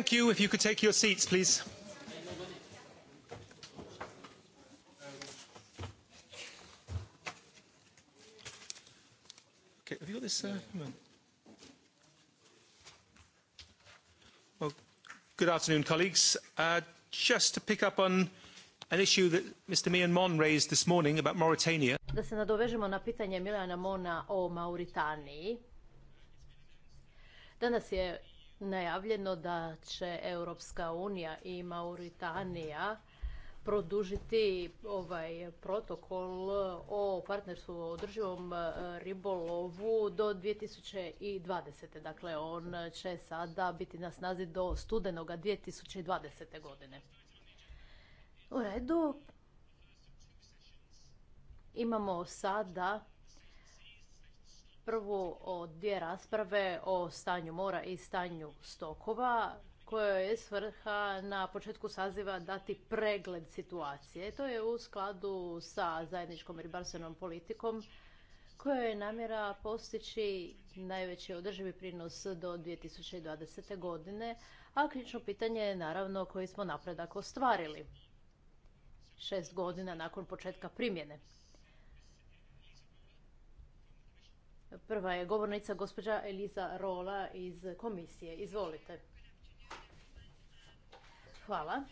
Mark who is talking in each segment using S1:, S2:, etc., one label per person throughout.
S1: Thank you. If you could take your seats, please. Okay, have you got this? Uh, well, good afternoon, colleagues. Uh, just to pick up on an issue that Mr. Mian Mon raised this morning about Mauritania.
S2: Da se nadovežemo na pitanje Milana Mona o Mauritaniji. Danas je najavljeno da će Europska unija i Mauritanija produžiti ovaj protokol o partnerstvu održivom e, ribolovu do 2020. Dakle, on će sada biti na snazi do studenoga 2020. godine. U redu. Imamo sada prvu o dvije rasprave o stanju mora i stanju stokova koje je svrha na početku saziva dati pregled situacije. To je u skladu sa zajedničkom ribarstvenom politikom koja je namjera postići najveći održivi prinos do 2020. godine, a ključno pitanje je naravno koji smo napredak ostvarili šest godina nakon početka primjene. Prva je govornica gospođa Eliza Rola iz komisije. Izvolite. Hvala.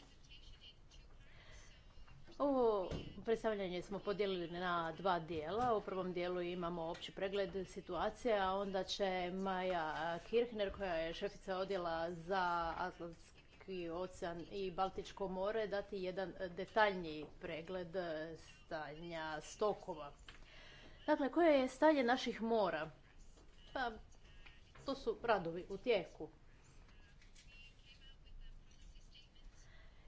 S2: Ovo predstavljanje smo podijelili na dva dijela. U prvom dijelu imamo opći pregled situacije, a onda će Maja Kirchner, koja je šefica odjela za Atlantski ocean i Baltičko more, dati jedan detaljniji pregled stanja stokova. Dakle, koje je stanje naših mora? Pa, to su radovi u tijeku.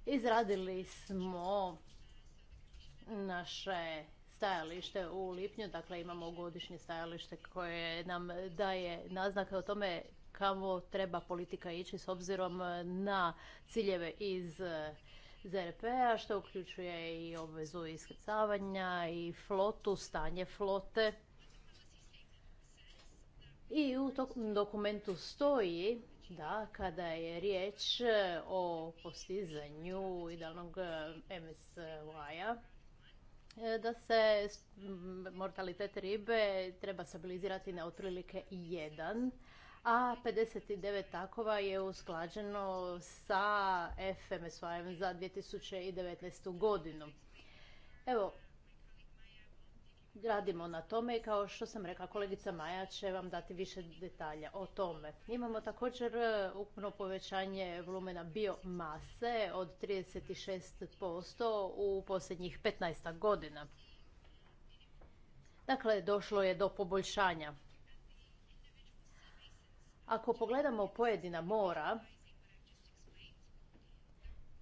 S2: Izradili smo naše stajalište u lipnju, dakle imamo godišnje stajalište koje nam daje naznake o tome kamo treba politika ići s obzirom na ciljeve iz ZRP-a, što uključuje i obvezu iskrcavanja i flotu, stanje flote. I u tom dokumentu stoji da kada je riječ o postizanju idealnog MSY-a, da se mortalitet ribe treba stabilizirati na otprilike 1 a 59 takova je usklađeno sa FMSY-em za 2019. godinu. Evo, radimo na tome i kao što sam rekla, kolegica Maja će vam dati više detalja o tome. Imamo također e, ukupno povećanje volumena biomase od 36% u posljednjih 15 godina. Dakle, došlo je do poboljšanja. Ako pogledamo pojedina mora,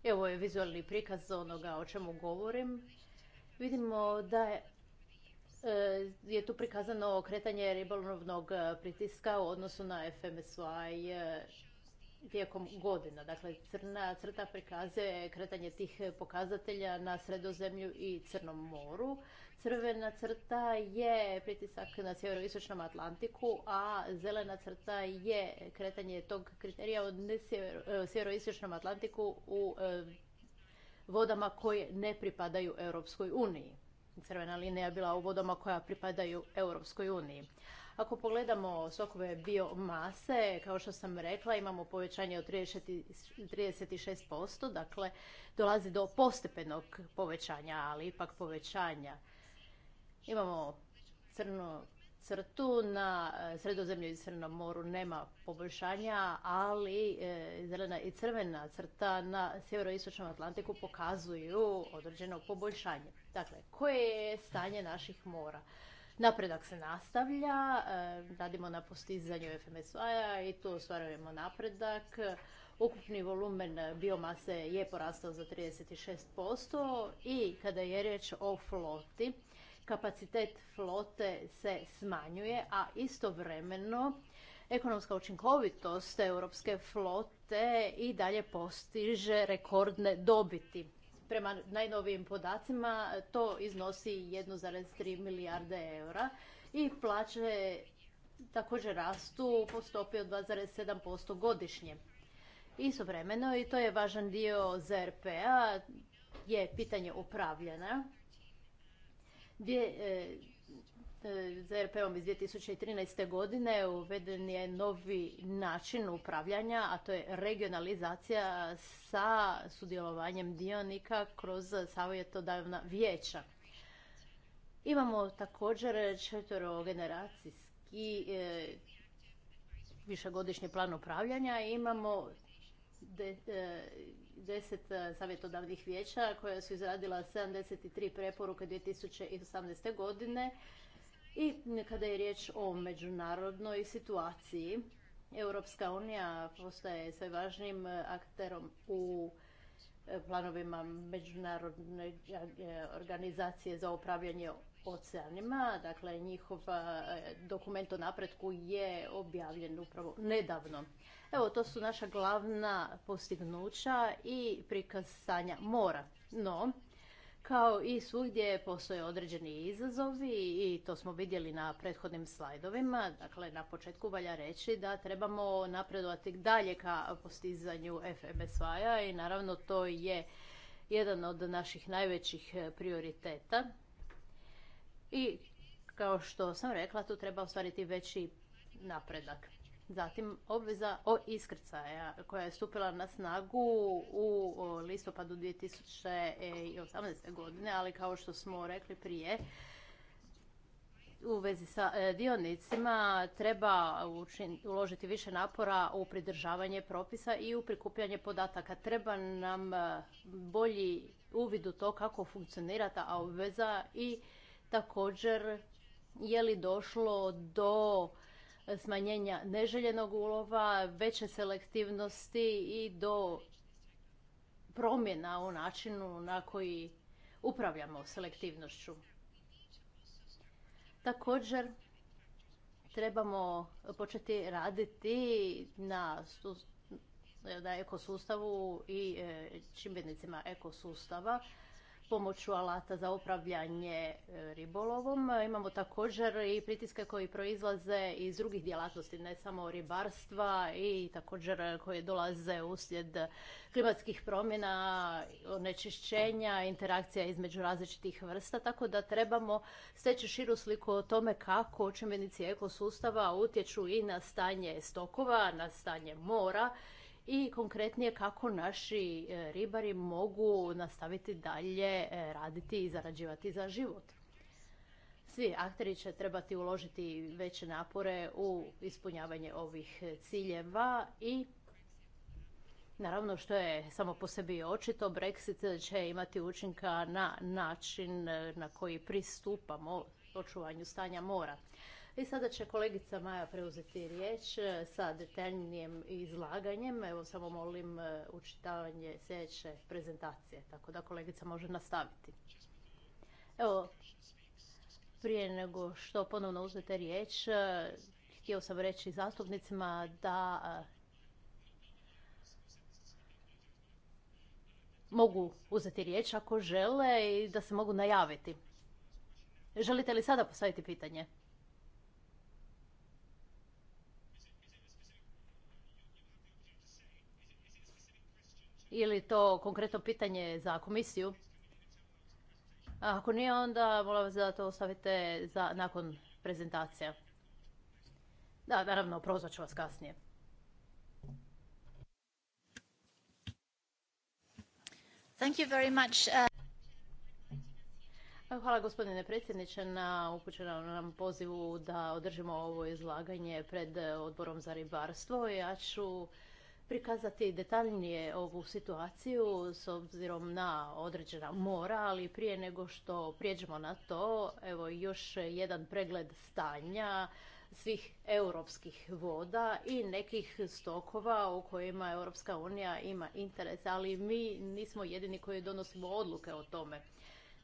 S2: evo je vizualni prikaz onoga o čemu govorim, vidimo da je e, je tu prikazano kretanje ribolovnog pritiska u odnosu na FMSY tijekom godina. Dakle, crna crta prikazuje kretanje tih pokazatelja na sredozemlju i Crnom moru. Crvena crta je pritisak na sjeveroistočnom Atlantiku, a zelena crta je kretanje tog kriterija od e, sjeveroistočnom Atlantiku u e, vodama koje ne pripadaju Europskoj uniji. Crvena linija je bila u vodama koja pripadaju Europskoj uniji. Ako pogledamo sokove biomase, kao što sam rekla, imamo povećanje od 36%, dakle dolazi do postepenog povećanja, ali ipak povećanja. Imamo crnu crtu na eh, sredozemlju i crnom moru nema poboljšanja, ali eh, zelena i crvena crta na sjeveroistočnom Atlantiku pokazuju određeno poboljšanje. Dakle, koje je stanje naših mora? Napredak se nastavlja, e, radimo na postizanju fmsi a i tu ostvarujemo napredak. Ukupni volumen biomase je porastao za 36% i kada je riječ o floti, kapacitet flote se smanjuje, a istovremeno ekonomska učinkovitost europske flote i dalje postiže rekordne dobiti. Prema najnovijim podacima to iznosi 1,3 milijarde eura i plaće također rastu po stopi od 2,7% godišnje. Istovremeno, i to je važan dio zrp p-a, je pitanje upravljena, gdje e, ZRP-om iz 2013. godine uveden je novi način upravljanja, a to je regionalizacija sa sudjelovanjem dionika kroz savjetodavna vijeća. Imamo također četverogeneracijski e, višegodišnji plan upravljanja i imamo e, deset savjetodavnih vijeća koja su izradila 73 preporuke 2018. godine i kada je riječ o međunarodnoj situaciji, Europska unija postaje sve važnim eh, akterom u eh, planovima međunarodne eh, organizacije za upravljanje oceanima. Dakle, njihov dokument o napretku je objavljen upravo nedavno. Evo, to su naša glavna postignuća i prikaz stanja mora. No, kao i svugdje postoje određeni izazovi i to smo vidjeli na prethodnim slajdovima. Dakle, na početku valja reći da trebamo napredovati dalje ka postizanju FMSY-a i naravno to je jedan od naših najvećih prioriteta. I kao što sam rekla, tu treba ostvariti veći napredak. Zatim obveza o iskrcaja koja je stupila na snagu u listopadu 2018. godine, ali kao što smo rekli prije, u vezi sa e, dionicima treba uložiti više napora u pridržavanje propisa i u prikupljanje podataka. Treba nam e, bolji uvid u to kako funkcionira ta obveza i također je li došlo do smanjenja neželjenog ulova, veće selektivnosti i do promjena u načinu na koji upravljamo selektivnošću. Također, trebamo početi raditi na, ekosustavu i e, čimbenicima ekosustava pomoću alata za upravljanje e, ribolovom. E, imamo također i pritiske koji proizlaze iz drugih djelatnosti, ne samo ribarstva i također e, koje dolaze uslijed klimatskih promjena, onečišćenja, interakcija između različitih vrsta, tako da trebamo steći širu sliku o tome kako čimbenici ekosustava utječu i na stanje stokova, na stanje mora i konkretnije kako naši e, ribari mogu nastaviti dalje e, raditi i zarađivati za život. Svi akteri će trebati uložiti veće napore u ispunjavanje ovih ciljeva i Naravno što je samo po sebi očito, Brexit će imati učinka na način e, na koji pristupamo očuvanju stanja mora. I sada će kolegica Maja preuzeti riječ e, sa detaljnijim izlaganjem. Evo samo molim e, učitavanje sljedeće prezentacije, tako da kolegica može nastaviti. Evo, prije nego što ponovno uzmete riječ, e, htio sam reći zastupnicima da mogu uzeti riječ ako žele i da se mogu najaviti. Želite li sada postaviti pitanje? ili to konkretno pitanje za komisiju? A ako nije, onda molim vas da to ostavite za, nakon prezentacija. Da, naravno, prozvat ću vas kasnije. Thank
S3: you very much.
S2: Uh, hvala gospodine predsjedniče na upućenom nam pozivu da održimo ovo izlaganje pred odborom za ribarstvo. Ja ću prikazati detaljnije ovu situaciju s obzirom na određena mora, ali prije nego što prijeđemo na to, evo još jedan pregled stanja svih europskih voda i nekih stokova u kojima Europska unija ima interes, ali mi nismo jedini koji donosimo odluke o tome.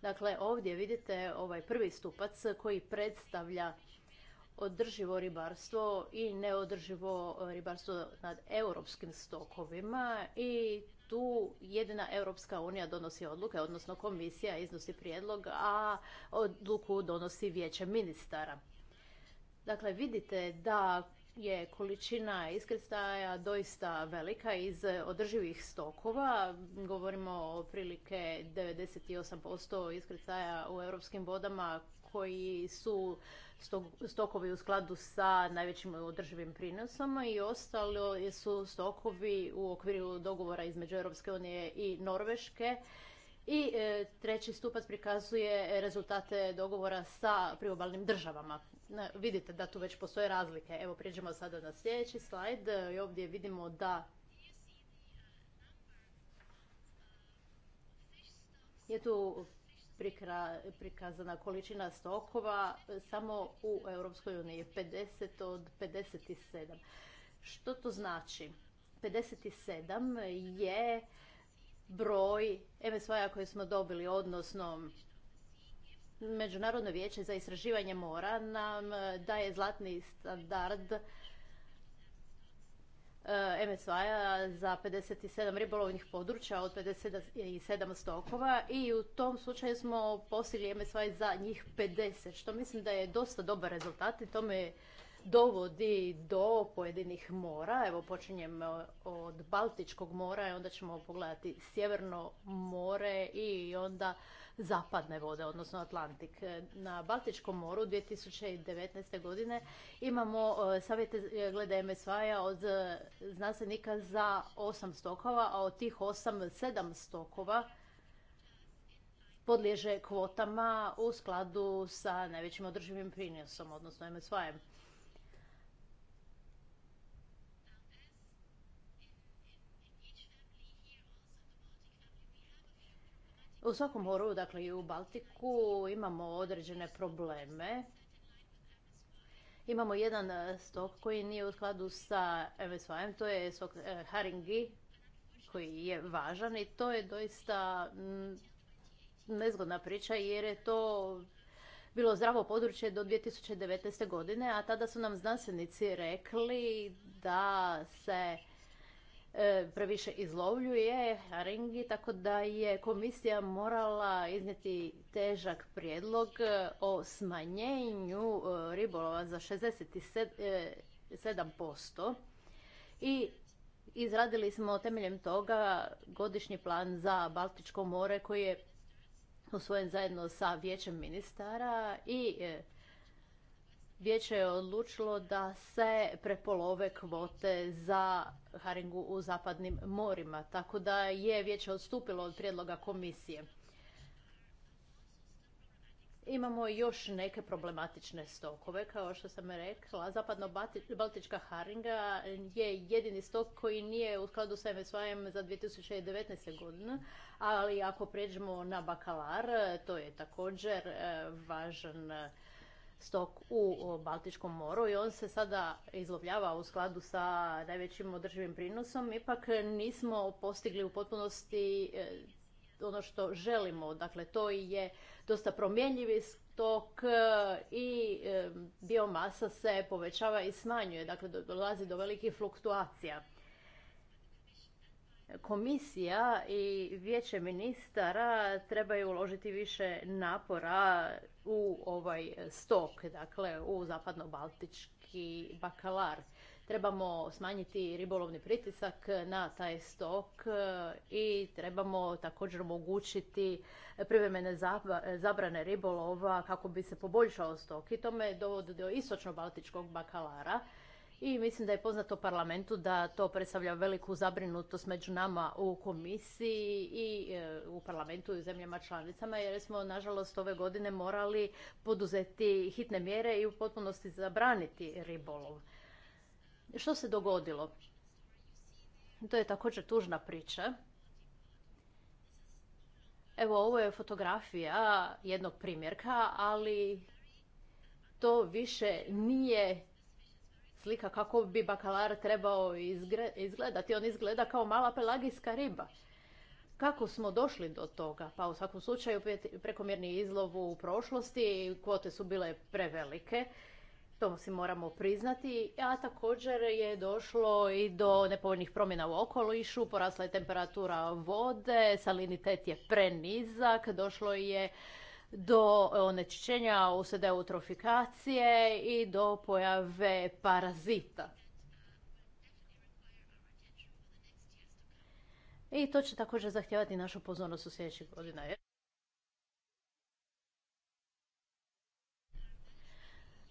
S2: Dakle, ovdje vidite ovaj prvi stupac koji predstavlja održivo ribarstvo i neodrživo e, ribarstvo nad europskim stokovima i tu jedina Europska unija donosi odluke, odnosno komisija iznosi prijedlog, a odluku donosi vijeće ministara. Dakle, vidite da je količina iskrcaja doista velika iz održivih stokova. Govorimo o prilike 98% iskrcaja u europskim vodama koji su stokovi u skladu sa najvećim održivim prinosom i ostalo su stokovi u okviru dogovora između Europske unije i Norveške. I e, treći stupac prikazuje rezultate dogovora sa priobalnim državama. Vidite da tu već postoje razlike. Evo prijeđemo sada na sljedeći slajd e, i ovdje vidimo da je tu prikazana količina stokova e, samo u Europskoj uniji, 50 od 57. Što to znači? 57 je broj MSV-a koje smo dobili, odnosno Međunarodno vijeće za istraživanje mora nam e, daje zlatni standard E, MSvaja a za 57 ribolovnih područja od 57 stokova i u tom slučaju smo postigli MSV za njih 50, što mislim da je dosta dobar rezultat i to me dovodi do pojedinih mora. Evo počinjem e, od Baltičkog mora i onda ćemo pogledati Sjeverno more i onda zapadne vode, odnosno Atlantik. E, na Baltičkom moru 2019. godine imamo e, savjete e, glede MSV-a od znanstvenika za osam stokova, a od tih osam sedam stokova podliježe kvotama u skladu sa najvećim održivim prinosom, odnosno MSV-em. U svakom moru, dakle i u Baltiku, imamo određene probleme. Imamo jedan e, stok koji nije u skladu sa MSVM, to je stok e, Haringi, koji je važan i to je doista mm, nezgodna priča jer je to bilo zdravo područje do 2019. godine, a tada su nam znanstvenici rekli da se E, previše izlovljuje haringi, tako da je komisija morala iznijeti težak prijedlog e, o smanjenju e, ribolova za 67% i izradili smo temeljem toga godišnji plan za Baltičko more koji je usvojen zajedno sa vijećem ministara i vijeće je odlučilo da se prepolove kvote za haringu u zapadnim morima, tako da je vijeće odstupilo od prijedloga komisije. Imamo još neke problematične stokove, kao što sam rekla. Zapadno-Baltička haringa je jedini stok koji nije u skladu sa MSY-em za 2019. godinu, ali ako pređemo na bakalar, to je također e, važan stok u Baltičkom moru i on se sada izlovljava u skladu sa najvećim održivim prinosom. Ipak nismo postigli u potpunosti e, ono što želimo. Dakle, to je dosta promjenjivi stok e, i e, biomasa se povećava i smanjuje. Dakle, dolazi do velikih fluktuacija. Komisija i vijeće ministara trebaju uložiti više napora u ovaj stok, dakle u zapadno-baltički bakalar. Trebamo smanjiti ribolovni pritisak na taj stok eh, i trebamo također omogućiti privremene zabrane ribolova kako bi se poboljšao stok i tome dovodi do istočno-baltičkog bakalara i mislim da je poznato parlamentu da to predstavlja veliku zabrinutost među nama u komisiji i e, u parlamentu i u zemljama članicama jer smo nažalost ove godine morali poduzeti hitne mjere i u potpunosti zabraniti ribolov. Što se dogodilo? To je također tužna priča. Evo, ovo je fotografija jednog primjerka, ali to više nije slika kako bi bakalar trebao izgledati. On izgleda kao mala pelagijska riba. Kako smo došli do toga? Pa u svakom slučaju prekomjerni izlov u prošlosti, kvote su bile prevelike, to si moramo priznati, a također je došlo i do nepovoljnih promjena u okolišu, porasla je temperatura vode, salinitet je prenizak, došlo je do onečišćenja usred eutrofikacije i do pojave parazita. I to će također zahtjevati našu pozornost u sljedećih godina.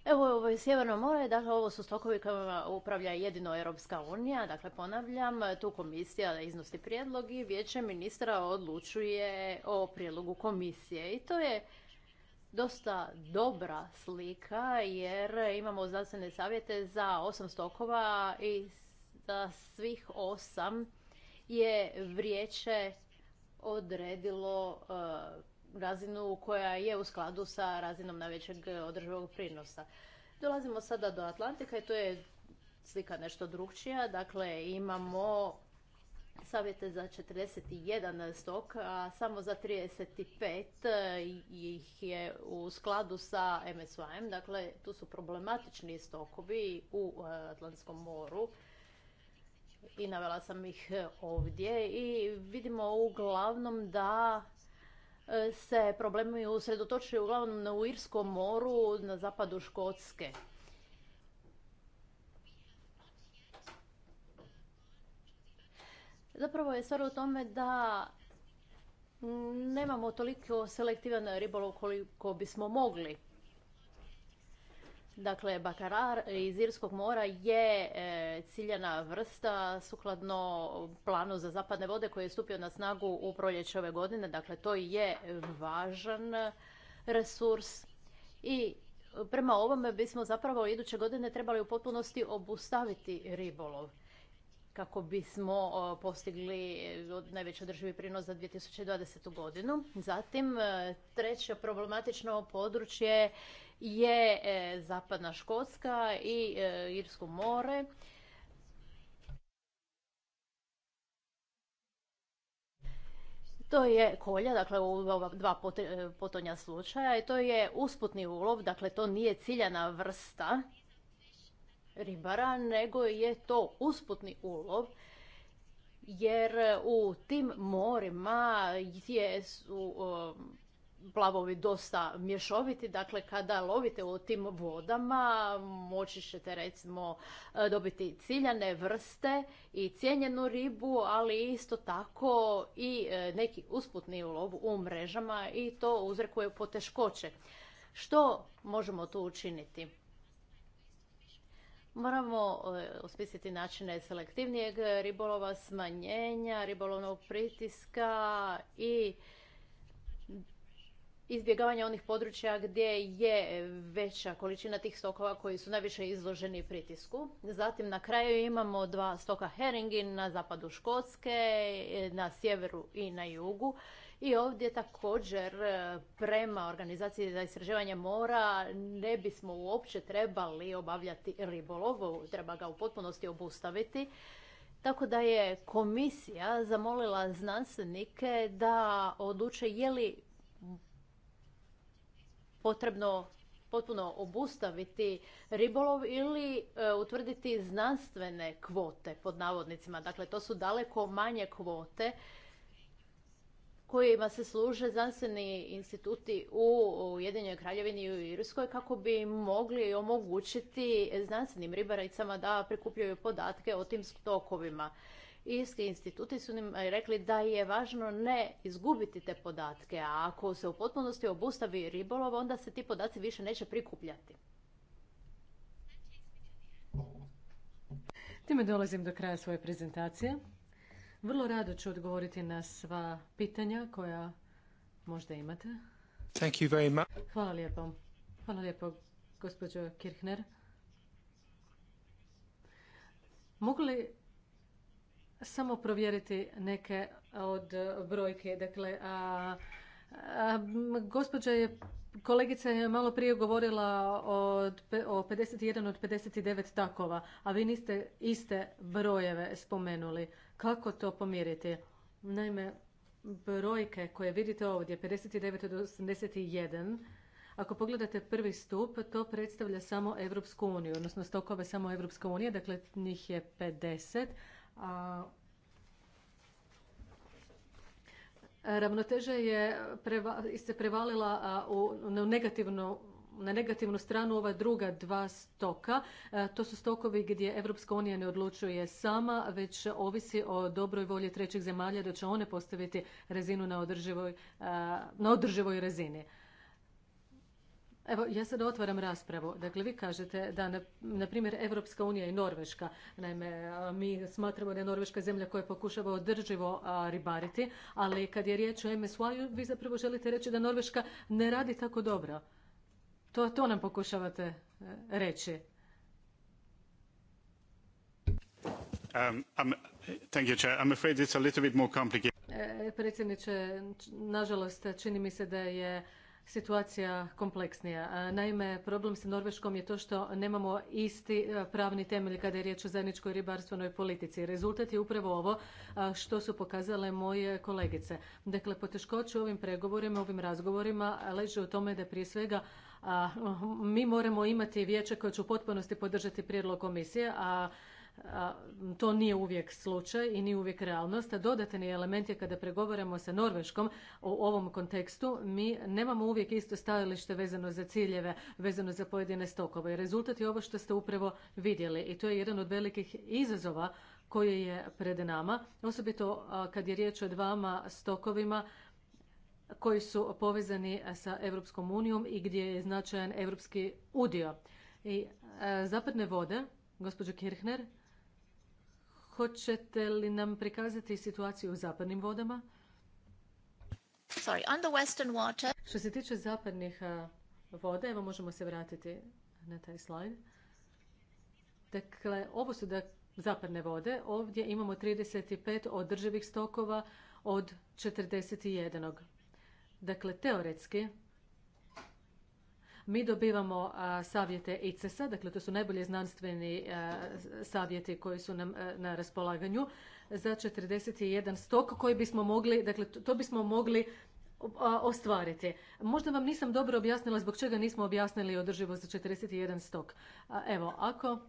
S2: Evo, ovo je Sjeverno more, dakle ovo su stokovi kojima upravlja jedino Europska unija, dakle ponavljam, tu komisija iznosi prijedlog i vijeće ministra odlučuje o prijedlogu komisije. I to je dosta dobra slika jer imamo znanstvene savjete za osam stokova i za svih osam je vrijeće odredilo e, razinu koja je u skladu sa razinom najvećeg održivog prinosa. Dolazimo sada do Atlantika i to je slika nešto drugčija. Dakle, imamo savjete za 41 stok, a samo za 35 ih je u skladu sa MSY-em. Dakle, tu su problematični stokovi u e, Atlantskom moru i navela sam ih ovdje i vidimo uglavnom da E, se problemi usredotočuju uglavnom na u Irskom moru, na zapadu Škotske. Zapravo je stvar u tome da nemamo toliko selektivan ribolov koliko bismo mogli. Dakle, bakarar iz Irskog mora je e, ciljena vrsta sukladno planu za zapadne vode koji je stupio na snagu u proljeće ove godine. Dakle, to je važan resurs i prema ovome bismo zapravo iduće godine trebali u potpunosti obustaviti ribolov kako bismo e, postigli e, najveći održivi prinos za 2020. godinu. Zatim, treće problematično područje je e, zapadna Škotska i e, Irsko more. To je kolja, dakle u dva e, potonja slučaja i to je usputni ulov, dakle to nije ciljana vrsta ribara, nego je to usputni ulov jer u tim morima je su plavovi dosta mješoviti, dakle kada lovite u tim vodama moći ćete recimo e, dobiti ciljane vrste i cijenjenu ribu, ali isto tako i e, neki usputni ulov u mrežama i to uzrekuje poteškoće. Što možemo tu učiniti? Moramo e, osmisliti načine selektivnijeg ribolova, smanjenja ribolovnog pritiska i izbjegavanja onih područja gdje je veća količina tih stokova koji su najviše izloženi pritisku. Zatim na kraju imamo dva stoka heringi na zapadu Škotske, na sjeveru i na jugu. I ovdje također e, prema organizaciji za istraživanje mora ne bismo uopće trebali obavljati ribolov, treba ga u potpunosti obustaviti. Tako da je komisija zamolila znanstvenike da odluče je li potrebno potpuno obustaviti ribolov ili e, utvrditi znanstvene kvote pod navodnicima. Dakle, to su daleko manje kvote kojima se služe znanstveni instituti u Ujedinjenoj Kraljevini i u Irskoj kako bi mogli omogućiti znanstvenim ribaricama da prikupljaju podatke o tim stokovima. Isti instituti su nam e, rekli da je važno ne izgubiti te podatke, a ako se u potpunosti obustavi ribolov, onda se ti podaci više neće prikupljati.
S1: Time dolazim do kraja svoje prezentacije. Vrlo rado ću odgovoriti na sva pitanja koja možda imate. Thank you very much. Hvala lijepo. Hvala lijepo, gospođo Kirchner. Mogu li samo provjeriti neke od brojke. Dakle, a, gospođa je Kolegica je malo prije govorila o, o 51 od 59 takova, a vi niste iste brojeve spomenuli. Kako to pomiriti? Naime, brojke koje vidite ovdje, 59 od 81, ako pogledate prvi stup, to predstavlja samo Evropsku uniju, odnosno stokove samo Evropske unije, dakle njih je 50, Ravnoteža je se prevalila u, na, negativnu, na negativnu stranu ova druga dva stoka. To su stokovi gdje Evropska unija ne odlučuje sama, već ovisi o dobroj volji trećih zemalja da će one postaviti razinu na održivoj, na održivoj razini. Evo, ja sada otvaram raspravu. Dakle, vi kažete da, na, primjer, Evropska unija i Norveška, naime, mi smatramo da je Norveška zemlja koja pokušava održivo ribariti, ali kad je riječ o MSY-u, vi zapravo želite reći da Norveška ne radi tako dobro. To, to nam pokušavate reći. predsjedniče, nažalost, čini mi se da je situacija kompleksnija. Naime, problem sa Norveškom je to što nemamo isti e, pravni temelj kada je riječ o zajedničkoj ribarstvenoj politici. Rezultat je upravo ovo što su pokazale moje kolegice. Dakle, poteškoće u ovim pregovorima, ovim razgovorima leži u tome da prije svega mi moramo imati vijeće koje će u potpunosti podržati prijedlog komisije, a to nije uvijek slučaj i nije uvijek realnost. Dodatni element je kada pregovaramo sa Norveškom u ovom kontekstu, mi nemamo uvijek isto stajalište vezano za ciljeve, vezano za pojedine stokove. Rezultat je ovo što ste upravo vidjeli i to je jedan od velikih izazova koji je pred nama, osobito kad je riječ o dvama stokovima koji su povezani sa Europskom unijom i gdje je značajan europski udio. I e, zapadne vode, gospođo Kirchner, Hoćete li nam prikazati situaciju u zapadnim vodama? Sorry, on Što se tiče zapadnih voda, evo možemo se vratiti na taj slajd. Dakle, ovo su da zapadne vode. Ovdje imamo 35 održivih stokova od 41. Dakle, teoretski mi dobivamo savjete ICES-a, dakle to su najbolje znanstveni savjeti koji su nam e, na raspolaganju za 41 stok koji bismo mogli, dakle to, bismo mogli ostvariti. Možda vam nisam dobro objasnila zbog čega nismo objasnili održivo za 41 stok. Evo, ako...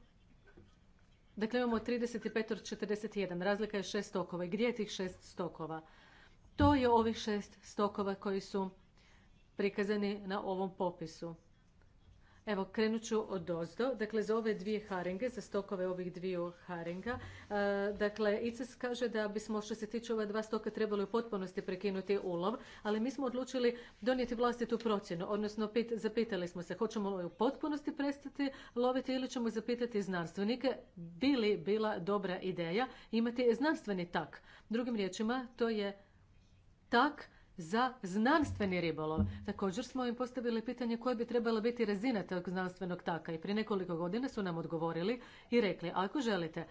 S1: Dakle, imamo 35 od 41, razlika je šest stokova. Gdje je tih šest stokova? To je ovih šest stokova koji su prikazani na ovom popisu. Evo, krenut ću od dozdo. Dakle, za ove dvije haringe, za stokove ovih dviju haringa, e, dakle, ICES kaže da bismo što se tiče ova dva stoka trebali u potpunosti prekinuti ulov, ali mi smo odlučili donijeti vlastitu procjenu, odnosno pit, zapitali smo se hoćemo li u potpunosti prestati loviti ili ćemo zapitati znanstvenike, bi li bila dobra ideja imati znanstveni tak. Drugim riječima, to je tak za znanstveni ribolov. Također smo im postavili pitanje koja bi trebala biti razina tog znanstvenog taka i prije nekoliko godina su nam odgovorili i rekli ako želite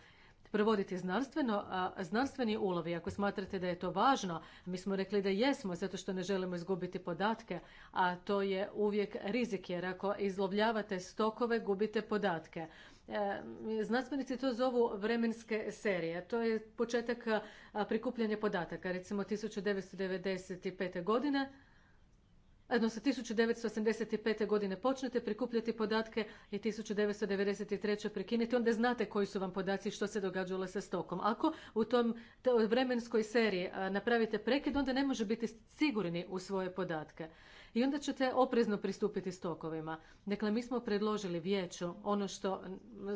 S1: provoditi znanstveno, a, znanstveni ulovi. Ako smatrate da je to važno, mi smo rekli da jesmo, zato što ne želimo izgubiti podatke, a to je uvijek rizik, jer ako izlovljavate stokove, gubite podatke. E, znanstvenici to zovu vremenske serije. To je početak prikupljanja podataka, recimo 1995. godine. Odnosno, 1985. godine počnete prikupljati podatke i 1993. prekinete, onda znate koji su vam podaci i što se događalo sa stokom. Ako u tom vremenskoj seriji napravite prekid, onda ne može biti sigurni u svoje podatke i onda ćete oprezno pristupiti stokovima. Dakle, mi smo predložili vijeću ono što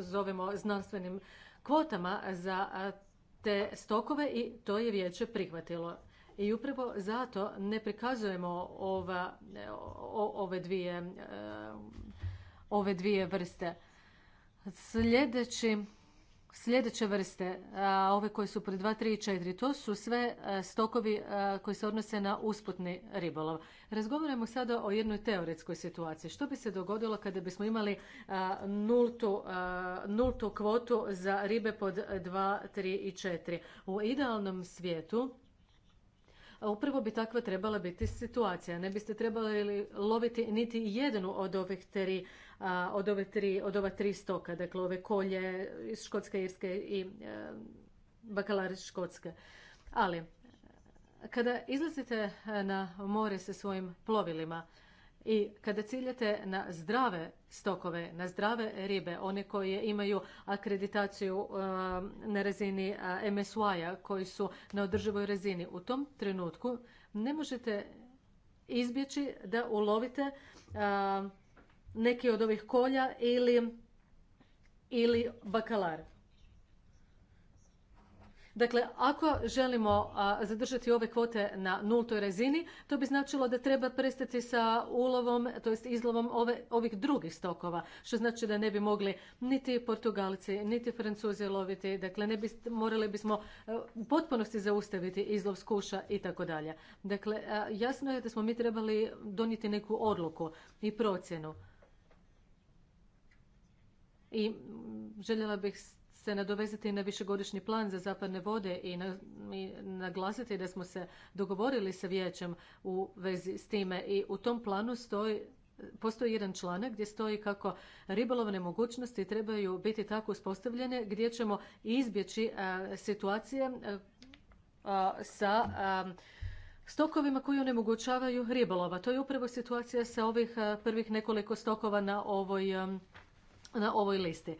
S1: zovemo znanstvenim kvotama za te stokove i to je vijeće prihvatilo. I upravo zato ne prikazujemo ova, ove, dvije, e, ove dvije vrste. Sljedeći sljedeće vrste, ove koje su pred 2, 3 i 4, to su sve stokovi koji se odnose na usputni ribolov. Razgovaramo sada o jednoj teoretskoj situaciji. Što bi se dogodilo kada bismo imali nultu, kvotu za ribe pod 2, 3 i 4? U idealnom svijetu Upravo bi takva trebala biti situacija. Ne biste trebali loviti niti jednu od ovih tri od, ove tri, od ova tri stoka, dakle ove kolje iz Škotske, Irske i e, bakalar iz Škotske. Ali, kada izlazite e, na more sa svojim plovilima i kada ciljate na zdrave stokove, na zdrave ribe, one koje imaju akreditaciju e, na razini MSY-a, koji su na održivoj razini, u tom trenutku ne možete izbjeći da ulovite neki od ovih kolja ili, ili bakalar. Dakle, ako želimo zadržati ove kvote na nultoj razini, to bi značilo da treba prestati sa ulovom, to jest izlovom ove, ovih drugih stokova, što znači da ne bi mogli niti Portugalci, niti Francuzi loviti, dakle ne bi, morali bismo e, u potpunosti zaustaviti izlov skuša i tako dalje. Dakle, e, jasno je da smo mi trebali donijeti neku odluku i procjenu. I željela bih se nadovezati na višegodišnji plan za zapadne vode i, naglasiti da smo se dogovorili sa vijećem u vezi s time i u tom planu stoji Postoji jedan članak gdje stoji kako ribolovne mogućnosti trebaju biti tako uspostavljene gdje ćemo izbjeći e, situacije e, e, sa stokovima koji onemogućavaju ribolova. To je upravo situacija sa ovih prvih nekoliko stokova na ovoj na ovoj listi.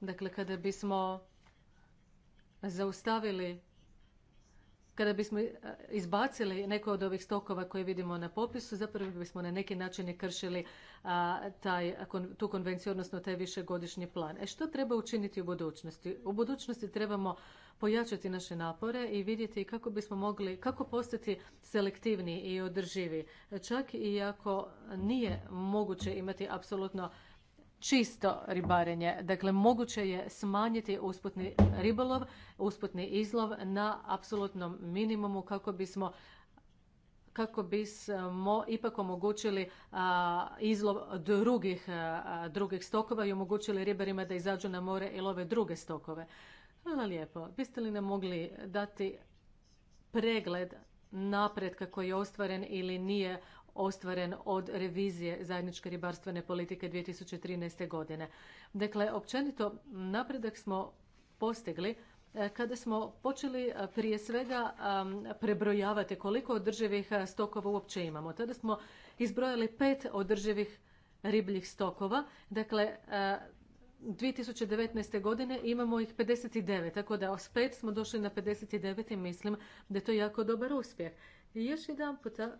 S1: Dakle, kada bismo zaustavili, kada bismo e, izbacili neko od ovih stokova koje vidimo na popisu, zapravo bismo na neki način i kršili tu konvenciju, odnosno taj višegodišnji plan. E što treba učiniti u budućnosti? U budućnosti trebamo pojačati naše napore i vidjeti kako bismo mogli, kako postati selektivni i održivi. Čak i ako nije moguće imati apsolutno čisto ribarenje. Dakle, moguće je smanjiti usputni ribolov, usputni izlov na apsolutnom minimumu kako bismo kako bismo ipak omogućili izlov drugih, drugih stokova i omogućili ribarima da izađu na more i love druge stokove. Hvala lijepo. Biste li nam mogli dati pregled napretka koji je ostvaren ili nije ostvaren od revizije zajedničke ribarstvene politike 2013. godine. Dakle, općenito napredak smo postigli e, kada smo počeli e, prije svega prebrojavati koliko održivih e, stokova uopće imamo. Tada smo izbrojali pet održivih ribljih stokova. Dakle, 2019. godine imamo ih 59, tako da s smo došli na 59 i mislim da je to jako dobar uspjeh. I još jedan puta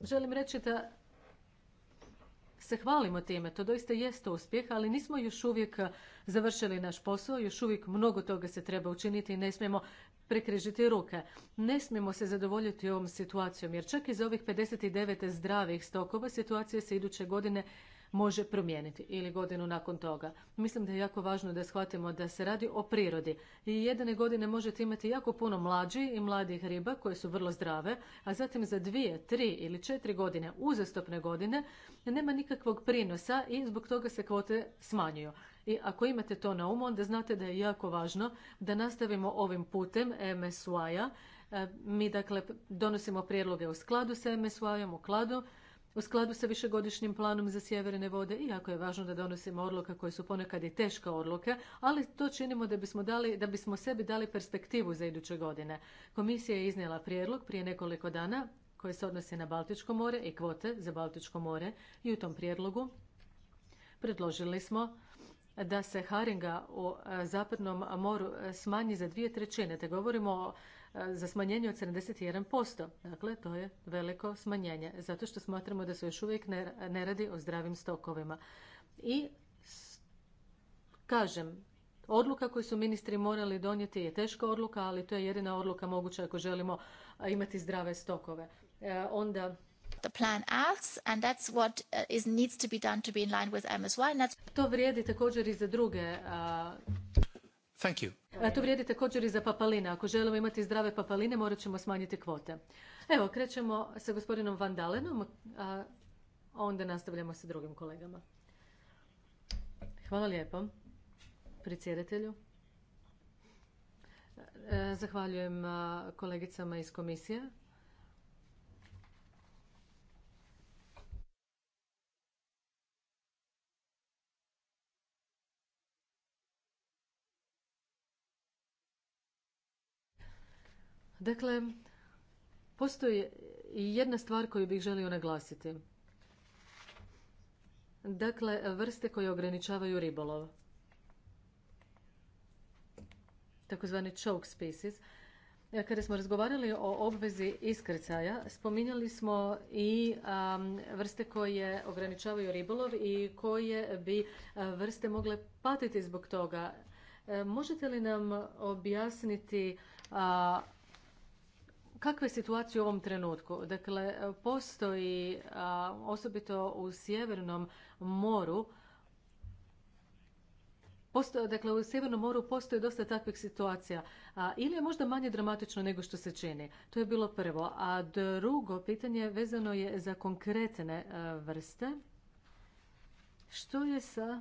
S1: želim reći da se hvalimo time, to doista jest uspjeh, ali nismo još uvijek završili naš posao, još uvijek mnogo toga se treba učiniti i ne smijemo prekrižiti ruke. Ne smijemo se zadovoljiti ovom situacijom, jer čak iz ovih 59 zdravih stokova situacija se iduće godine može promijeniti ili godinu nakon toga. Mislim da je jako važno da shvatimo da se radi o prirodi. I jedne godine možete imati jako puno mlađi i mladih riba koje su vrlo zdrave, a zatim za dvije, tri ili četiri godine, uzastopne godine, nema nikakvog prinosa i zbog toga se kvote smanjuju. I ako imate to na umu, onda znate da je jako važno da nastavimo ovim putem MSY-a. E, mi dakle donosimo prijedloge u skladu sa MSY-om, u, kladu, u skladu sa višegodišnjim planom za sjeverne vode, iako je važno da donosimo odluke koje su ponekad i teške odluke, ali to činimo da bismo, dali, da bismo sebi dali perspektivu za iduće godine. Komisija je iznijela prijedlog prije nekoliko dana koje se odnosi na Baltičko more i kvote za Baltičko more i u tom prijedlogu predložili smo da se haringa u Zapadnom moru smanji za dvije trećine, te govorimo o za smanjenje od 71%. Dakle, to je veliko smanjenje, zato što smatramo da se još uvijek ne radi o zdravim stokovima. I kažem, odluka koju su ministri morali donijeti je teška odluka, ali to je jedina odluka moguća ako želimo imati zdrave
S2: stokove. Onda plan to vrijedi također i za druge Thank you.
S1: A vrijedi također i za papaline. Ako želimo imati zdrave papaline, morat ćemo smanjiti kvote. Evo, krećemo sa gospodinom Van Dalenom, a onda nastavljamo sa drugim kolegama. Hvala lijepo, predsjedatelju. E, zahvaljujem kolegicama iz komisije Dakle, postoji jedna stvar koju bih želio naglasiti. Dakle, vrste koje ograničavaju ribolov. Takozvani choke species. E, kada smo razgovarali o obvezi iskrcaja, spominjali smo i vrste koje ograničavaju ribolov i koje bi e, vrste mogle patiti zbog toga. E, možete li nam objasniti Kakva je situacija u ovom trenutku? Dakle, postoji osobito u Sjevernom moru dakle, u Sjevernom moru postoji dosta takvih situacija. A, ili je možda manje dramatično nego što se čini. To je bilo prvo. A drugo pitanje vezano je za konkretne e, vrste. Što je sa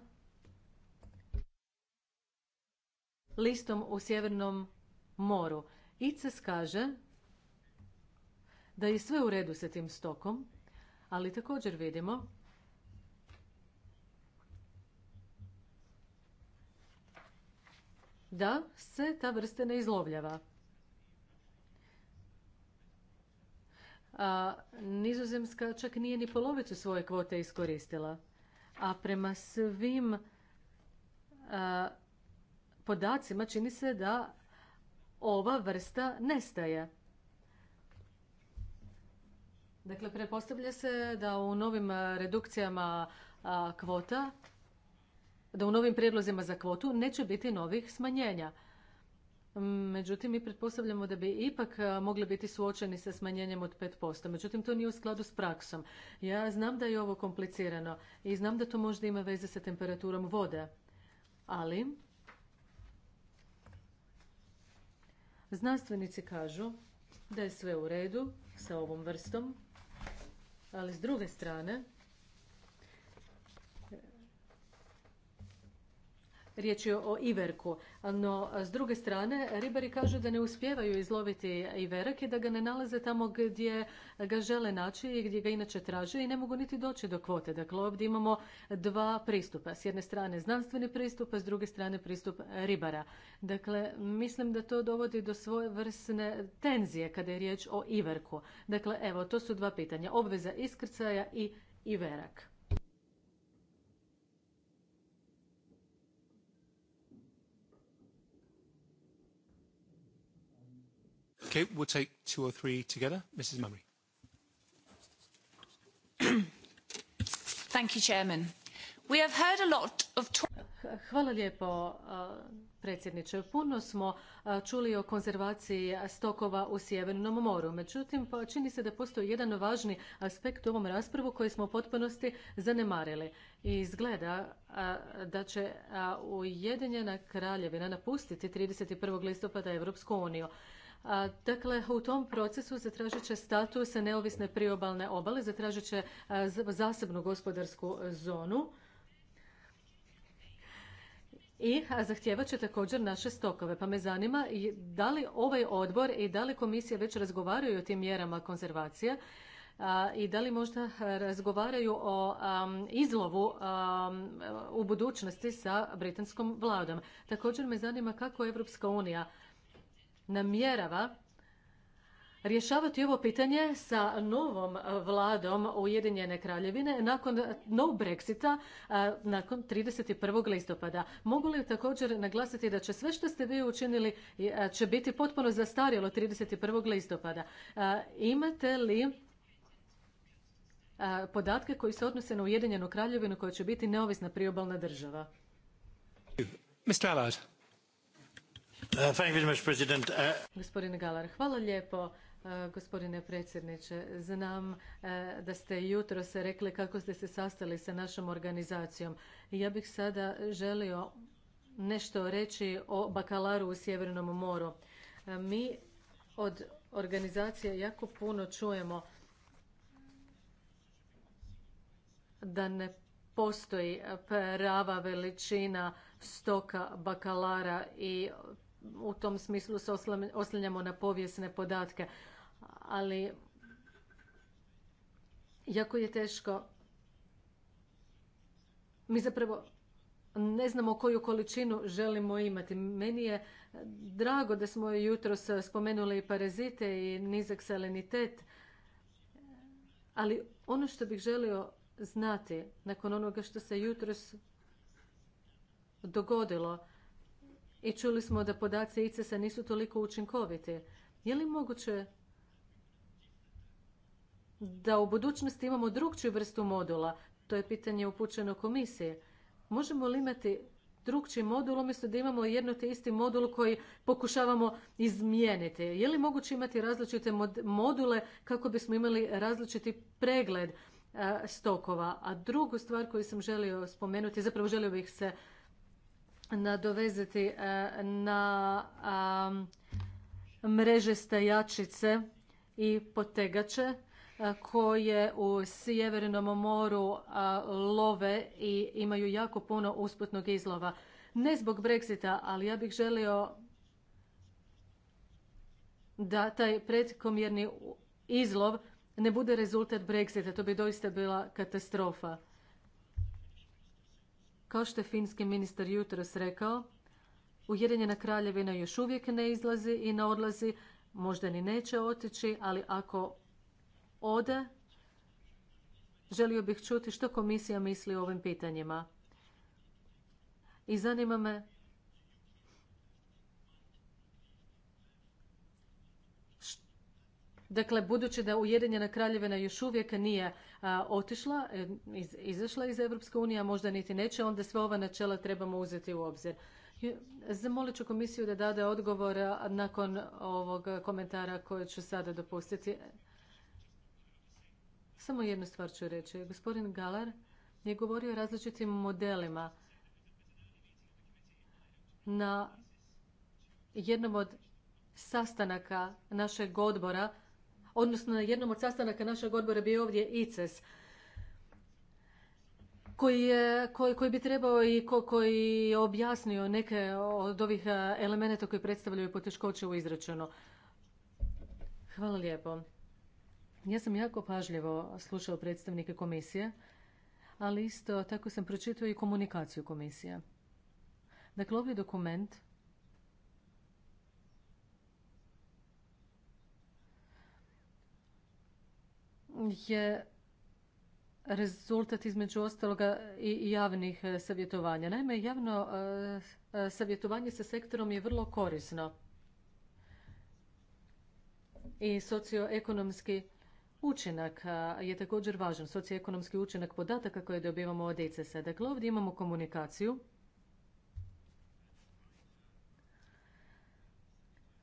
S1: listom u Sjevernom moru? ICES kaže da je sve u redu sa tim stokom, ali također vidimo da se ta vrsta ne izlovljava. Nizozemska čak nije ni polovicu svoje kvote iskoristila. A prema svim podacima čini se da ova vrsta nestaje. Dakle, pretpostavlja se da u novim e, redukcijama kvota, da u novim prijedlozima za kvotu neće biti novih smanjenja. Međutim, mi pretpostavljamo da bi ipak e, mogli biti suočeni sa smanjenjem od 5%. Međutim, to nije u skladu s praksom. Ja znam da je ovo komplicirano i znam da to možda ima veze sa temperaturom vode. Ali, znanstvenici kažu da je sve u redu sa ovom vrstom ali s druge strane, Riječ je o Iverku. No, s druge strane, ribari kažu da ne uspijevaju izloviti Iverak i da ga ne nalaze tamo gdje ga žele naći i gdje ga inače traže i ne mogu niti doći do kvote. Dakle, ovdje imamo dva pristupa. S jedne strane znanstveni pristup, a s druge strane pristup ribara. Dakle, mislim da to dovodi do svoje vrsne tenzije kada je riječ o Iverku. Dakle, evo, to su dva pitanja. Obveza iskrcaja i Iverak. Okay, we'll take two or three together. Mrs. Thank you, Chairman.
S3: We have heard a lot of
S1: Hvala lijepo, predsjedniče. Puno smo čuli o konzervaciji stokova u Sjevernom moru. Međutim, pa čini se da postoji jedan važni aspekt u ovom raspravu koji smo u potpunosti zanemarili. I izgleda da će Ujedinjena kraljevina napustiti 31. listopada eu uniju. Dakle, u tom procesu zatražit će status neovisne priobalne obale, zatražit će zasebnu gospodarsku zonu i zahtjevat će također naše stokove. Pa me zanima da li ovaj odbor i da li komisija već razgovaraju o tim mjerama konzervacije i da li možda razgovaraju o izlovu u budućnosti sa britanskom vladom. Također me zanima kako Evropska unija namjerava rješavati ovo pitanje sa novom vladom Ujedinjene kraljevine nakon no Brexita nakon 31. listopada. Mogu li također naglasiti da će sve što ste vi učinili će biti potpuno zastarjelo 31. listopada. Imate li podatke koji se odnose na Ujedinjenu kraljevinu koja će biti neovisna priobalna država?
S3: Mr. Uh, uh,
S1: gospodine Galar, hvala lijepo. Uh, gospodine predsjedniče, znam da ste jutro se rekli kako ste se sastali sa našom organizacijom. Ja bih sada želio nešto reći o bakalaru u Sjevernom moru. Mi od organizacije jako puno čujemo da ne postoji prava veličina stoka bakalara i u tom smislu se oslanjamo na povijesne podatke. Ali jako je teško. Mi zapravo ne znamo koju količinu želimo imati. Meni je drago da smo jutros spomenuli i parazite i nizak salinitet, ali ono što bih želio znati nakon onoga što se jutros dogodilo, i čuli smo da podaci ics a nisu toliko učinkoviti. Je li moguće da u budućnosti imamo drugčiju vrstu modula? To je pitanje upućeno komisije. Možemo li imati drugčiji modul umjesto da imamo jedno te isti modul koji pokušavamo izmijeniti? Je li moguće imati različite module kako bismo imali različiti pregled e, stokova? A drugu stvar koju sam želio spomenuti, zapravo želio bih se nadovezati e, na mreže stajačice i potegače e, koje u Sjevernom moru love i imaju jako puno usputnog izlova. Ne zbog Brexita, ali ja bih želio da taj pretkomjerni izlov ne bude rezultat Brexita. To bi doista bila katastrofa. Kao što je finski ministar jutros rekao, Ujedinjena kraljevina još uvijek ne izlazi i ne odlazi, možda ni neće otići, ali ako ode, želio bih čuti što komisija misli o ovim pitanjima. I zanima me Dakle, budući da Ujedinjena kraljevina još uvijek nije otišla, e, iz, izašla iz Europske unije, a možda niti neće, onda sve ova načela trebamo uzeti u obzir. Zamolit ću komisiju da dade odgovor nakon ovog komentara koje ću sada dopustiti. Samo jednu stvar ću reći. Gospodin Galar je govorio o različitim modelima. Na jednom od sastanaka našeg odbora odnosno na jednom od sastanaka našeg odbora bio ovdje ICES, koji, koji, bi trebao i ko, koji je objasnio neke od ovih e, elemenata koji predstavljaju poteškoće u izračunu. Hvala lijepo. Ja sam jako pažljivo slušao predstavnike komisije, ali isto tako sam pročitao i komunikaciju komisije. Dakle, ovaj dokument je rezultat između ostaloga i javnih e, savjetovanja. Naime, javno e, e, savjetovanje sa sektorom je vrlo korisno i socioekonomski učinak je također važan, socioekonomski učinak podataka koje dobivamo od ics Dakle, ovdje imamo komunikaciju.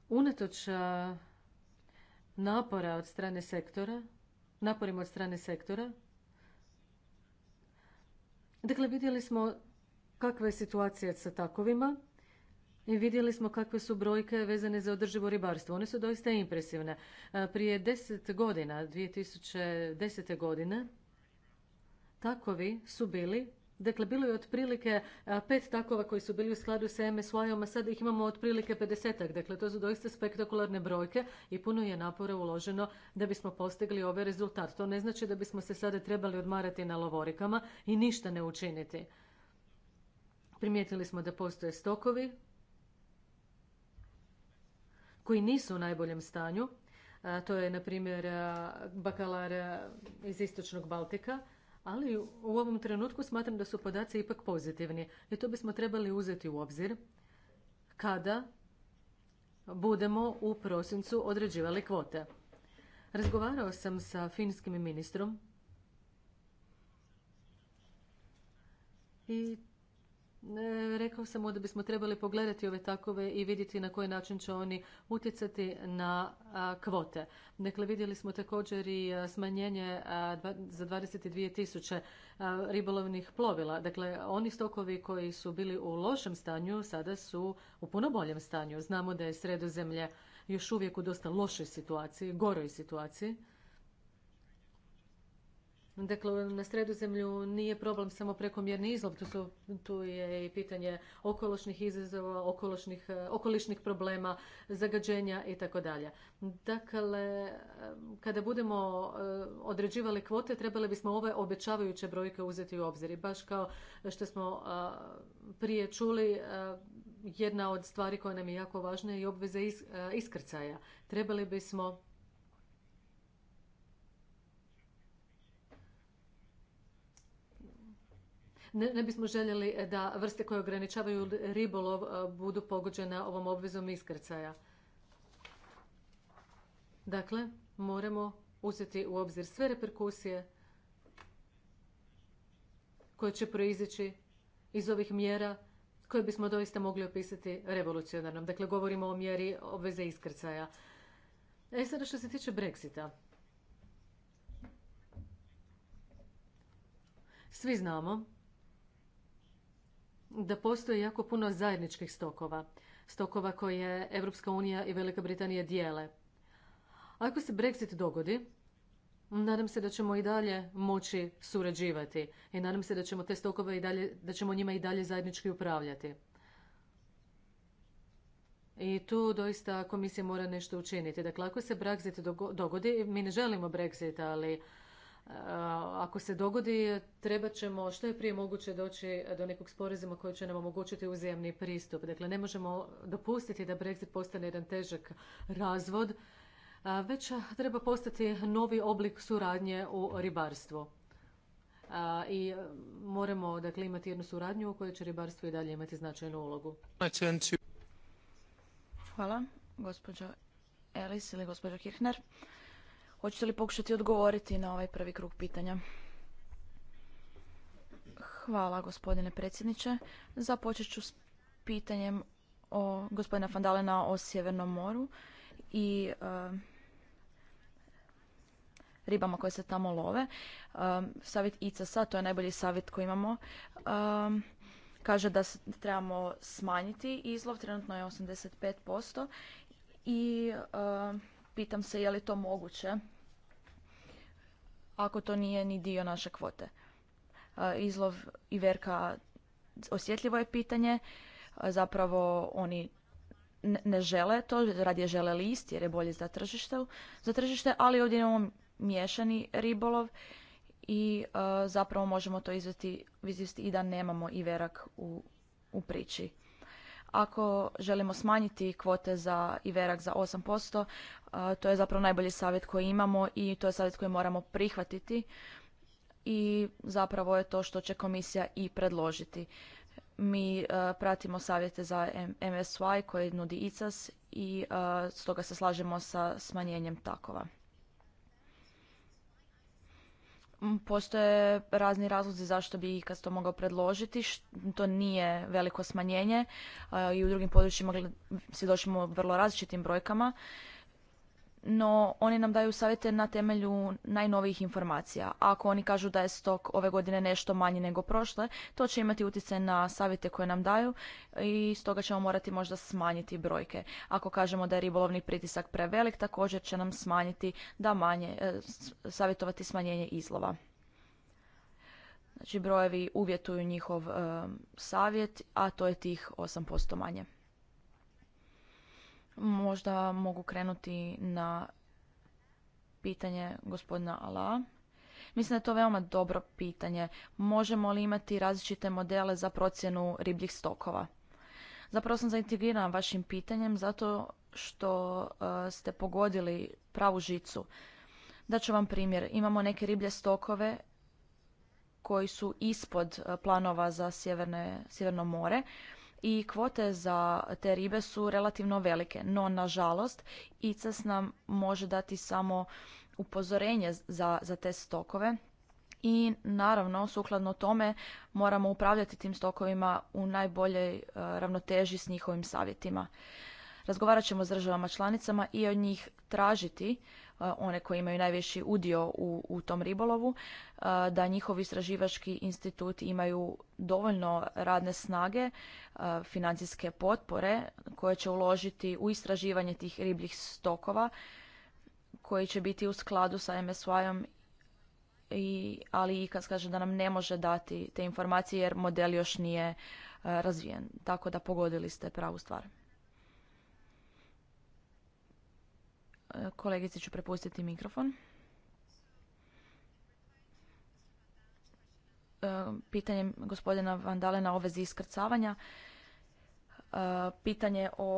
S1: Unatoč napora od strane sektora, naporima od strane sektora. Dakle, vidjeli smo kakva je situacija sa takovima i vidjeli smo kakve su brojke vezane za održivo ribarstvo. One su doista impresivne. E, prije deset godina, 2010. godine, takovi su bili Dakle, bilo je otprilike e, pet takova koji su bili u skladu sa MSY-om, a sada ih imamo otprilike 50-ak. Dakle, to su doista spektakularne brojke i puno je napora uloženo da bismo postigli ovaj rezultat. To ne znači da bismo se sada trebali odmarati na lovorikama i ništa ne učiniti. Primijetili smo da postoje stokovi koji nisu u najboljem stanju. E, to je, na primjer, e, bakalar iz Istočnog Baltika – ali u ovom trenutku smatram da su podaci ipak pozitivni i to bismo trebali uzeti u obzir kada budemo u prosincu određivali kvote. Razgovarao sam sa finskim ministrom i E, rekao sam da bismo trebali pogledati ove takove i vidjeti na koji način će oni utjecati na kvote. Dakle, vidjeli smo također i smanjenje za 22 tisuće ribolovnih plovila. Dakle, oni stokovi koji su bili u lošem stanju sada su u puno boljem stanju. Znamo da je sredozemlje još uvijek u dosta lošoj situaciji, goroj situaciji. Dakle, na sredozemlju nije problem samo prekomjerni izlov, tu, su, tu je i pitanje okolišnih izazova, okolišnih, e, okolišnih problema, zagađenja i tako dalje. Dakle, e, kada budemo e, određivali kvote, trebali bismo ove obećavajuće brojke uzeti u obzir. I baš kao što smo prije čuli, jedna od stvari koja nam je jako važna je i obveze iskrcaja. Trebali bismo Ne, bismo željeli e, da vrste koje ograničavaju ribolov e, budu pogođene ovom obvezom iskrcaja. Dakle, moramo uzeti u obzir sve reperkusije koje će proizići iz ovih mjera koje bismo doista mogli opisati revolucionarnom. Dakle, govorimo o mjeri obveze iskrcaja. E sada što se tiče Brexita. Svi znamo da postoji jako puno zajedničkih stokova, stokova koje Europska unija i Velika Britanija dijele. Ako se Brexit dogodi, nadam se da ćemo i dalje moći surađivati i nadam se da ćemo te stokove i dalje, da ćemo njima i dalje zajednički upravljati. I tu doista komisija mora nešto učiniti. Dakle, ako se Brexit dogodi, mi ne želimo Brexit, ali ako se dogodi, treba ćemo što je prije moguće doći do nekog sporazuma koji će nam omogućiti uzajamni pristup. Dakle, ne možemo dopustiti da Brexit postane jedan težak razvod, već treba postati novi oblik suradnje u ribarstvu. I e, moramo dakle, imati jednu suradnju u kojoj će ribarstvo i dalje imati značajnu ulogu.
S3: Hvala, gospođo Elis ili gospođo Kirchner. Hoćete li pokušati odgovoriti na ovaj prvi krug pitanja? Hvala, gospodine predsjedniče. Započet ću s pitanjem o gospodina Fandalena o Sjevernom moru i e, ribama koje se tamo love. E, savjet ICASA, to je najbolji savjet koji imamo, e, kaže da trebamo smanjiti izlov, trenutno je 85% i e, pitam se je li to moguće ako to nije ni dio naše kvote. E, izlov i verka osjetljivo je pitanje, e, zapravo oni ne žele to, radije žele list jer je bolje za tržište, ali ovdje imamo miješani ribolov i e, zapravo možemo to izvesti, izvesti i da nemamo i verak u, u priči. Ako želimo smanjiti kvote za Iverak za 8%, to je zapravo najbolji savjet koji imamo i to je savjet koji moramo prihvatiti i zapravo je to što će komisija i predložiti. Mi pratimo savjete za MSY koje nudi ICAS i stoga se slažemo sa smanjenjem takova. Mm, postoje razni razlozi zašto bi IKAS to mogao predložiti. To nije veliko smanjenje i u drugim područjima svjedočimo vrlo različitim brojkama no oni nam daju savjete na temelju najnovijih informacija. Ako oni kažu da je stok ove godine nešto manji nego prošle, to će imati utjecaj na savjete koje nam daju i stoga ćemo morati možda smanjiti brojke. Ako kažemo da je ribolovni pritisak prevelik, također će nam smanjiti da manje, e, savjetovati smanjenje izlova. Znači brojevi uvjetuju njihov e, savjet, a to je tih 8% manje. Možda mogu krenuti na pitanje gospodina Ala. Mislim da je to veoma dobro pitanje. Možemo li imati različite modele za procjenu ribljih stokova? Zapravo sam zaintegrirana vašim pitanjem zato što e, ste pogodili pravu žicu. Da ću vam primjer. Imamo neke riblje stokove koji su ispod e, planova za Sjeverno more i kvote za te ribe su relativno velike, no nažalost ICAS e nam može dati samo upozorenje za, za te stokove i naravno sukladno tome moramo upravljati tim stokovima u najboljoj e, ravnoteži s njihovim savjetima. Razgovarat ćemo s državama članicama i od njih tražiti one koje imaju najveći udio u, u tom ribolovu, da njihovi istraživački instituti imaju dovoljno radne snage, financijske potpore koje će uložiti u istraživanje tih ribljih stokova koji će biti u skladu sa MSY-om i, ali kažem kaže da nam ne može dati te informacije jer model još nije razvijen. Tako da pogodili ste pravu stvar. Kolegici ću prepustiti mikrofon. E, pitanje gospodina Vandalena o vezi iskrcavanja. E, pitanje o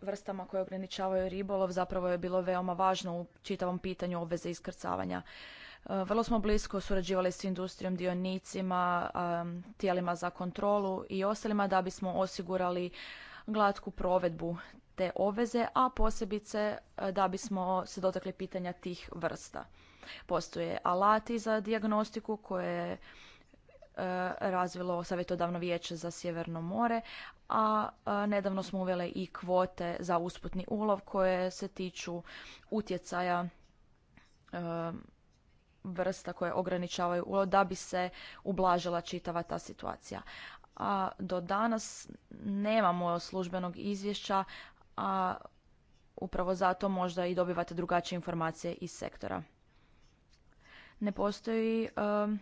S3: vrstama koje ograničavaju ribolov zapravo je bilo veoma važno u čitavom pitanju vezi iskrcavanja. E, vrlo smo blisko surađivali s industrijom, dionicima, tijelima za kontrolu i ostalima da bismo osigurali glatku provedbu te obveze, a posebice e, da bismo se dotakli pitanja tih vrsta. Postoje alati za dijagnostiku koje je razvilo savjetodavno vijeće za Sjeverno more, a e, nedavno smo uvele i kvote za usputni ulov koje se tiču utjecaja e, vrsta koje ograničavaju ulov da bi se ublažila čitava ta situacija. A do danas nemamo službenog izvješća a upravo zato možda i dobivate drugačije informacije iz sektora. Ne postoji um,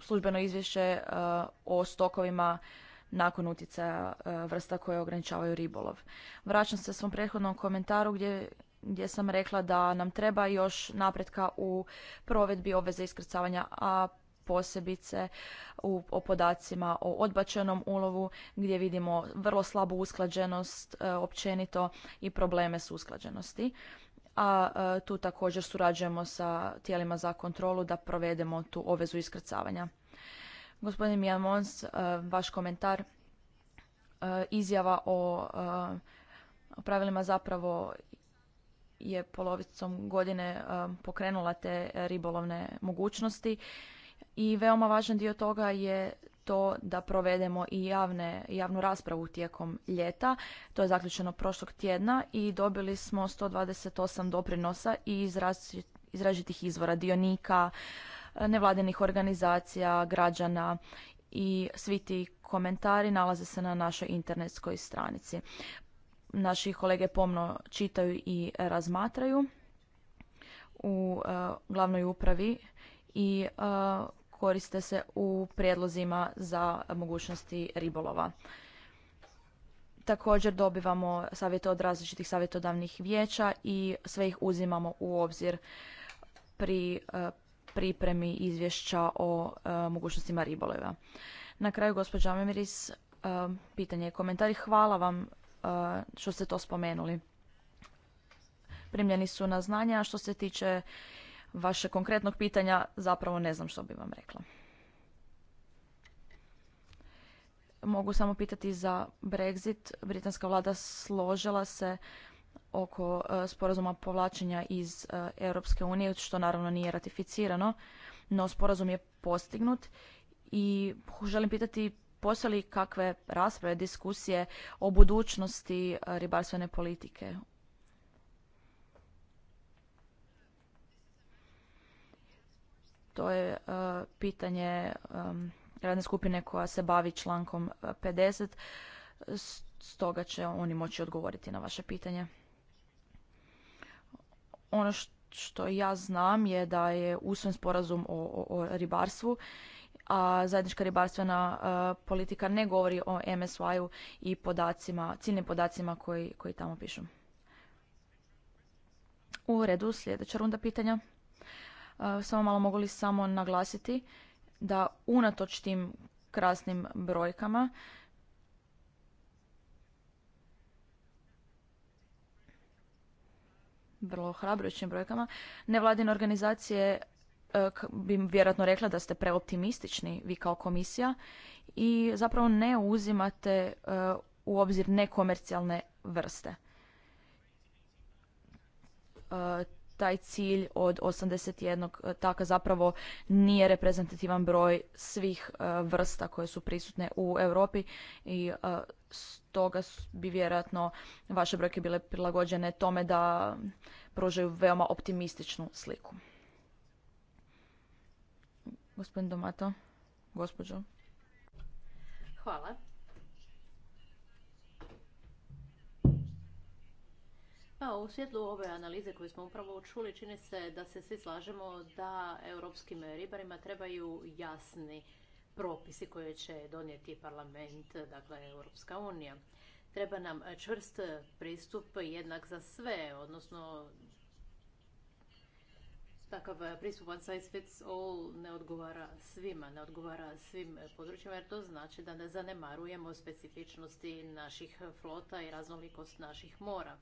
S3: službeno izvješće uh, o stokovima nakon utjecaja uh, vrsta koje ograničavaju ribolov. Vraćam se svom prethodnom komentaru gdje, gdje sam rekla da nam treba još napretka u provedbi obveze iskrcavanja, a posebice u, o podacima o odbačenom ulovu gdje vidimo vrlo slabu usklađenost e, općenito i probleme s usklađenosti. A e, tu također surađujemo sa tijelima za kontrolu da provedemo tu obvezu iskrcavanja. Gospodin Mijamons, e, vaš komentar e, izjava o, o pravilima zapravo je polovicom godine pokrenula te ribolovne mogućnosti i veoma važan dio toga je to da provedemo i javne, javnu raspravu tijekom ljeta. To je zaključeno prošlog tjedna i dobili smo 128 doprinosa i iz izvora, dionika, eh, nevladinih organizacija, građana i svi ti komentari nalaze se na našoj internetskoj stranici. Naši kolege pomno čitaju i razmatraju u eh, glavnoj upravi i eh, koriste se u prijedlozima za mogućnosti ribolova. Također dobivamo savjete od različitih savjetodavnih vijeća i sve ih uzimamo u obzir pri e, pripremi izvješća o e, mogućnostima ribolova. Na kraju, gospođa Memiris, e, pitanje i komentari. Hvala vam što ste to spomenuli. Primljeni su na znanja. Što se tiče vaše konkretnog pitanja zapravo ne znam što bi vam rekla. Mogu samo pitati za Brexit. Britanska vlada složila se oko e, sporazuma povlačenja iz e, Europske unije, što naravno nije ratificirano, no sporazum je postignut i želim pitati postoje li kakve rasprave, diskusije o budućnosti e, ribarstvene politike To je e, pitanje radne skupine koja se bavi člankom 50. Stoga će oni moći odgovoriti na vaše pitanje. Ono što ja znam je da je usvojen sporazum o, ribarstvu a zajednička ribarstvena e, politika ne govori o MSY-u i podacima, ciljnim podacima koji, koji tamo pišu. U redu, sljedeća runda pitanja. Eh, samo malo mogu li samo naglasiti da unatoč tim krasnim brojkama vrlo hrabrojućim brojkama, nevladine organizacije eh, bi vjerojatno rekla da ste preoptimistični vi kao komisija i zapravo ne uzimate eh, u obzir nekomercijalne vrste taj cilj od 81 e, taka zapravo nije reprezentativan broj svih e, vrsta koje su prisutne u Europi i e, stoga bi vjerojatno vaše brojke bile prilagođene tome da pružaju veoma optimističnu sliku. Gospodin Domato, gospođo.
S2: Hvala. Pa u svjetlu ove analize koje smo upravo čuli čini se da se svi slažemo da europskim ribarima trebaju jasni propisi koje će donijeti parlament, dakle Europska unija. Treba nam čvrst pristup jednak za sve, odnosno takav pristup one size fits all ne odgovara svima, ne odgovara svim područjima jer to znači da ne zanemarujemo specifičnosti naših flota i raznolikost naših mora.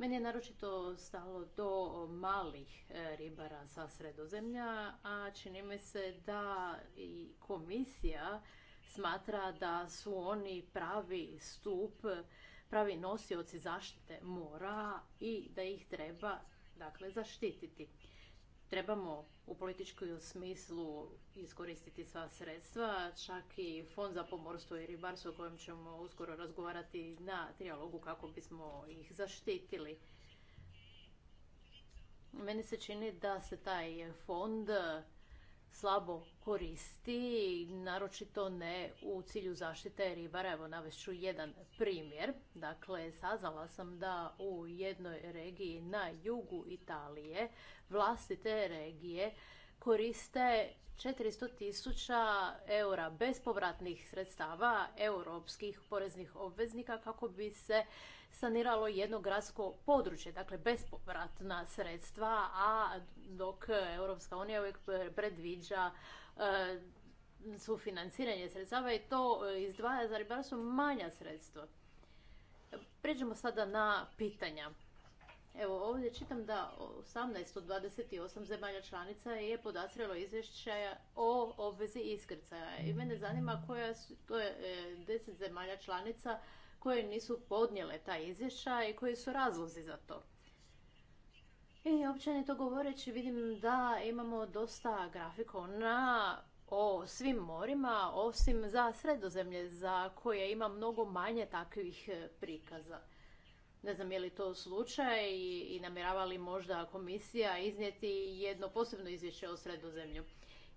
S2: Meni je naročito stalo do malih e, ribara sa sredozemlja, a čini mi se da i komisija smatra da su oni pravi stup, pravi nosioci zaštite mora i da ih treba dakle zaštititi trebamo u političkom smislu iskoristiti sva sredstva, čak i Fond za pomorstvo i ribarstvo o kojem ćemo uskoro razgovarati na trijalogu kako bismo ih zaštitili. Meni se čini da se taj fond slabo koristi, naročito ne u cilju zaštite ribara. Evo navešću jedan primjer. Dakle, saznala sam da u jednoj regiji na jugu Italije vlastite regije koriste 400 tisuća eura bespovratnih sredstava europskih poreznih obveznika kako bi se saniralo jedno gradsko područje, dakle bespovratna sredstva, a dok Europska unija uvijek predviđa E, sufinanciranje sredstava i to e, izdvaja za ribarstvo manja sredstva. Pređemo sada na pitanja. Evo ovdje čitam da 18 od zemalja članica je podastrilo izvješće o obvezi iskrcaja. I mene zanima koja su to je 10 e, zemalja članica koje nisu podnijele ta izvješća i koji su razlozi za to. I e, općenito govoreći vidim da imamo dosta grafikona o svim morima, osim za sredozemlje, za koje ima mnogo manje takvih e, prikaza. Ne znam je li to slučaj i namjerava li možda komisija iznijeti jedno posebno izvješće o sredozemlju.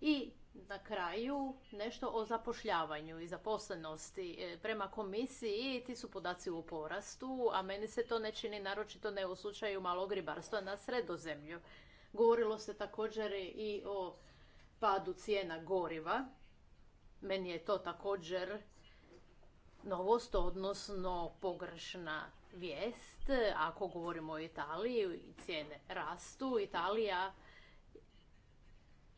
S2: I na kraju nešto o zapošljavanju i zaposlenosti. E, prema komisiji ti su podaci u porastu, a meni se to ne čini naročito ne u slučaju malog ribarstva na sredozemlju. Govorilo se također i o padu cijena goriva. Meni je to također novost, odnosno pogrešna vijest. Ako govorimo o Italiji, cijene rastu. Italija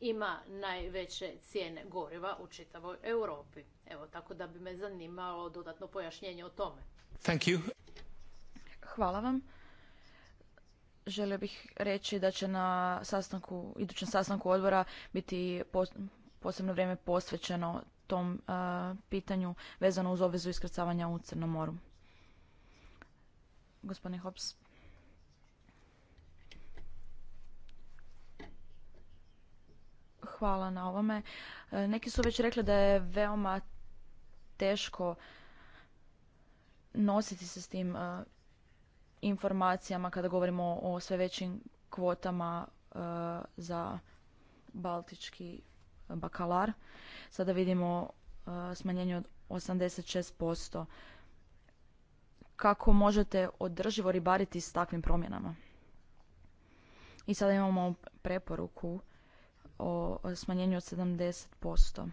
S2: ima najveće cijene goriva u čitavoj Europi. Evo, tako da bi me zanimalo dodatno pojašnjenje o tome.
S3: Hvala vam. Želio bih reći da će na sastanku, idućem sastanku odbora biti posebno vrijeme posvećeno tom pitanju vezano uz obvezu iskrcavanja u Crnom moru. Gospodine Hobbs. hvala na ovome. E, neki su već rekli da je veoma teško nositi se s tim e, informacijama kada govorimo o sve većim kvotama e, za baltički bakalar. Sada vidimo smanjenje od 86%. Kako možete održivo ribariti s takvim promjenama? I sada imamo preporuku o smanjenju od 70%.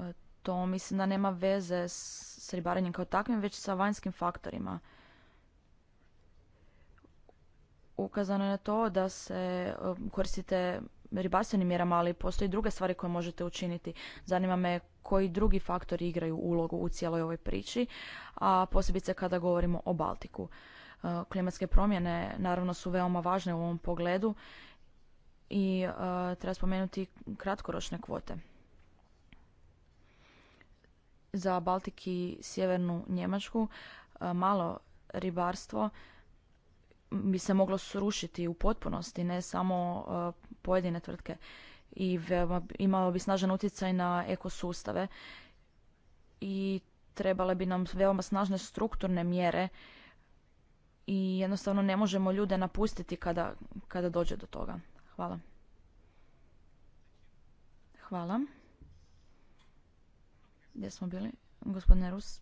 S3: E, to mislim da nema veze s ribarenjem kao takvim, već sa vanjskim faktorima. Ukazano je na to da se e, koristite ribarstvenim mjerama, ali postoji druge stvari koje možete učiniti. Zanima me koji drugi faktori igraju ulogu u cijeloj ovoj priči, a posebice kada govorimo o Baltiku. E, klimatske promjene naravno su veoma važne u ovom pogledu i e, treba spomenuti kratkoročne kvote za Baltik i sjevernu Njemačku e, malo ribarstvo bi se moglo srušiti u potpunosti, ne samo e, pojedine tvrtke i imalo bi snažan utjecaj na ekosustave i trebale bi nam veoma snažne strukturne mjere i jednostavno ne možemo ljude napustiti kada, kada dođe do toga. Hvala. Hvala. Gdje smo bili? Gospodine Rus.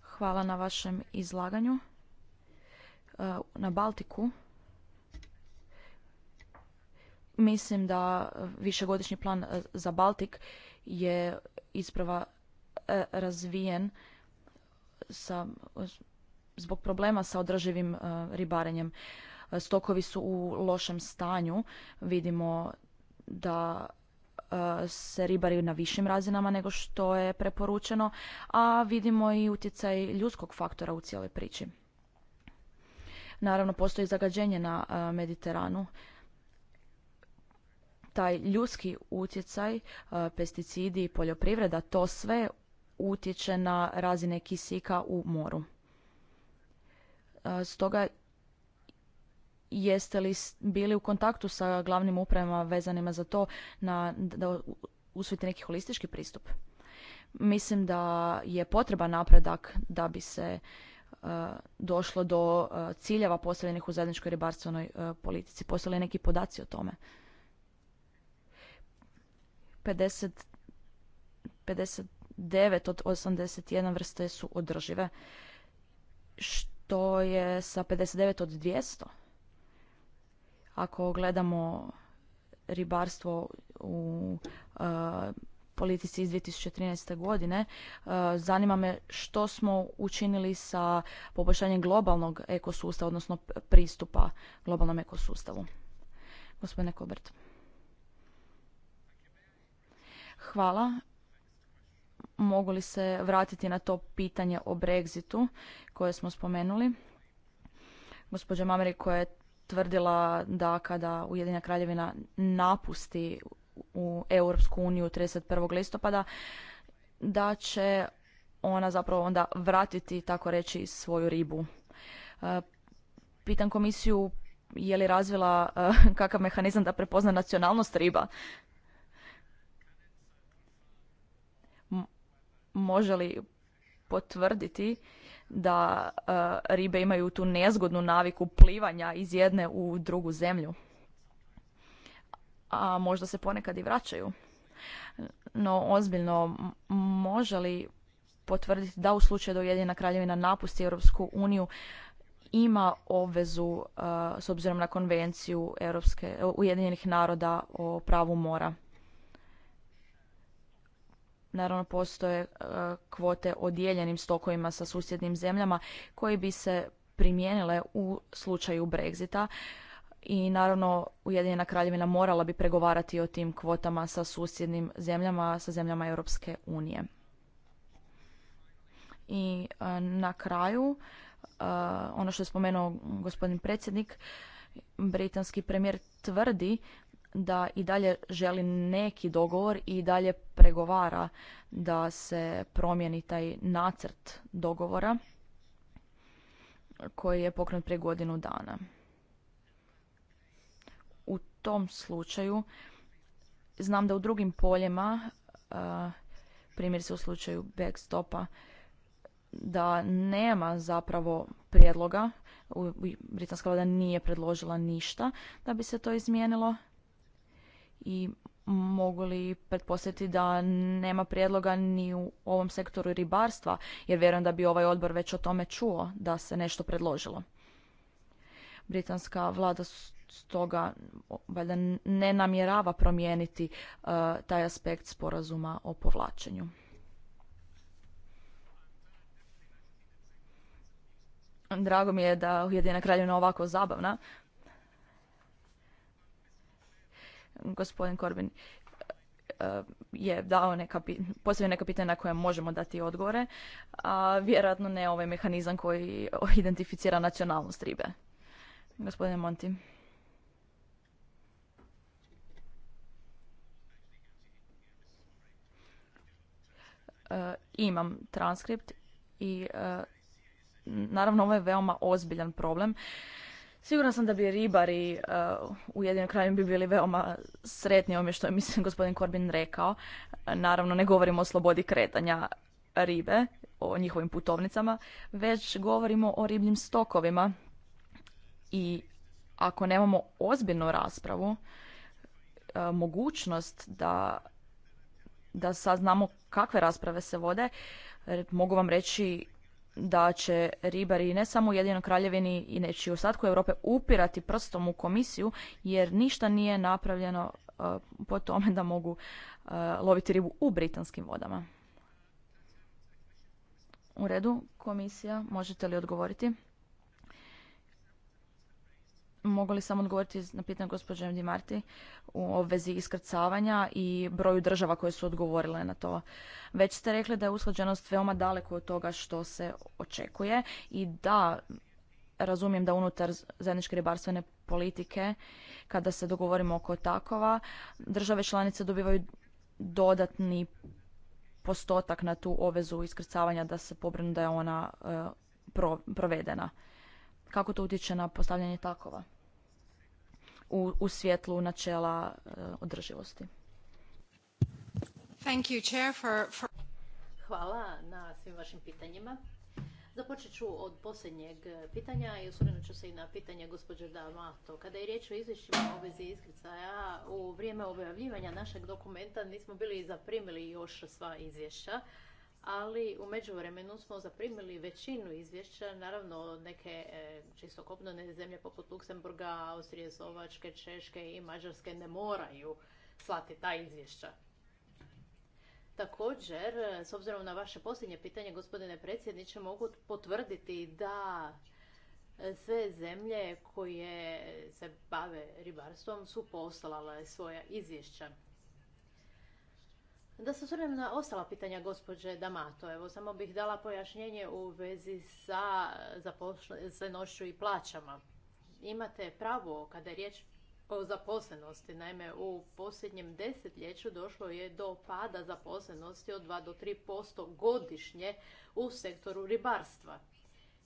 S3: Hvala na vašem izlaganju. E, na Baltiku mislim da višegodišnji plan e, za Baltik je isprava e, razvijen sa zbog problema sa održivim e, ribarenjem. E, stokovi su u lošem stanju, vidimo da e, se ribari na višim razinama nego što je preporučeno, a vidimo i utjecaj ljudskog faktora u cijeloj priči. Naravno, postoji zagađenje na Mediteranu. Taj ljudski utjecaj, pesticidi i poljoprivreda, to sve utječe na razine kisika u moru. Stoga jeste li bili u kontaktu sa glavnim upravama vezanima za to na, da usvojite neki holistički pristup? Mislim da je potreban napredak da bi se e, došlo do e, ciljeva postavljenih u zajedničkoj ribarstvenoj e, politici. Postoje neki podaci o tome? 50, 59 od 81 vrste su održive. Što to je sa 59 od 200. Ako gledamo ribarstvo u e, politici iz 2013. godine. E, zanima me što smo učinili sa poboljšanjem globalnog ekosustava, odnosno pristupa globalnom ekosustavu. Gospodine Kobert. Hvala mogu li se vratiti na to pitanje o Brexitu koje smo spomenuli. Gospođa Mameri koja je tvrdila da kada Ujedinja kraljevina napusti u Europsku uniju 31. listopada, da će ona zapravo onda vratiti, tako reći, svoju ribu. E, pitam komisiju je li razvila e, kakav mehanizam da prepozna nacionalnost riba može li potvrditi da e, ribe imaju tu nezgodnu naviku plivanja iz jedne u drugu zemlju. A možda se ponekad i vraćaju. No, ozbiljno, može li potvrditi da u slučaju da Ujedinjena kraljevina napusti Europsku uniju ima obvezu e, s obzirom na konvenciju Europske, Ujedinjenih naroda o pravu mora naravno postoje e, kvote o dijeljenim stokovima sa susjednim zemljama koji bi se primijenile u slučaju Brexita i naravno Ujedinjena kraljevina morala bi pregovarati o tim kvotama sa susjednim zemljama, sa zemljama Europske unije. I e, na kraju, e, ono što je spomenuo gospodin predsjednik, britanski premijer tvrdi da i dalje želi neki dogovor i dalje pregovara da se promijeni taj nacrt dogovora koji je pokrenut prije godinu dana. U tom slučaju znam da u drugim poljima, primjer se u slučaju backstopa, da nema zapravo prijedloga, britanska vlada nije predložila ništa da bi se to izmijenilo i mogu li pretpostaviti da nema prijedloga ni u ovom sektoru ribarstva, jer vjerujem da bi ovaj odbor već o tome čuo da se nešto predložilo. Britanska vlada stoga valjda ne namjerava promijeniti e, taj aspekt sporazuma o povlačenju. Drago mi je da Ujedina kraljevina ovako zabavna, Gospodin Korbin e, je dao neka, postavio neka pitanja na koja možemo dati odgovore, a vjerojatno ne ovaj mehanizam koji identificira nacionalnost ribe. Gospodine Monti. E, imam transkript i e, naravno ovo je veoma ozbiljan problem Siguran sam da bi ribari uh, u jedinom kraju bi bili veoma sretni ovome što je, mislim, gospodin Korbin rekao. Naravno, ne govorimo o slobodi kretanja ribe, o njihovim putovnicama, već govorimo o ribljim stokovima. I ako nemamo ozbiljnu raspravu, uh, mogućnost da, da saznamo kakve rasprave se vode, mogu vam reći da će ribari ne samo u Jedinoj kraljevini i neći u ostatku Europe upirati prstom u komisiju jer ništa nije napravljeno e, po tome da mogu e, loviti ribu u britanskim vodama. U redu, komisija, možete li odgovoriti? mogu li samo odgovoriti na pitanje gospođe Di Marti u obvezi iskrcavanja i broju država koje su odgovorile na to. Već ste rekli da je usklađenost veoma daleko od toga što se očekuje i da razumijem da unutar zajedničke ribarstvene politike, kada se dogovorimo oko takova, države članice dobivaju dodatni postotak na tu obvezu iskrcavanja da se pobrinu da je ona e, provedena. Kako to utječe na postavljanje takova? u, u svjetlu načela eh, održivosti. Thank you, Chair, for, for...
S2: Hvala na svim vašim pitanjima. Započet ću od posljednjeg eh, pitanja i osvrnut ću se i na pitanje gospođe D'Amato. Kada je riječ o izvješćima o obvezi iskrcaja, u vrijeme objavljivanja našeg dokumenta nismo bili zaprimili još sva izvješća, ali u međuvremenu smo zaprimili većinu izvješća, naravno neke e, čisto kopnene zemlje poput Luksemburga, Austrije, Slovačke, Češke i Mađarske ne moraju slati ta izvješća. Također, e, s obzirom na vaše posljednje pitanje, gospodine predsjedniče, mogu potvrditi da e, sve zemlje koje se bave ribarstvom su poslale svoja izvješća. Da se osvrnem na ostala pitanja gospođe Damato, evo samo bih dala pojašnjenje u vezi sa zaposlenošću i plaćama. Imate pravo kada je riječ o zaposlenosti. Naime, u posljednjem desetljeću došlo je do pada zaposlenosti od 2 do 3% godišnje u sektoru ribarstva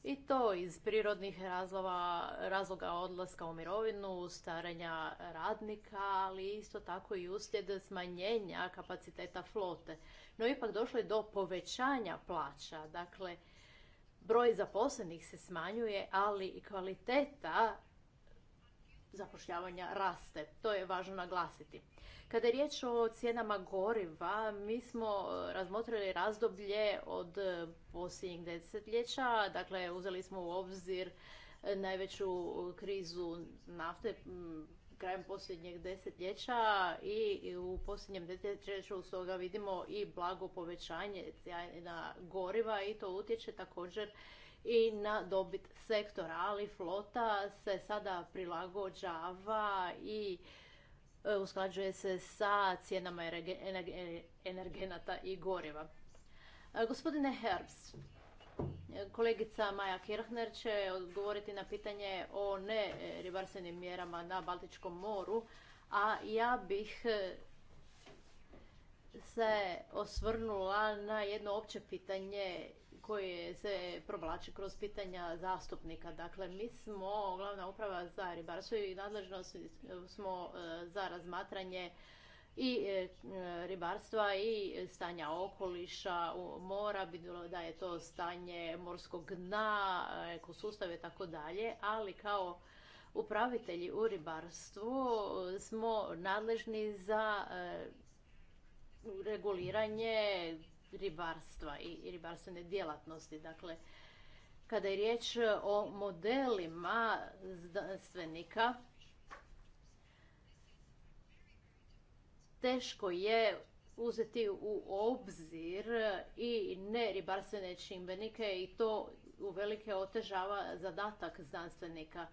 S2: i to iz prirodnih razloga, razloga odlaska u mirovinu, starenja radnika, ali isto tako i uslijed smanjenja kapaciteta flote. No ipak došlo je do povećanja plaća, dakle broj zaposlenih se smanjuje, ali i kvaliteta zapošljavanja raste. To je važno naglasiti. Kada je riječ o cijenama goriva, mi smo e, razmotrili razdoblje od e, posljednjih desetljeća, dakle uzeli smo u obzir e, najveću krizu nafte krajem posljednjeg desetljeća i u posljednjem desetljeću stoga vidimo i blago povećanje cijena goriva i to utječe također i na dobit sektora, ali flota se sada prilagođava i E, usklađuje se sa cijenama energenata i goriva. E, gospodine Herbs, e, kolegica Maja Kirchner će odgovoriti na pitanje o neribarstvenim mjerama na Baltičkom moru, a ja bih se osvrnula na jedno opće pitanje koje se provlači kroz pitanja zastupnika. Dakle, mi smo glavna uprava za ribarstvo i nadležno smo e, za razmatranje i e, ribarstva i stanja okoliša, mora, bilo da je to stanje morskog dna, ekosustave i tako dalje, ali kao upravitelji u ribarstvu smo nadležni za e, reguliranje ribarstva i ribarstvene djelatnosti. Dakle, kada je riječ e, o modelima znanstvenika, teško je uzeti u obzir i neribarstvene čimbenike i to uvelike otežava zadatak znanstvenika.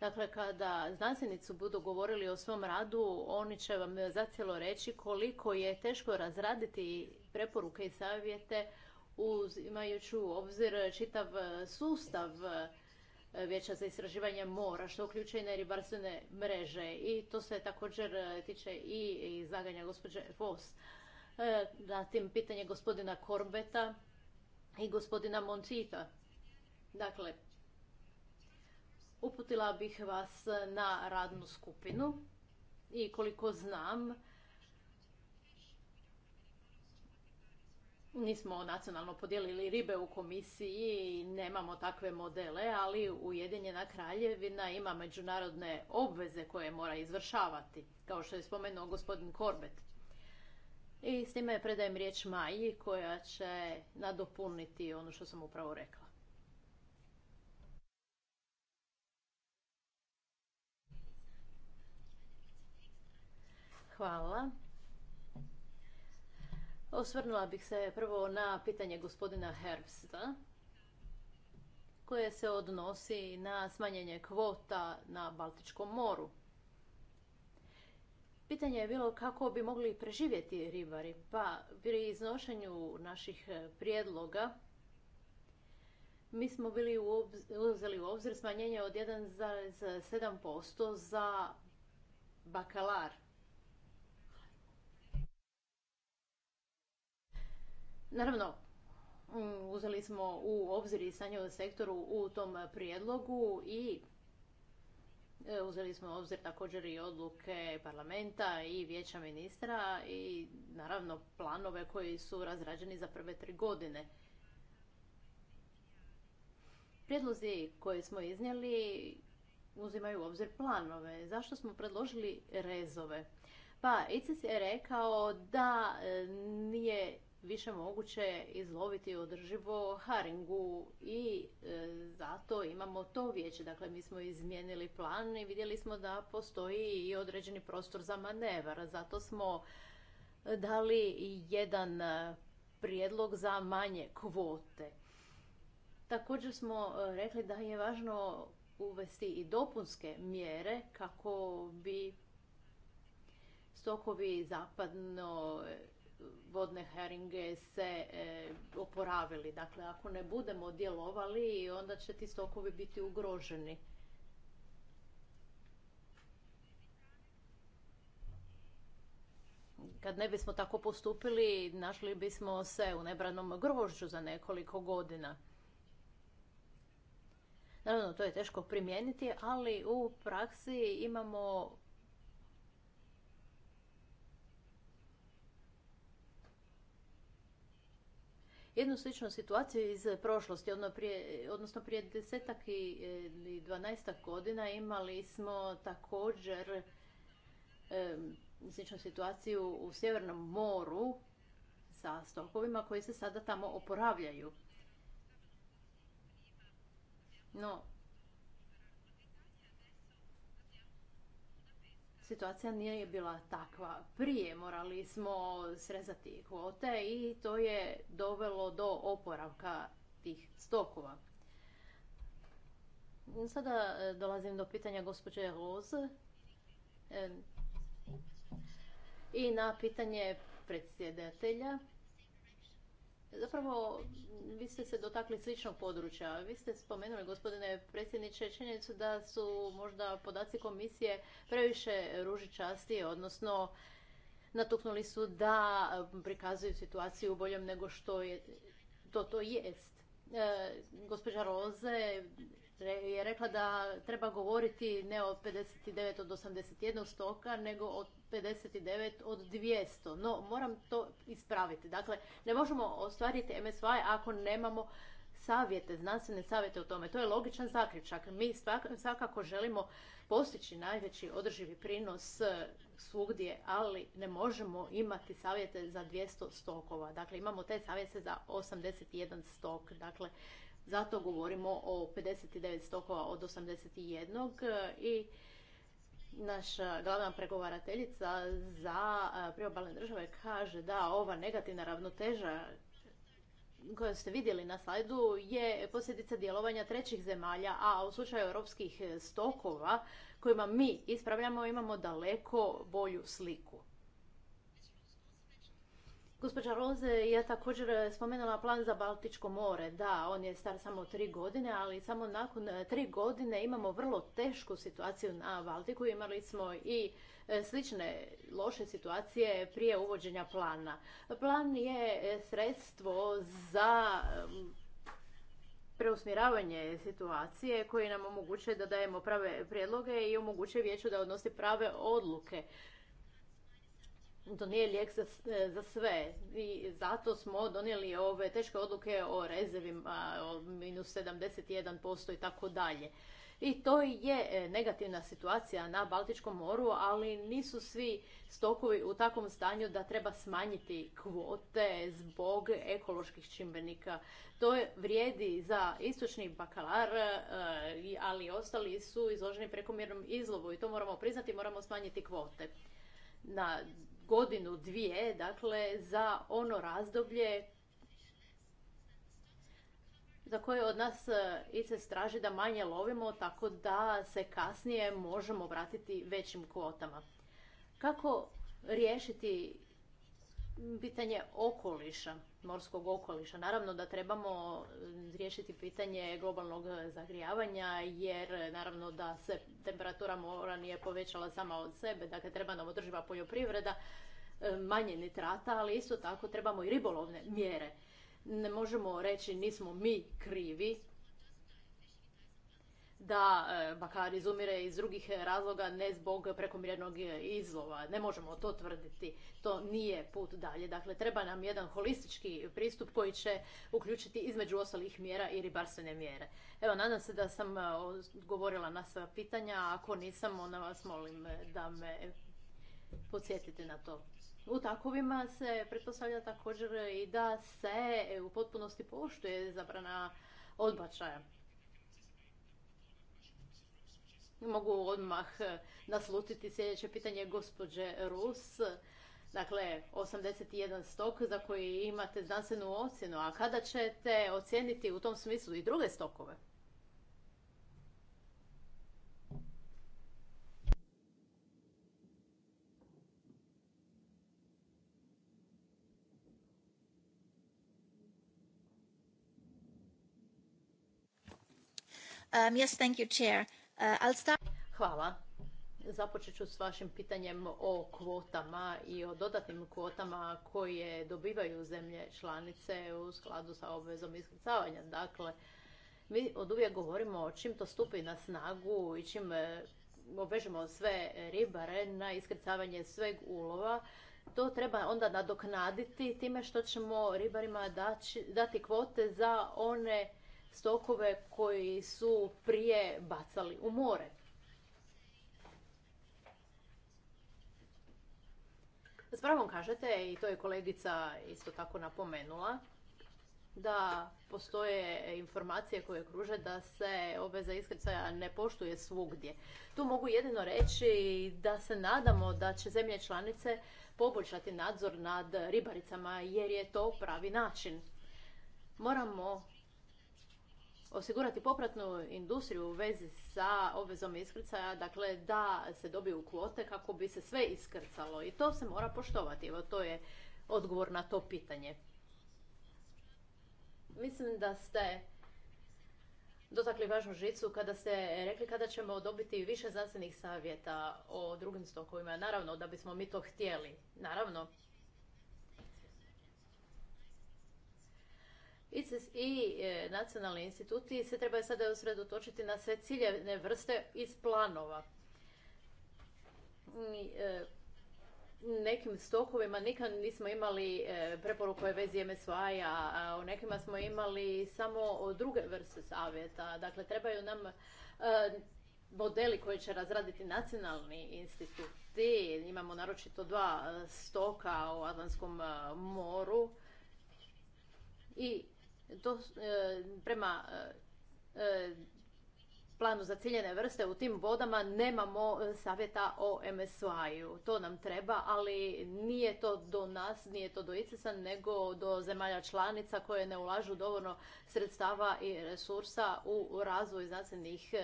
S2: Dakle, kada znanstvenici budu govorili o svom radu, oni će vam zacijelo reći koliko je teško razraditi preporuke i savjete uzimajući u obzir čitav sustav eh, Vijeća za istraživanje mora, što uključuje i na mreže. I to se također eh, tiče i izlaganja gospođe Vos. Eh, zatim pitanje gospodina Korbeta i gospodina Montita. Dakle, uputila bih vas na radnu skupinu i koliko znam, Nismo nacionalno podijelili ribe u komisiji i nemamo takve modele, ali Ujedinjena kraljevina ima međunarodne obveze koje mora izvršavati, kao što je spomenuo gospodin Korbet. I s time predajem riječ Maji koja će nadopuniti ono što sam upravo rekla. Hvala. Osvrnula bih se prvo na pitanje gospodina Herbsta koje se odnosi na smanjenje kvota na Baltičkom moru. Pitanje je bilo kako bi mogli preživjeti ribari. Pa pri iznošenju naših prijedloga mi smo bili uzeli u obzir smanjenje od 1,7% za bakalar. Naravno, mm, uzeli smo u obzir i stanje u sektoru u tom prijedlogu i e, uzeli smo u obzir također i odluke parlamenta i vijeća ministra i naravno planove koji su razrađeni za prve tri godine. Prijedlozi koje smo iznijeli uzimaju u obzir planove. Zašto smo predložili rezove? Pa, ICES je rekao da e, nije više moguće izloviti održivo haringu i e, zato imamo to vijeće. Dakle, mi smo izmijenili plan i vidjeli smo da postoji i određeni prostor za manevar. Zato smo dali jedan prijedlog za manje kvote. Također smo e, rekli da je važno uvesti i dopunske mjere kako bi stokovi zapadno vodne heringe se e, oporavili. Dakle, ako ne budemo djelovali, onda će ti stokovi biti ugroženi. Kad ne bismo tako postupili, našli bismo se u nebranom grožđu za nekoliko godina. Naravno, to je teško primijeniti, ali u praksi imamo jednu sličnu situaciju iz prošlosti, ono prije, odnosno prije desetak i dvanaestak godina imali smo također e, sličnu situaciju u Sjevernom moru sa stokovima koji se sada tamo oporavljaju. No, situacija nije bila takva. Prije morali smo srezati kvote i to je dovelo do oporavka tih stokova. Sada e, dolazim do pitanja gospođe Rose i na pitanje predsjedatelja. Zapravo, vi ste se dotakli sličnog područja. Vi ste spomenuli, gospodine predsjedniče, činjenicu da su možda podaci komisije previše ružičasti, odnosno natuknuli su da prikazuju situaciju boljem nego što je, to to jest. E, gospođa Roze je rekla da treba govoriti ne od 59 od 81 stoka, nego od 59 od 200. No, moram to ispraviti. Dakle, ne možemo ostvariti MSY ako nemamo savjete, znanstvene savjete o tome. To je logičan zaključak. Mi svakako želimo postići najveći održivi prinos e, svugdje, ali ne možemo imati savjete za 200 stokova. Dakle, imamo te savjete za 81 stok. Dakle, zato govorimo o 59 stokova od 81 i naša glavna pregovarateljica za priobalne države kaže da ova negativna ravnoteža koju ste vidjeli na slajdu je posljedica djelovanja trećih zemalja, a u slučaju europskih stokova kojima mi ispravljamo imamo daleko bolju sliku. Gospođa Roze je također spomenula plan za Baltičko more. Da, on je star samo tri godine, ali samo nakon e, tri godine imamo vrlo tešku situaciju na Baltiku. Imali smo i e, slične loše situacije prije uvođenja plana. Plan je e, sredstvo za preusmjeravanje situacije koji nam omogućuje da dajemo prave prijedloge i omogućuje vijeću da odnosi prave odluke to nije lijek za, e, za sve i zato smo donijeli ove teške odluke o rezervima, o minus 71% i tako dalje. I to je e, negativna situacija na Baltičkom moru, ali nisu svi stokovi u takvom stanju da treba smanjiti kvote zbog ekoloških čimbenika. To vrijedi za istočni bakalar, e, ali ostali su izloženi prekomjernom izlovu i to moramo priznati, moramo smanjiti kvote. Na godinu, dvije, dakle za ono razdoblje za koje od nas i se straži da manje lovimo, tako da se kasnije možemo vratiti većim kvotama. Kako riješiti pitanje okoliša, morskog okoliša. Naravno da trebamo mm, riješiti pitanje globalnog zagrijavanja jer naravno da se temperatura mora nije povećala sama od sebe, dakle treba nam održiva poljoprivreda, e, manje nitrata, ali isto tako trebamo i ribolovne mjere. Ne možemo reći nismo mi krivi, da e, bakar izumire iz drugih e, razloga, ne zbog prekomjernog e, izlova. Ne možemo to tvrditi, to nije put dalje. Dakle, treba nam jedan holistički pristup koji će uključiti između ostalih mjera i ribarstvene mjere. Evo, nadam se da sam odgovorila na sva pitanja, ako nisam, onda vas molim da me podsjetite na to. U takovima se pretpostavlja također i da se u potpunosti poštuje zabrana odbačaja mogu odmah e, naslutiti sljedeće pitanje gospođe Rus. Dakle, 81 stok za koji imate znanstvenu ocjenu, a kada ćete ocijeniti u tom smislu i druge stokove? Um, yes, thank you, Chair. Eh, Hvala. Započet ću s vašim pitanjem o kvotama i o dodatnim kvotama koje dobivaju zemlje članice u skladu sa obvezom iskrcavanja. Dakle, mi od uvijek govorimo čim to stupi na snagu i čim eh, obvežemo sve ribare na iskrcavanje sveg ulova, to treba onda nadoknaditi time što ćemo ribarima dati, dati kvote za one stokove koji su prije bacali u more. S pravom kažete, i to je kolegica isto tako napomenula, da postoje informacije koje kruže da se obveza iskrcaja ne poštuje svugdje. Tu mogu jedino reći da se nadamo da će zemlje članice poboljšati nadzor nad ribaricama jer je to pravi način. Moramo osigurati popratnu industriju u vezi sa obvezom iskrcaja, dakle da se dobiju kvote kako bi se sve iskrcalo i to se mora poštovati. Evo to je odgovor na to pitanje. Mislim da ste dotakli važnu žicu kada ste rekli kada ćemo dobiti više znanstvenih savjeta o drugim stokovima. Naravno da bismo mi to htjeli. Naravno, i e, nacionalni instituti se trebaju sada usredotočiti na sve ciljene vrste iz planova. E, nekim stokovima nikad nismo imali e, preporuke vezi MSY-a, a u nekima smo imali samo druge vrste savjeta. Dakle, trebaju nam modeli koji će razraditi nacionalni instituti. Imamo naročito dva stoka u Atlantskom moru i to e, prema e, e, planu za ciljene vrste u tim vodama nemamo savjeta o MSY-u. To nam treba, ali nije to do nas, nije to do nego do zemalja članica koje ne ulažu dovoljno sredstava i resursa u razvoj znanstvenih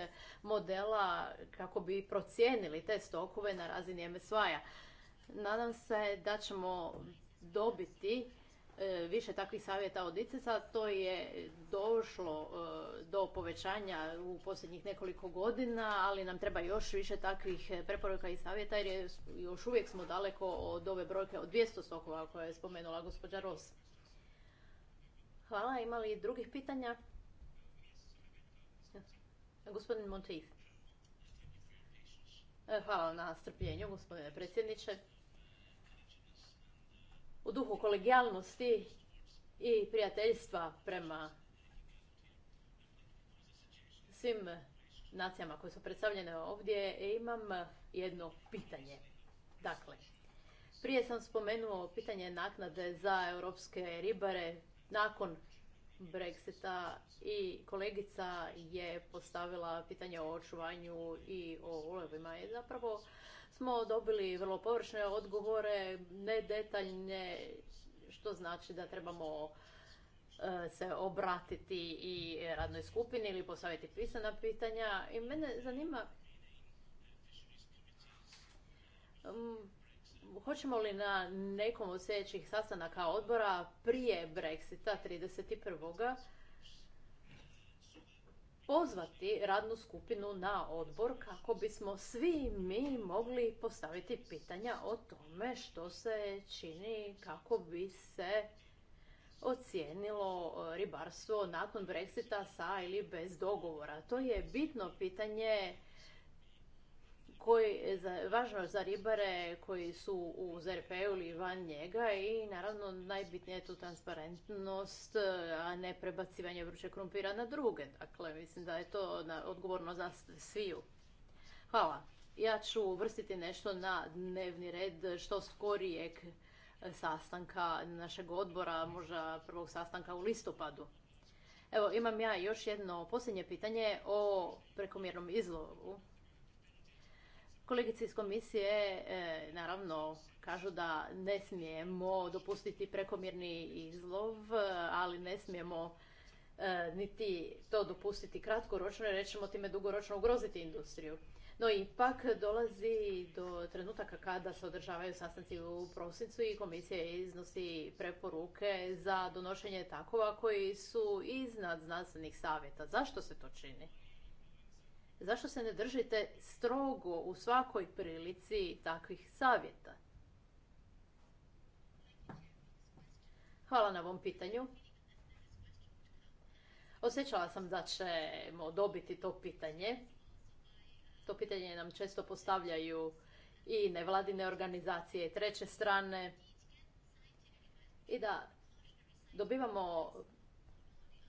S2: modela kako bi procijenili te stokove na razini MSY-a. Nadam se da ćemo dobiti E, više takvih savjeta od ices to je došlo e, do povećanja u posljednjih nekoliko godina, ali nam treba još više takvih e, preporuka i savjeta jer još uvijek smo daleko od ove brojke od 200 stokova koje je spomenula gospođa Ros. Hvala, ima li drugih pitanja? Gospodin Montif. Hvala na strpljenju, gospodine predsjedniče u duhu kolegijalnosti i prijateljstva prema svim nacijama koje su predstavljene ovdje, imam jedno pitanje. Dakle, prije sam spomenuo pitanje naknade za europske ribare nakon Brexita i kolegica je postavila pitanje o očuvanju i o ulovima. I zapravo smo dobili vrlo površne odgovore, nedetaljne, što znači da trebamo e, se obratiti i radnoj skupini ili postaviti pisana pitanja. I mene zanima hoćemo li na nekom od sljedećih sastanaka odbora prije Brexita 31. pozvati radnu skupinu na odbor kako bismo svi mi mogli postaviti pitanja o tome što se čini kako bi se ocijenilo ribarstvo nakon Brexita sa ili bez dogovora. To je bitno pitanje koji za, važno za ribare koji su u ZRP-u ili van njega i naravno najbitnije je tu transparentnost, a ne prebacivanje vruće krumpira na druge. Dakle, mislim da je to odgovorno za sviju. Hvala. Ja ću uvrstiti nešto na dnevni red što skorijeg e, sastanka našeg odbora, možda prvog sastanka u listopadu. Evo, imam ja još jedno posljednje pitanje o prekomjernom izlovu Kolegice iz komisije e, naravno kažu da ne smijemo dopustiti prekomjerni izlov, ali ne smijemo e, niti to dopustiti kratkoročno jer rećemo time dugoročno ugroziti industriju. No ipak dolazi do trenutaka kada se održavaju sastanci u prosincu i komisija iznosi preporuke za donošenje takova koji su iznad znanstvenih savjeta. Zašto se to čini? Zašto se ne držite strogo u svakoj prilici takvih savjeta? Hvala na ovom pitanju. Osjećala sam da ćemo dobiti to pitanje. To pitanje nam često postavljaju i nevladine organizacije i treće strane. I da dobivamo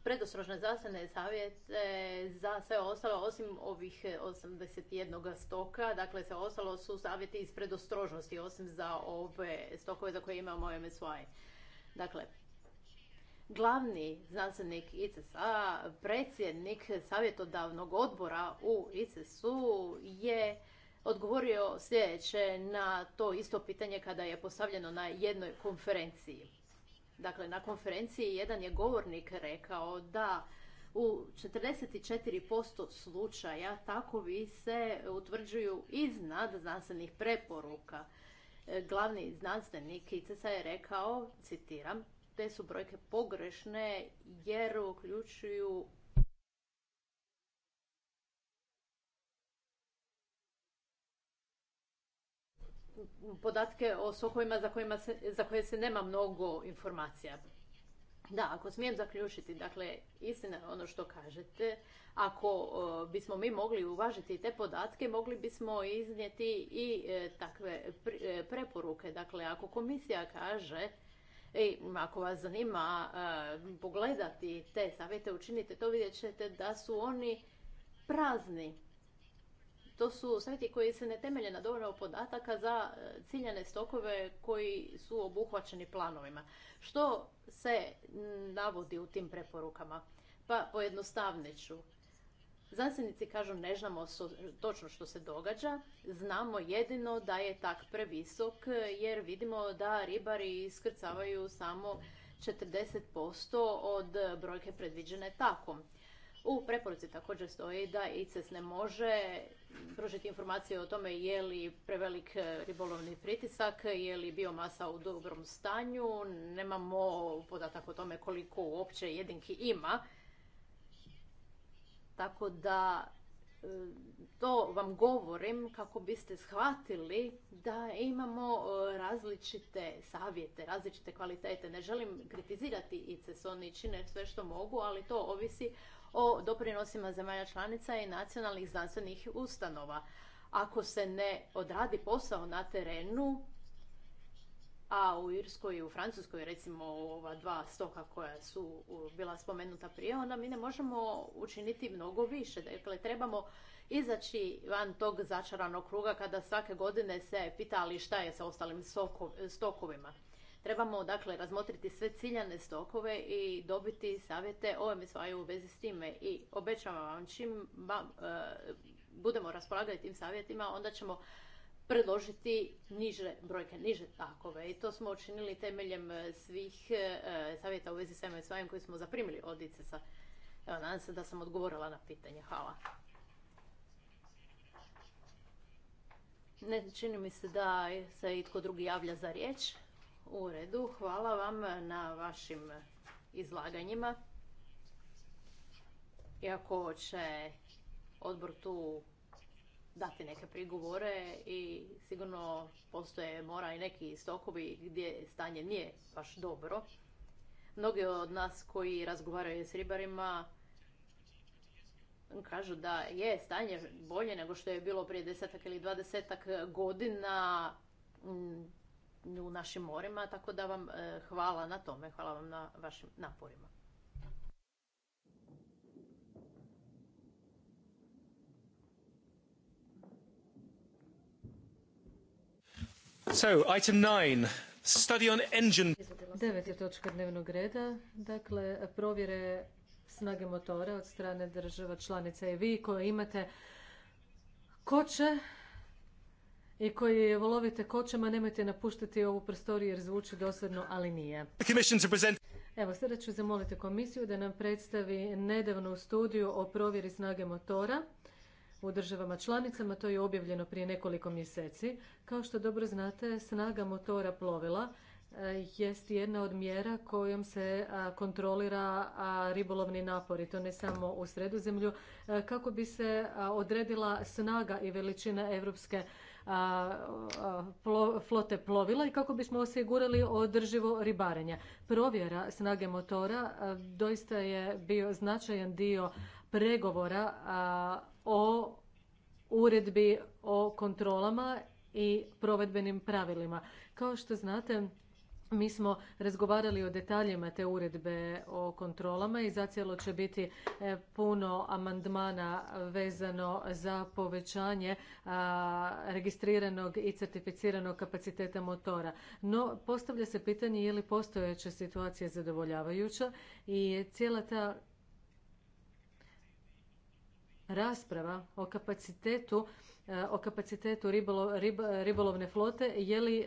S2: predostrožne zdravstvene savjete za sve ostalo, osim ovih 81 eh, stoka. Dakle, sve ostalo su savjeti iz predostrožnosti, osim za ove stokove za koje imamo MSY. Dakle, glavni znanstvenik ICSA, predsjednik savjetodavnog odbora u ics u je odgovorio sljedeće na to isto pitanje kada je postavljeno na jednoj konferenciji. Dakle, na konferenciji jedan je govornik rekao da u 44% slučaja takovi se utvrđuju iznad znanstvenih preporuka. E, glavni znanstvenik ICESA je rekao, citiram, te su brojke pogrešne jer uključuju podatke o sokovima za, kojima za koje se nema mnogo informacija. Da, ako smijem zaključiti, dakle, istina je ono što kažete. Ako bismo mi mogli uvažiti te podatke, mogli bismo iznijeti i e, takve e, preporuke. Dakle, ako komisija kaže e, ako vas zanima pogledati te savjete, učinite to, vidjet ćete da su oni prazni. To su savjeti koji se ne temelje na dovoljno podataka za e, ciljane stokove koji su obuhvaćeni planovima. Što se navodi u tim preporukama? Pa pojednostavnit ću. Znanstvenici kažu ne znamo točno što se događa, znamo jedino da je tak previsok jer vidimo da ribari iskrcavaju samo 40% od brojke predviđene takom. U preporuci također stoji da ICES ne može pružiti informacije o tome je li prevelik e, ribolovni pritisak, je li biomasa u dobrom stanju, nemamo podatak o tome koliko uopće jedinki ima. Tako da e, to vam govorim kako biste shvatili da imamo e, različite savjete, različite kvalitete. Ne želim kritizirati i oni čine sve što mogu, ali to ovisi o doprinosima zemalja članica i nacionalnih znanstvenih ustanova. Ako se ne odradi posao na terenu, a u Irskoj i u Francuskoj, recimo ova dva stoka koja su bila spomenuta prije, onda mi ne možemo učiniti mnogo više. Dakle, trebamo izaći van tog začaranog kruga kada svake godine se pita ali šta je sa ostalim stokovima. Trebamo dakle razmotriti sve ciljane stokove i dobiti savjete o MSY u vezi s time. I obećavam vam čim e, budemo raspolagali tim savjetima, onda ćemo predložiti niže brojke, niže takove. I to smo učinili temeljem e, svih e, savjeta u vezi s MSY koji smo zaprimili od sa... Evo, nadam se da sam odgovorila na pitanje. Hvala. Ne čini mi se da se itko drugi javlja za riječ. U redu, hvala vam na vašim izlaganjima. Iako će odbor tu dati neke prigovore i sigurno postoje mora i neki stokovi gdje stanje nije baš dobro. Mnogi od nas koji razgovaraju s ribarima kažu da je stanje bolje nego što je bilo prije desetak ili dvadesetak godina. Mm, u našim morima, tako da vam e, hvala na tome, hvala vam na vašim naporima.
S1: So, item nine. Study on engine. Devet je točka dnevnog reda, dakle provjere snage motora od strane država članica i vi koje imate ko će i koji volovite kočama, nemojte napuštati ovu prostoriju jer zvuči dosadno, ali nije. Evo, sada ću zamoliti komisiju da nam predstavi nedavnu studiju o provjeri snage motora u državama članicama. To je objavljeno prije nekoliko mjeseci. Kao što dobro znate, snaga motora plovila e, jest jedna od mjera kojom se e, kontrolira ribolovni napor i to ne samo u sredozemlju e, kako bi se odredila snaga i veličina europske flote plovila i kako bismo osigurali održivo ribarenje. Provjera snage motora doista je bio značajan dio pregovora o uredbi o kontrolama i provedbenim pravilima. Kao što znate, mi smo razgovarali o detaljima te uredbe o kontrolama i zacijelo će biti e, puno amandmana vezano za povećanje registriranog i certificiranog kapaciteta motora. No, postavlja se pitanje je li postojeća situacija zadovoljavajuća i cijela ta rasprava o kapacitetu E, o kapacitetu ribolovne flote, je li,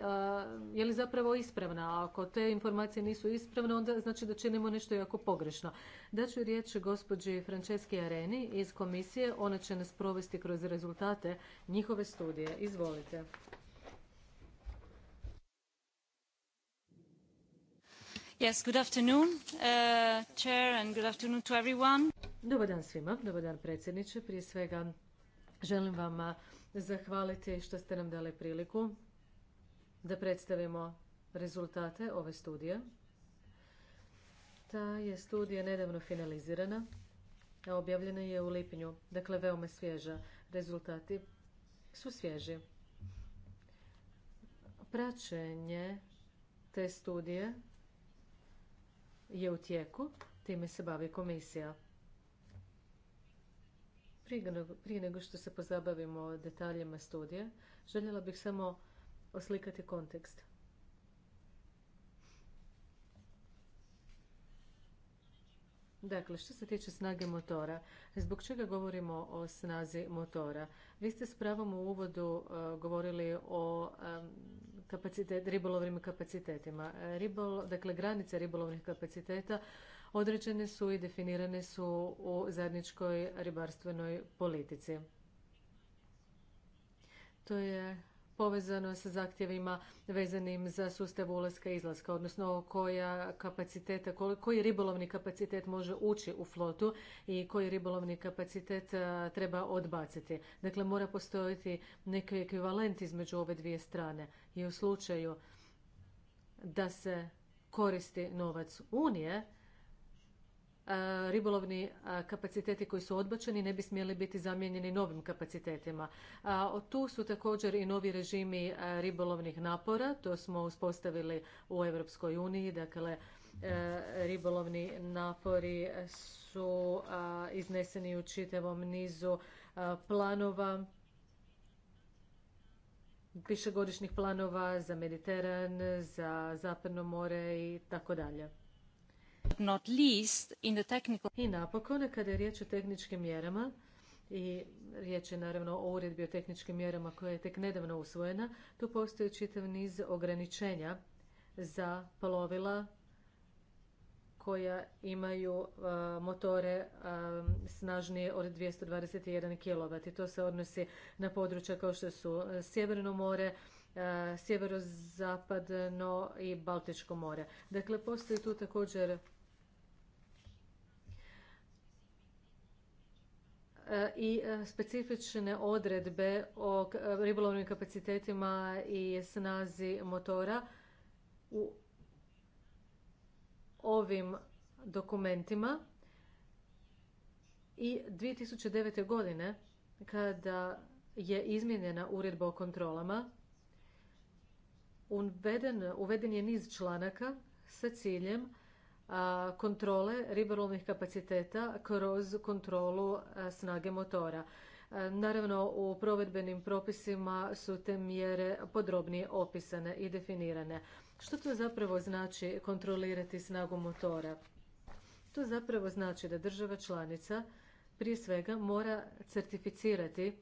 S1: e, zapravo ispravna? ako te informacije nisu ispravne, onda znači da činimo nešto jako pogrešno. Daću riječ gospođi Franceski Areni iz komisije. Ona će nas provesti kroz rezultate njihove studije. Izvolite. Dobar dan svima, dobar dan predsjedniče. Prije svega Želim vam zahvaliti što ste nam dali priliku da predstavimo rezultate ove studije. Ta je studija nedavno finalizirana, a objavljena je u lipnju, dakle veoma svježa. Rezultati su svježi. Praćenje te studije je u tijeku, time se bavi komisija. Prije nego što se pozabavimo detaljima studije, željela bih samo oslikati kontekst. Dakle, što se tiče snage motora, zbog čega govorimo o snazi motora? Vi ste s pravom u uvodu eh, govorili o kapacitet, ribolovnim kapacitetima. E, ribol, dakle, granice ribolovnih kapaciteta određene su i definirane su u zajedničkoj ribarstvenoj politici. To je povezano sa zahtjevima vezanim za sustav ulaska i izlaska, odnosno koja kapaciteta, koji ribolovni kapacitet može ući u flotu i koji ribolovni kapacitet treba odbaciti. Dakle, mora postojiti neki ekvivalent između ove dvije strane i u slučaju da se koristi novac Unije, ribolovni kapaciteti koji su odbačeni ne bi smjeli biti zamijenjeni novim kapacitetima. Tu su također i novi režimi ribolovnih napora, to smo uspostavili u Europskoj uniji, dakle e, ribolovni napori su izneseni u čitavom nizu planova višegodišnjih planova za Mediteran, za Zapadno more i tako dalje
S3: not least in
S1: I napokon, kada je riječ o tehničkim mjerama, i riječ je naravno o uredbi o tehničkim mjerama koja je tek nedavno usvojena, tu postoji čitav niz ograničenja za plovila koja imaju motore snažnije od 221 kW. I to se odnosi na područja kao što su Sjeverno more, Sjeverozapadno i Baltičko more. Dakle, postoji tu također E, i e, specifične odredbe o e, ribolovnim kapacitetima i snazi motora u ovim dokumentima i 2009. godine kada je izmijenjena uredba o kontrolama uveden, uveden je niz članaka sa ciljem kontrole ribolovnih kapaciteta kroz kontrolu snage motora. Naravno, u provedbenim propisima su te mjere podrobnije opisane i definirane. Što to zapravo znači kontrolirati snagu motora? To zapravo znači da država članica prije svega mora certificirati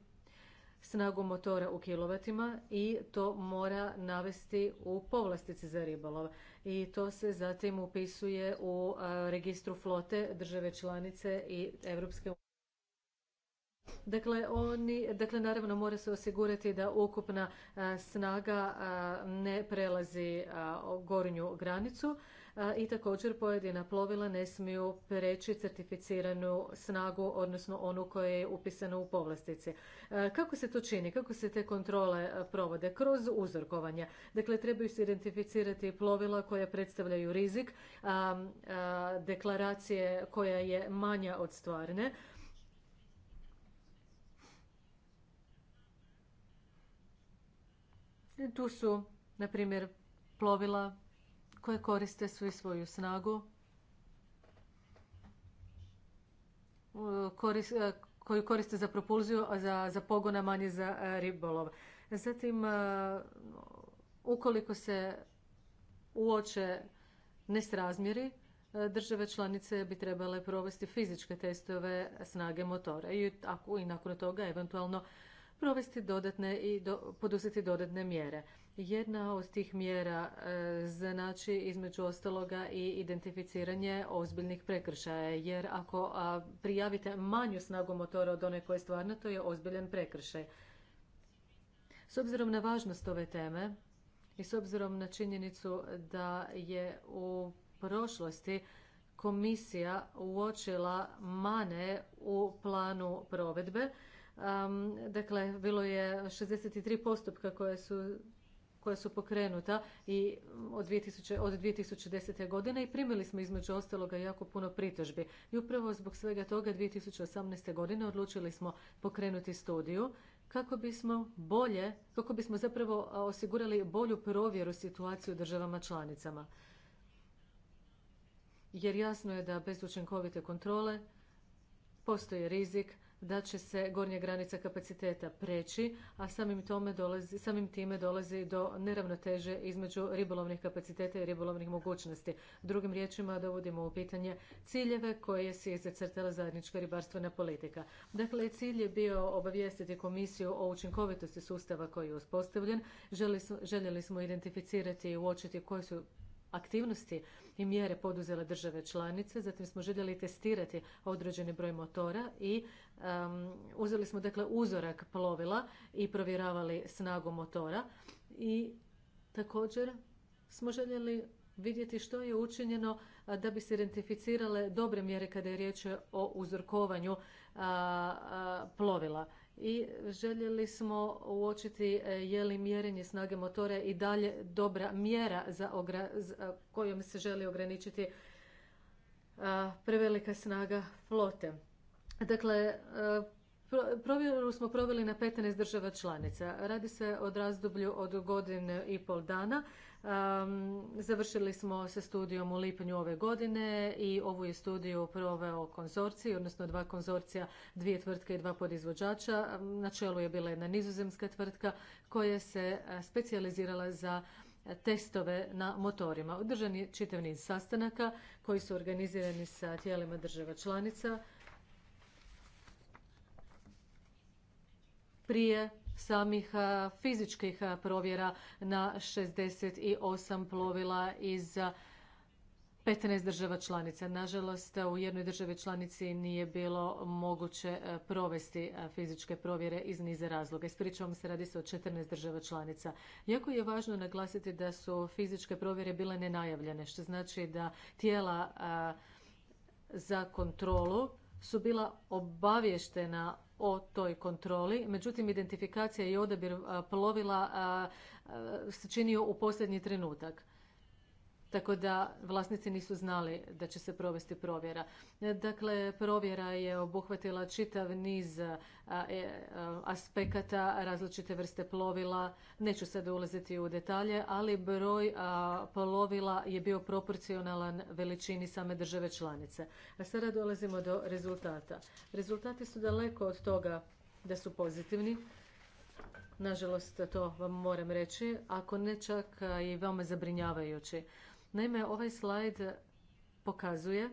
S1: snagu motora u kilovatima i to mora navesti u povlastici za ribolov. I to se zatim upisuje u registru flote države članice i Europske unije. Dakle, dakle, naravno mora se osigurati da ukupna snaga ne prelazi gornju granicu i također pojedina plovila ne smiju preći certificiranu snagu, odnosno onu koja je upisana u povlastici. Kako se to čini? Kako se te kontrole provode? Kroz uzorkovanje. Dakle, trebaju se identificirati plovila koja predstavljaju rizik, deklaracije koja je manja od stvarne, Tu su, na primjer, plovila koje koriste svi svoju snagu, e, koju koriste za propulziju, a za, za pogon, manje za e, ribolov. Zatim, e, ukoliko se uoče nesrazmjeri, države članice bi trebale provesti fizičke testove snage motora i, nakon toga eventualno provesti dodatne i poduzeti dodatne mjere. Jedna od tih mjera e, znači između ostaloga i identificiranje ozbiljnih prekršaja, jer ako prijavite manju snagu motora od one koje je stvarna, to je ozbiljan prekršaj. S obzirom na važnost ove teme i s obzirom na činjenicu da je u prošlosti komisija uočila mane u planu provedbe, dakle bilo je 63 postupka koje su koja su pokrenuta i mm, od, 2000, od 2010. godine i primili smo između ostaloga jako puno pritužbi. I upravo zbog svega toga 2018. godine odlučili smo pokrenuti studiju kako bismo bolje, kako bismo zapravo osigurali bolju provjeru situaciju u državama članicama. Jer jasno je da bez učinkovite kontrole postoji rizik da će se gornja granica kapaciteta preći, a samim, tome dolazi, samim time dolazi do neravnoteže između ribolovnih kapaciteta i ribolovnih mogućnosti. Drugim riječima dovodimo u pitanje ciljeve koje si je zacrtala zajednička ribarstvena politika. Dakle, cilj je bio obavijestiti komisiju o učinkovitosti sustava koji je uspostavljen. Željeli smo identificirati i uočiti koji su aktivnosti i mjere poduzele države članice. Zatim smo željeli testirati određeni broj motora i uzeli smo dakle uzorak plovila i provjeravali snagu motora i također smo željeli vidjeti što je učinjeno da bi se identificirale dobre mjere kada je riječ o uzorkovanju plovila i željeli smo uočiti e, je li mjerenje snage motora i dalje dobra mjera za kojom se želi ograničiti e, prevelika snaga flote. Dakle, e, provjeru smo proveli na 15 država članica. Radi se o razdoblju od godine i pol dana Um, završili smo sa studijom u lipnju ove godine i ovu je studiju proveo konzorcij, odnosno dva konzorcija, dvije tvrtke i dva podizvođača. Na čelu je bila jedna nizozemska tvrtka koja se specijalizirala za testove na motorima. Održan je čitav niz sastanaka koji su organizirani sa tijelima država članica prije samih fizičkih provjera na 68 plovila iz 15 država članica. Nažalost, u jednoj državi članici nije bilo moguće provesti fizičke provjere iz niza razloga. Ispričavam se, radi se o 14 država članica. Jako je važno naglasiti da su fizičke provjere bile nenajavljene, što znači da tijela za kontrolu su bila obavještena o toj kontroli. Međutim, identifikacija i odabir plovila se činio u posljednji trenutak tako da vlasnici nisu znali da će se provesti provjera. Dakle, provjera je obuhvatila čitav niz e, aspekata, različite vrste plovila. Neću sada ulaziti u detalje, ali broj plovila je bio proporcionalan veličini same države članice. A sada dolazimo do rezultata. Rezultati su daleko od toga da su pozitivni. Nažalost, to vam moram reći, ako ne čak i veoma zabrinjavajući. Naime, ovaj slajd pokazuje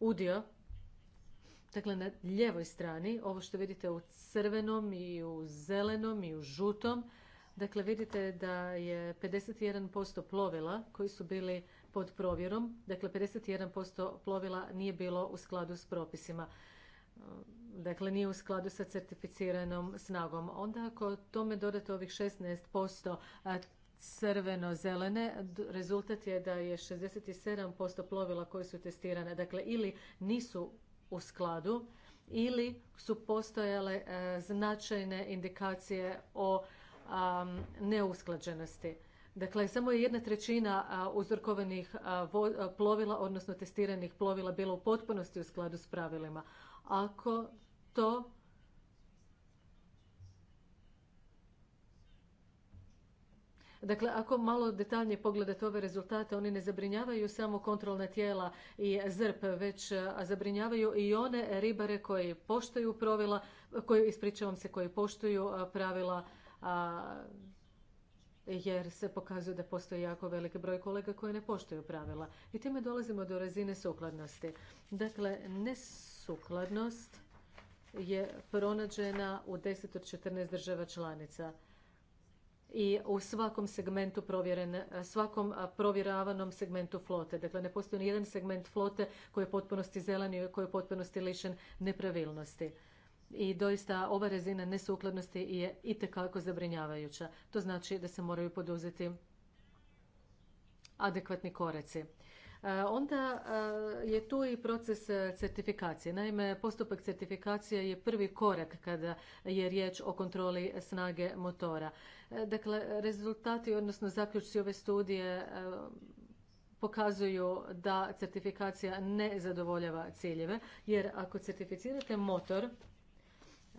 S1: udio Dakle, na ljevoj strani, ovo što vidite u crvenom i u zelenom i u žutom, dakle vidite da je 51% plovila koji su bili pod provjerom, dakle 51% plovila nije bilo u skladu s propisima dakle nije u skladu sa certificiranom snagom. Onda ako tome dodate ovih 16% crveno-zelene, rezultat je da je 67% plovila koje su testirane, dakle ili nisu u skladu ili su postojale e, značajne indikacije o neusklađenosti. Dakle, samo je jedna trećina uzorkovanih plovila, odnosno testiranih plovila, bila u potpunosti u skladu s pravilima. Ako to Dakle, ako malo detaljnije pogledate ove rezultate, oni ne zabrinjavaju samo kontrolna tijela i ZRP, već zabrinjavaju i one ribare koji poštuju pravila, koji, ispričavam se, koji poštuju pravila jer se pokazuje da postoji jako veliki broj kolega koji ne poštuju pravila. I time dolazimo do razine sukladnosti. Dakle, nesukladnost je pronađena u 10 od 14 država članica i u svakom segmentu provjeren, svakom provjeravanom segmentu flote. Dakle, ne postoji ni jedan segment flote koji je potpunosti zelen i koji je potpunosti lišen nepravilnosti. I doista ova razina nesukladnosti je itekako zabrinjavajuća. To znači da se moraju poduzeti adekvatni koreci. E, onda e, je tu i proces e, certifikacije. Naime, postupak certifikacije je prvi korak kada je riječ o kontroli snage motora. Dakle, rezultati, odnosno zaključci ove studije pokazuju da certifikacija ne zadovoljava ciljeve, jer ako certificirate motor,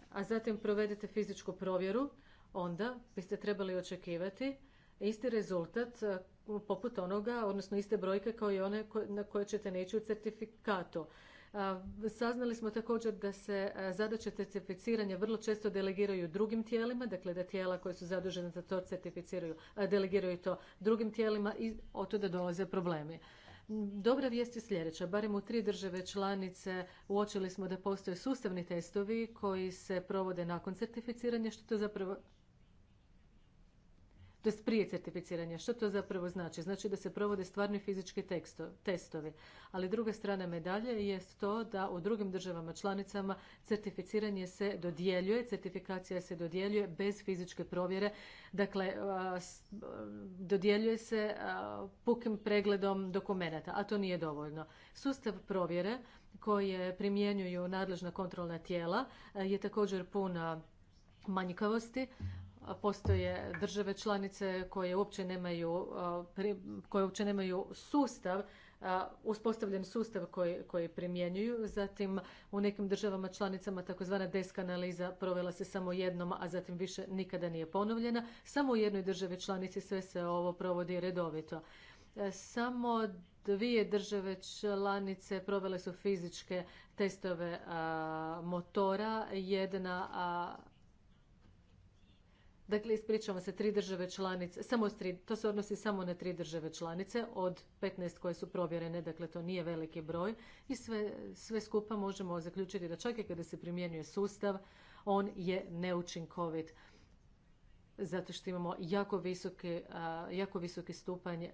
S1: a zatim provedete fizičku provjeru, onda biste trebali očekivati isti rezultat e, poput onoga, odnosno iste brojke kao i one na koje ćete neći u certifikatu. E, saznali smo također da se e, zadaće certificiranja vrlo često delegiraju drugim tijelima, dakle da tijela koje su zadužene za to certificiraju, delegiraju to drugim tijelima i od da dolaze problemi. Dobra vijest je sljedeća. Barem u tri države članice uočili smo da postoje sustavni testovi koji se provode nakon certificiranja, što to zapravo to je prije certificiranja. Što to zapravo znači? Znači da se provode stvarni fizički testovi. Ali druga strana medalje jest to da u drugim državama članicama certificiranje se dodjeljuje, certifikacija se dodjeljuje bez fizičke provjere. Dakle, dodjeljuje se pukim pregledom dokumenata, a to nije dovoljno. Sustav provjere koje primjenjuju nadležna kontrolna tijela je također puna manjkavosti Postoje države članice koje uopće nemaju, koje uopće nemaju sustav, uspostavljen sustav koji, koji primjenjuju. Zatim u nekim državama članicama takozvana desk analiza provela se samo jednom, a zatim više nikada nije ponovljena. Samo u jednoj državi članici sve se ovo provodi redovito. E, samo dvije države članice provele su fizičke testove motora, jedna a, Dakle, ispričavam se, tri države članice, samo tri, to se odnosi samo na tri države članice od 15 koje su provjerene, dakle to nije veliki broj i sve, sve skupa možemo zaključiti da čak i kada se primjenjuje sustav, on je neučinkovit zato što imamo jako visoke, jako visoki stupanj, e,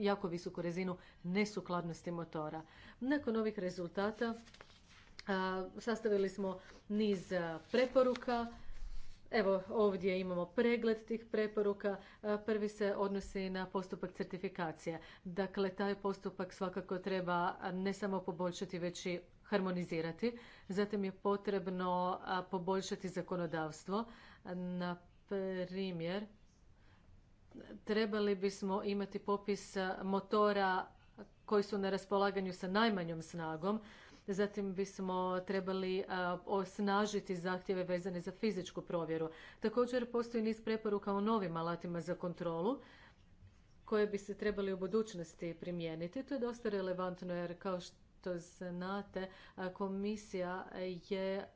S1: jako visoku rezinu nesukladnosti motora. Nakon ovih rezultata sastavili smo niz preporuka, Evo ovdje imamo pregled tih preporuka. E, prvi se odnosi na postupak certifikacije. Dakle, taj postupak svakako treba ne samo poboljšati, već i harmonizirati. Zatim je potrebno poboljšati zakonodavstvo. Na primjer, trebali bismo imati popis motora koji su na raspolaganju sa najmanjom snagom Zatim bismo trebali osnažiti zahtjeve vezane za fizičku provjeru. Također postoji niz preporuka o novim alatima za kontrolu koje bi se trebali u budućnosti primijeniti. To je dosta relevantno jer kao što znate, komisija je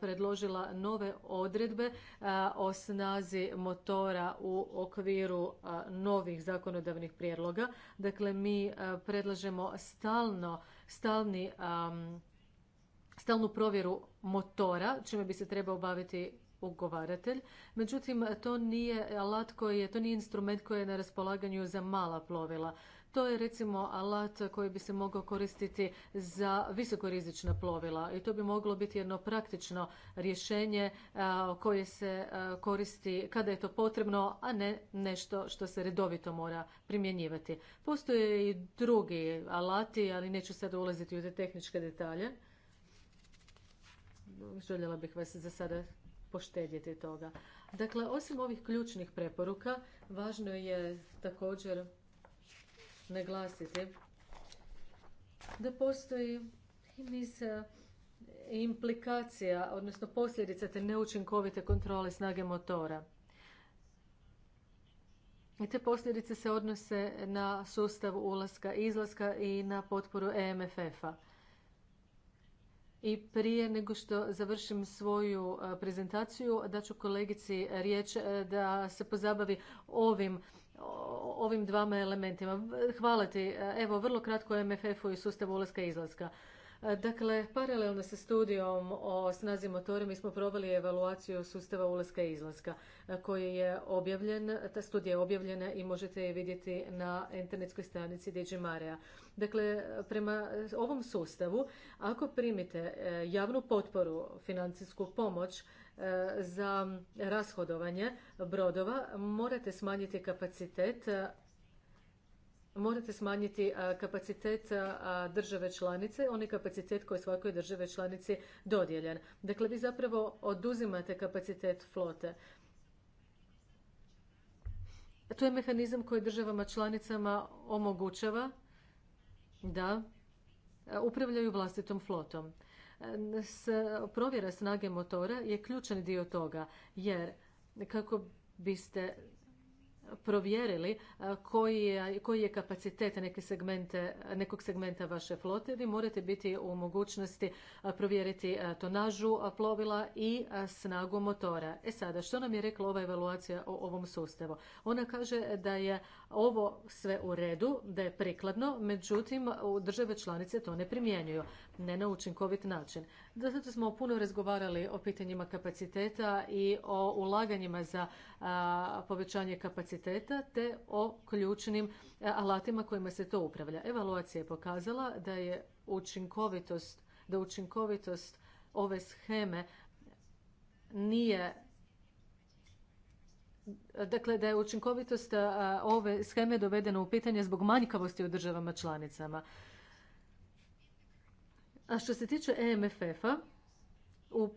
S1: predložila nove odredbe o snazi motora u okviru novih zakonodavnih prijedloga. Dakle, mi predlažemo stalno stalni, stalnu provjeru motora, čime bi se trebao baviti ugovaratelj. Međutim, to nije alat koji je, to nije instrument koji je na raspolaganju za mala plovila. To je recimo alat koji bi se mogao koristiti za visokorizična plovila i to bi moglo biti jedno praktično rješenje koje se koristi kada je to potrebno, a ne nešto što se redovito mora primjenjivati. Postoje i drugi alati, ali neću sad ulaziti u te tehničke detalje. Željela bih vas za sada poštedjeti toga. Dakle, osim ovih ključnih preporuka, važno je također naglasiti da postoji niz e, implikacija, odnosno posljedica te neučinkovite kontrole snage motora. I te posljedice se odnose na sustav ulaska i izlaska i na potporu EMFF-a. I prije nego što završim svoju e, prezentaciju, daću kolegici riječ e, da se pozabavi ovim ovim dvama elementima. Hvala ti. Evo, vrlo kratko o MFF-u i sustavu ulaska i izlaska. Dakle, paralelno sa studijom o snazi motora mi smo proveli evaluaciju sustava ulaska i izlaska koji je objavljen, ta studija je objavljena i možete je vidjeti na internetskoj stranici Digimarea. Dakle, prema ovom sustavu, ako primite e, javnu potporu, financijsku pomoć, za rashodovanje brodova morate smanjiti kapacitet morate smanjiti kapacitet države članice, onaj kapacitet koji je svakoj države članici dodijeljen. Dakle, vi zapravo oduzimate kapacitet flote. To je mehanizam koji državama članicama omogućava da upravljaju vlastitom flotom. S, provjera snage motora je ključan dio toga, jer kako biste provjerili koji je, kapacitet nekog segmenta vaše flote, vi morate biti u mogućnosti provjeriti tonažu plovila i snagu motora. E sada, što nam je rekla ova evaluacija o ovom sustavu? Ona kaže da je ovo sve u redu, da je prikladno, međutim države članice to ne primjenjuju, ne na učinkovit način. Zato smo puno razgovarali o pitanjima kapaciteta i o ulaganjima za povećanje kapaciteta te o ključnim alatima kojima se to upravlja. Evaluacija je pokazala da je učinkovitost, da učinkovitost ove sheme nije dakle da je učinkovitost ove sheme dovedena u pitanje zbog manjkavosti u državama članicama. A što se tiče EMFF-a, u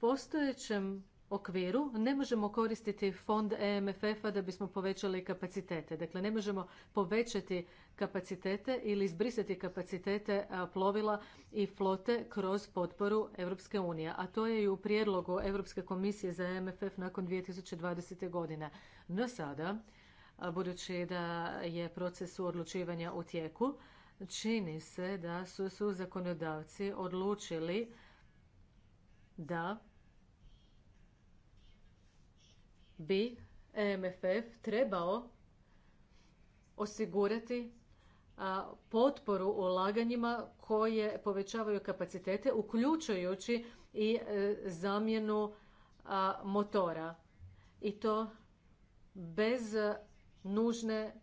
S1: postojećem okviru ne možemo koristiti fond EMFF-a da bismo povećali kapacitete. Dakle, ne možemo povećati kapacitete ili izbrisati kapacitete plovila i flote kroz potporu Europske unije. A to je i u prijedlogu Europske komisije za EMFF nakon 2020. godine. No sada, budući da je proces odlučivanja u tijeku, čini se da su, su zakonodavci odlučili da bi e MFF trebao osigurati potporu ulaganjima koje povećavaju kapacitete, uključujući i e, zamjenu motora. I to bez nužne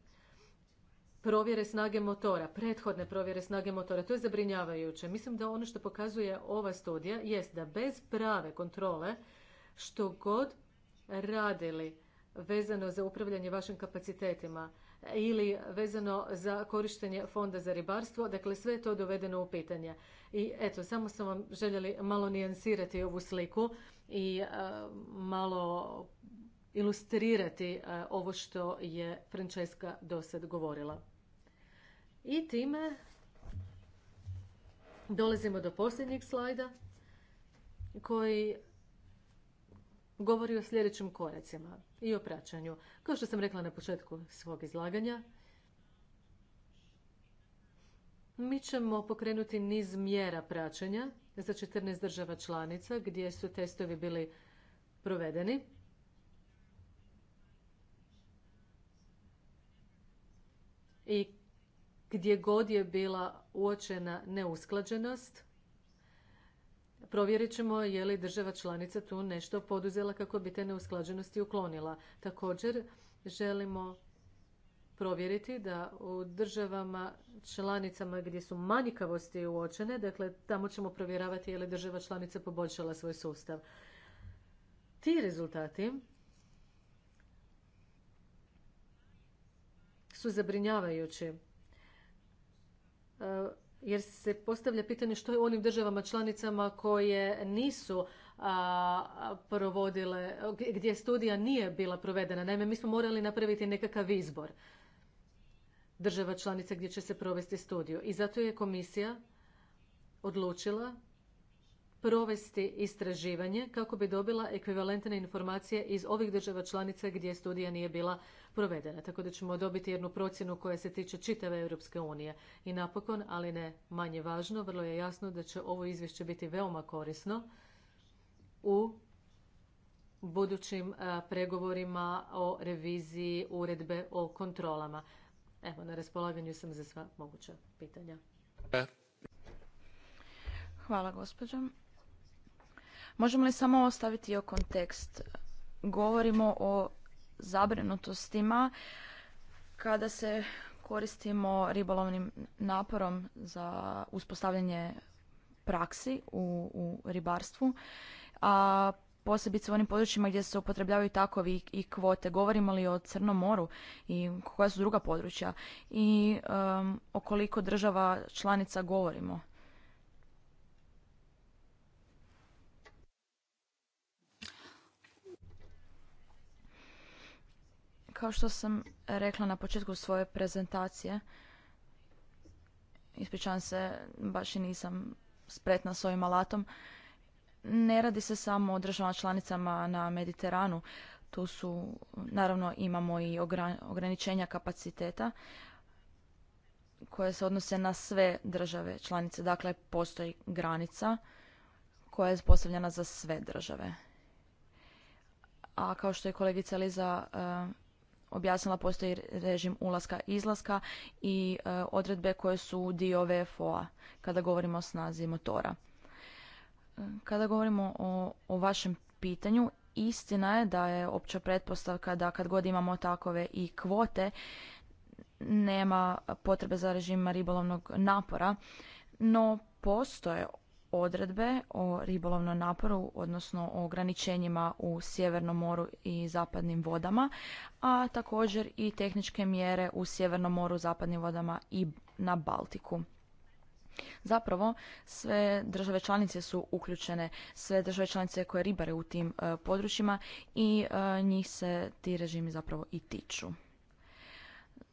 S1: provjere snage motora, prethodne provjere snage motora. To je zabrinjavajuće. Mislim da ono što pokazuje ova studija jest da bez prave kontrole što god radili vezano za upravljanje vašim kapacitetima ili vezano za korištenje fonda za ribarstvo. Dakle, sve je to dovedeno u pitanje. I eto, samo sam vam željeli malo nijansirati ovu sliku i e, malo ilustrirati e, ovo što je Francesca dosad govorila. I time dolazimo do posljednjeg slajda koji govori o sljedećim koracima i o praćanju. Kao što sam rekla na početku svog izlaganja, mi ćemo pokrenuti niz mjera praćenja za 14 država članica gdje su testovi bili provedeni. I gdje god je bila uočena neusklađenost, provjerit ćemo je li država članica tu nešto poduzela kako bi te neusklađenosti uklonila. Također želimo provjeriti da u državama članicama gdje su manjkavosti uočene, dakle tamo ćemo provjeravati je li država članica poboljšala svoj sustav. Ti rezultati su zabrinjavajući jer se postavlja pitanje što je u onim državama članicama koje nisu provodile, gdje studija nije bila provedena. Naime, mi smo morali napraviti nekakav izbor država članica gdje će se provesti studiju. I zato je komisija odlučila provesti istraživanje kako bi dobila ekvivalentne informacije iz ovih država članica gdje studija nije bila provedena. Tako da ćemo dobiti jednu procjenu koja se tiče čitave Europske unije. I napokon, ali ne manje važno, vrlo je jasno da će ovo izvješće biti veoma korisno u budućim pregovorima o reviziji uredbe o kontrolama. Evo, na raspolaganju sam za sva moguća pitanja.
S3: Hvala, gospođo. Možemo li samo ostaviti o kontekst? Govorimo o zabrinutostima kada se koristimo ribolovnim naporom za uspostavljanje praksi u, u ribarstvu, a posebice u onim područjima gdje se upotrebljavaju takovi i kvote. Govorimo li o Crnom moru i koja su druga područja i um, o koliko država članica govorimo. Kao što sam rekla na početku svoje prezentacije, ispričavam se, baš i nisam spretna s ovim alatom, ne radi se samo o državama članicama na Mediteranu. Tu su, naravno, imamo i ograničenja kapaciteta koje se odnose na sve države članice. Dakle, postoji granica koja je postavljena za sve države. A kao što je kolegica Liza objasnila, postoji režim ulaska izlaska i e, odredbe koje su dio VFO-a kada govorimo o snazi motora. E, kada govorimo o, o vašem pitanju, istina je da je opća pretpostavka da kad god imamo takove i kvote, nema potrebe za režima ribolovnog napora, no postoje odredbe o ribolovnom naporu, odnosno o ograničenjima u Sjevernom moru i zapadnim vodama, a također i tehničke mjere u Sjevernom moru, zapadnim vodama i na Baltiku. Zapravo, sve države članice su uključene, sve države članice koje ribare u tim e, područjima i e, njih se ti režimi zapravo i tiču.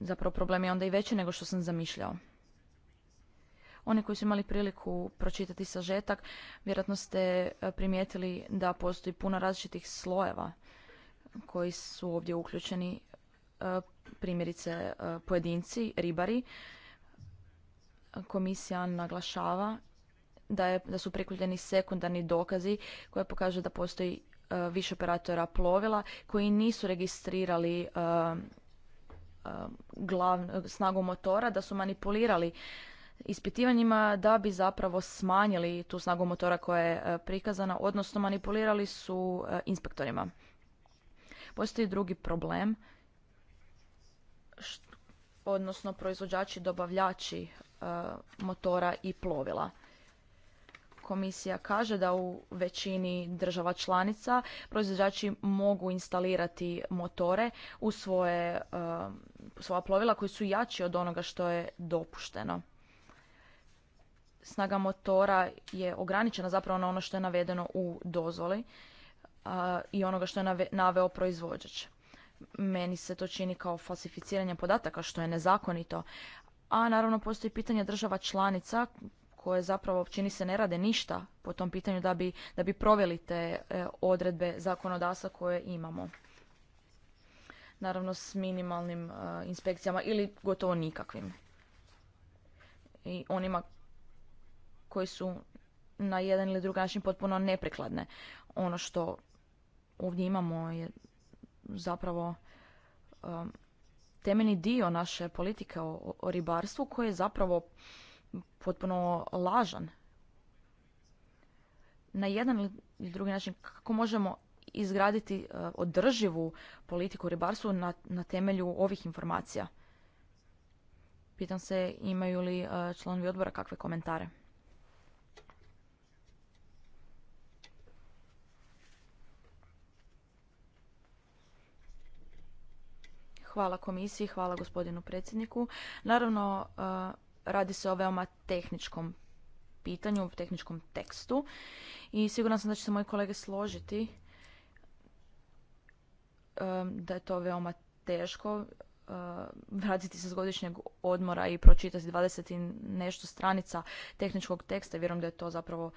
S3: Zapravo problem je onda i veći nego što sam zamišljao. Oni koji su imali priliku pročitati sažetak, vjerojatno ste e, primijetili da postoji puno različitih slojeva koji su ovdje uključeni, e, primjerice e, pojedinci, ribari. Komisija naglašava da, je, da su prikupljeni sekundarni dokazi koje pokažu da postoji više operatora plovila koji nisu registrirali glav, snagu motora, da su manipulirali ispitivanjima da bi zapravo smanjili tu snagu motora koja je e, prikazana, odnosno manipulirali su e, inspektorima. Postoji drugi problem, odnosno proizvođači, dobavljači e, motora i plovila. Komisija kaže da u većini država članica proizvođači mogu instalirati motore u svoje, svoja plovila koji su jači od onoga što je dopušteno snaga motora je ograničena zapravo na ono što je navedeno u dozvoli i onoga što je naveo proizvođač. Meni se to čini kao falsificiranje podataka što je nezakonito. A naravno postoji pitanje država članica koje zapravo čini se ne rade ništa po tom pitanju da bi, da bi proveli te e, odredbe zakonodavstva koje imamo. Naravno s minimalnim e, inspekcijama ili gotovo nikakvim i onima koji su na jedan ili drugi način potpuno neprekladne. Ono što ovdje imamo je zapravo um, temeljni dio naše politike o, ribarstvu koji je zapravo potpuno lažan. Na jedan ili drugi način kako možemo izgraditi uh, održivu politiku u ribarstvu na, na temelju ovih informacija. Pitam se imaju li uh, članovi odbora kakve komentare. Hvala komisiji, hvala gospodinu predsjedniku. Naravno, e, radi se o veoma tehničkom pitanju, tehničkom tekstu i sigurna sam da će se moji kolege složiti e, da je to veoma teško e, vratiti se s godišnjeg odmora i pročitati 20 i nešto stranica tehničkog teksta. Vjerujem da je to zapravo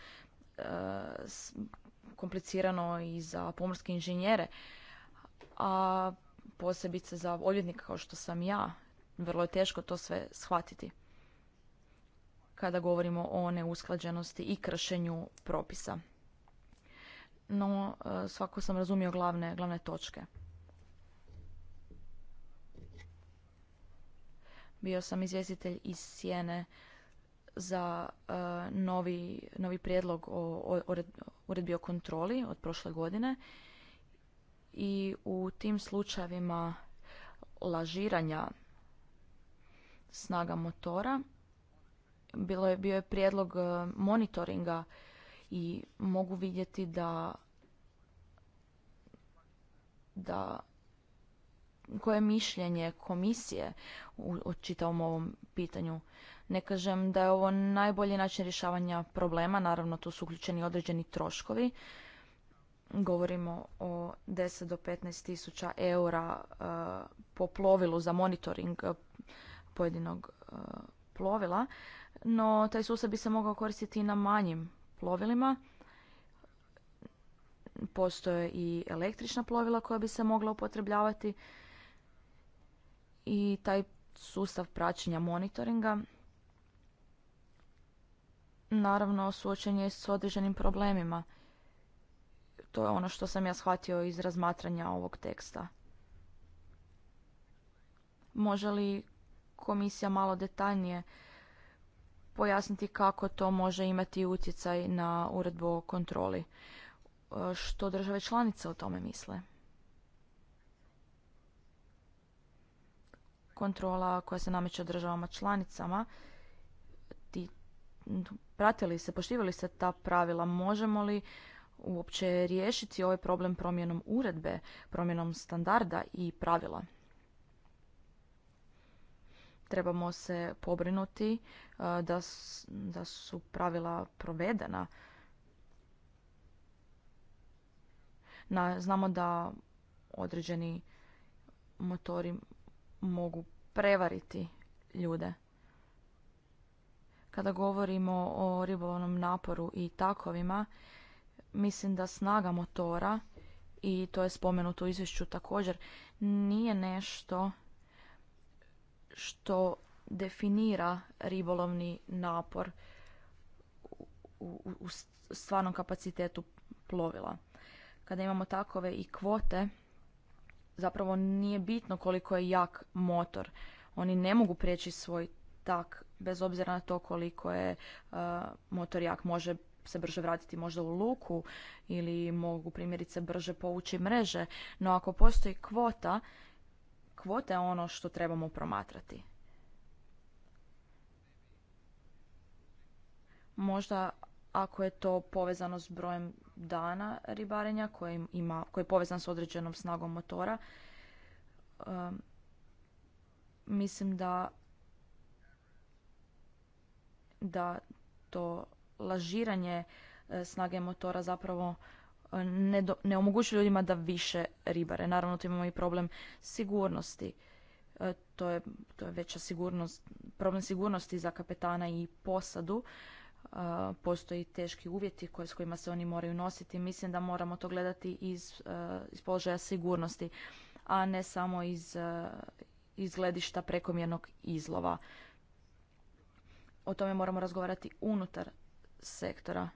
S3: komplicirano i za pomorske inženjere. A posebice za odvjetnika kao što sam ja, vrlo je teško to sve shvatiti kada govorimo o neusklađenosti i kršenju propisa. No, e, svako sam razumio glavne, glavne točke. Bio sam izvjestitelj iz Sjene za e, novi, novi prijedlog o uredbi o kontroli od prošle godine i u tim slučajevima lažiranja snaga motora bilo je bio je prijedlog e, monitoringa i mogu vidjeti da da koje mišljenje komisije u, u čitavom ovom pitanju. Ne kažem da je ovo najbolji način rješavanja problema, naravno tu su uključeni određeni troškovi, govorimo o 10 do 15 tisuća eura e, po plovilu za monitoring e, pojedinog e, plovila, no taj sustav bi se mogao koristiti i na manjim plovilima. Postoje i električna plovila koja bi se mogla upotrebljavati i taj sustav praćenja monitoringa naravno suočen je s određenim problemima. To je ono što sam ja shvatio iz razmatranja ovog teksta. Može li komisija malo detaljnije pojasniti kako to može imati utjecaj na uredbu o kontroli? E, što države članice o tome misle? Kontrola koja se nameće državama članicama, ti pratili se, poštivali se ta pravila, možemo li uopće riješiti ovaj problem promjenom uredbe, promjenom standarda i pravila. Trebamo se pobrinuti e, da, da su pravila provedena. Na, znamo da određeni motori mogu prevariti ljude. Kada govorimo o ribolovnom naporu i takovima, mislim da snaga motora i to je spomenuto u izvješću također nije nešto što definira ribolovni napor u, u stvarnom kapacitetu plovila. Kada imamo takove i kvote, zapravo nije bitno koliko je jak motor. Oni ne mogu prijeći svoj tak bez obzira na to koliko je uh, motor jak. Može se brže vratiti možda u luku ili mogu primjerice brže povući mreže, no ako postoji kvota, kvota je ono što trebamo promatrati. Možda ako je to povezano s brojem dana ribarenja koji, ima, je povezan s određenom snagom motora, mislim da da to lažiranje e, snage motora zapravo e, ne, do, ne omogućuje ljudima da više ribare. Naravno, tu imamo i problem sigurnosti. E, to je, to je veća sigurnost, problem sigurnosti za kapetana i posadu. Postoje postoji teški uvjeti koje, s kojima se oni moraju nositi. Mislim da moramo to gledati iz, iz položaja sigurnosti, a ne samo iz, iz gledišta prekomjernog izlova. O tome moramo razgovarati unutar sektora.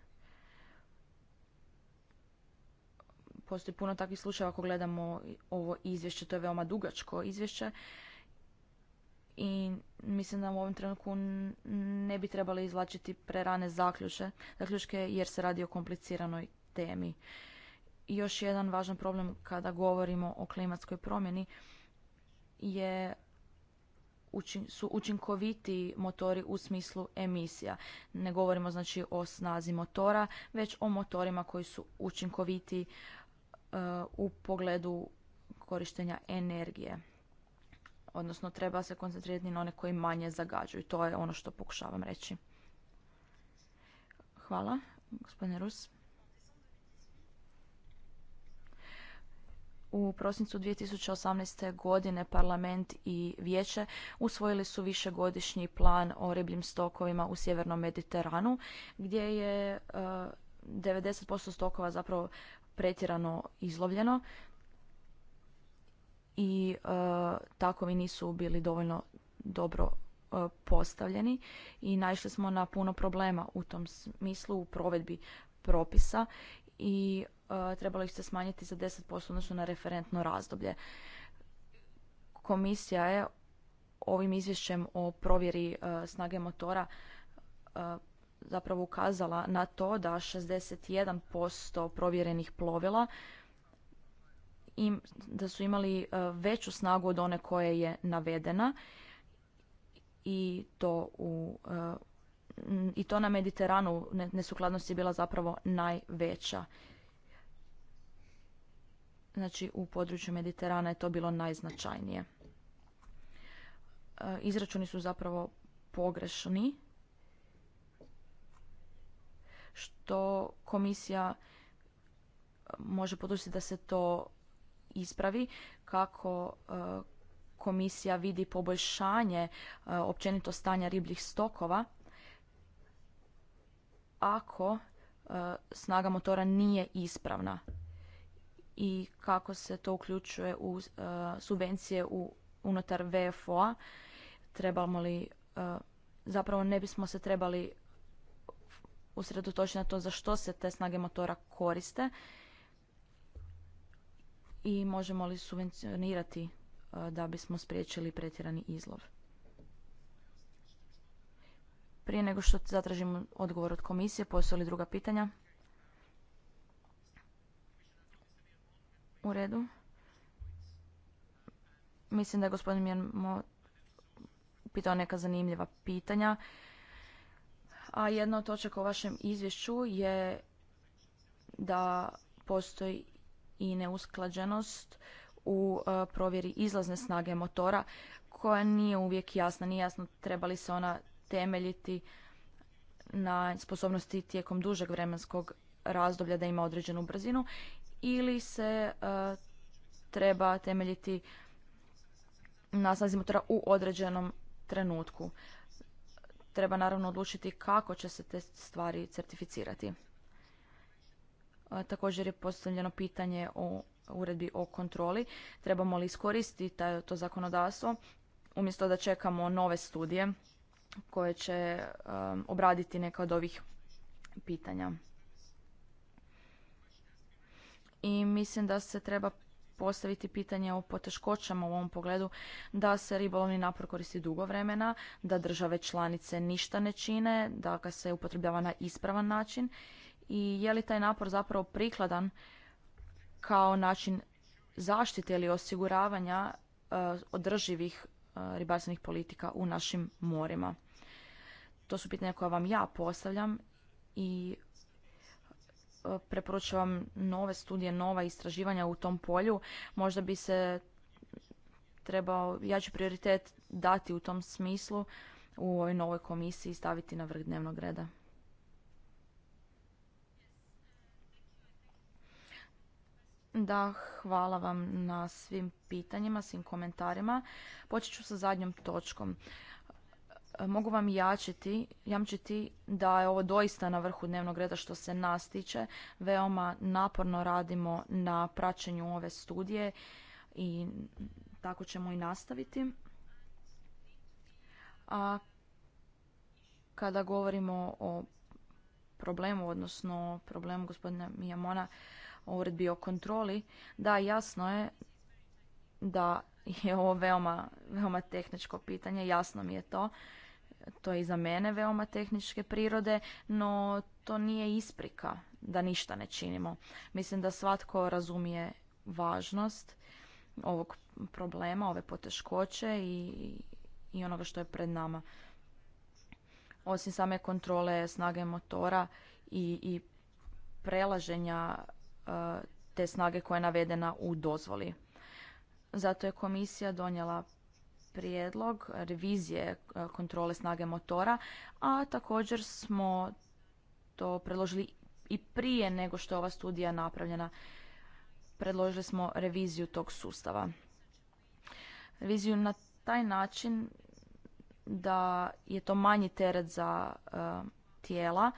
S3: Postoji puno takvih slučajeva ako gledamo ovo izvješće, to je veoma dugačko izvješće i mislim da u ovom trenutku ne bi trebali izvlačiti prerane zaključe, zaključke jer se radi o kompliciranoj temi. još jedan važan problem kada govorimo o klimatskoj promjeni je su učinkovitiji motori u smislu emisija. Ne govorimo znači o snazi motora, već o motorima koji su učinkovitiji e, u pogledu korištenja energije. Odnosno treba se koncentrirati na one koji manje zagađuju. To je ono što pokušavam reći. Hvala, gospodine Rus. U prosincu 2018. godine parlament i vijeće usvojili su višegodišnji plan o ribljim stokovima u sjevernom Mediteranu gdje je 90% e, stokova zapravo pretjerano izlovljeno i e, takovi nisu bili dovoljno dobro e, postavljeni i naišli smo na puno problema u tom smislu u provedbi propisa i E, trebalo ih se smanjiti za 10% odnosno na referentno razdoblje. Komisija je ovim izvješćem o provjeri e, snage motora e, zapravo ukazala na to da 61% provjerenih plovila da su imali veću snagu od one koja je navedena i to u i to na Mediteranu nesukladnost je bila zapravo najveća Znači u području Mediterana je to bilo najznačajnije. E, izračuni su zapravo pogrešni, što komisija e, može poduzeti da se to ispravi, kako e, komisija vidi poboljšanje općenito stanja ribljih stokova ako snaga motora nije ispravna i kako se to uključuje u e, subvencije u, unutar VFO-a. Trebamo li, e, zapravo ne bismo se trebali usredotočiti na to za što se te snage motora koriste i možemo li subvencionirati e, da bismo spriječili pretjerani izlov. Prije nego što zatražim odgovor od komisije, postoje li druga pitanja? U redu. Mislim da je gospodin Mjermo pitao neka zanimljiva pitanja. A jedna od točaka u vašem izvješću je da postoji i neusklađenost u e, provjeri izlazne snage motora koja nije uvijek jasna. Nije jasno treba li se ona temeljiti na sposobnosti tijekom dužeg vremenskog razdoblja da ima određenu brzinu ili se e, treba temeljiti na u određenom trenutku. Treba naravno odlučiti kako će se te stvari certificirati. E, također je postavljeno pitanje o uredbi o kontroli. Trebamo li iskoristiti to zakonodavstvo umjesto da čekamo nove studije koje će e, obraditi neka od ovih pitanja i mislim da se treba postaviti pitanje o poteškoćama u ovom pogledu da se ribolovni napor koristi dugo vremena, da države članice ništa ne čine, da ga se upotrebljava na ispravan način i je li taj napor zapravo prikladan kao način zaštite ili osiguravanja e, održivih e, ribarstvenih politika u našim morima. To su pitanja koja vam ja postavljam i preporučujem nove studije, nova istraživanja u tom polju. Možda bi se trebao jači prioritet dati u tom smislu u ovoj novoj komisiji i staviti na vrh dnevnog reda. Da, hvala vam na svim pitanjima, svim komentarima. Počet ću sa zadnjom točkom mogu vam jačiti, jamčiti da je ovo doista na vrhu dnevnog reda što se nas tiče. Veoma naporno radimo na praćenju ove studije i tako ćemo i nastaviti. A kada govorimo o problemu, odnosno problemu gospodina Mijamona o uredbi o kontroli, da jasno je da je ovo veoma, veoma tehničko pitanje, jasno mi je to to je i za mene veoma tehničke prirode, no to nije isprika da ništa ne činimo. Mislim da svatko razumije važnost ovog problema, ove poteškoće i, i onoga što je pred nama. Osim same kontrole snage motora i, i prelaženja e, te snage koja je navedena u dozvoli. Zato je komisija donijela prijedlog revizije e, kontrole snage motora, a također smo to predložili i prije nego što je ova studija napravljena. Predložili smo reviziju tog sustava. Reviziju na taj način da je to manji teret za e, tijela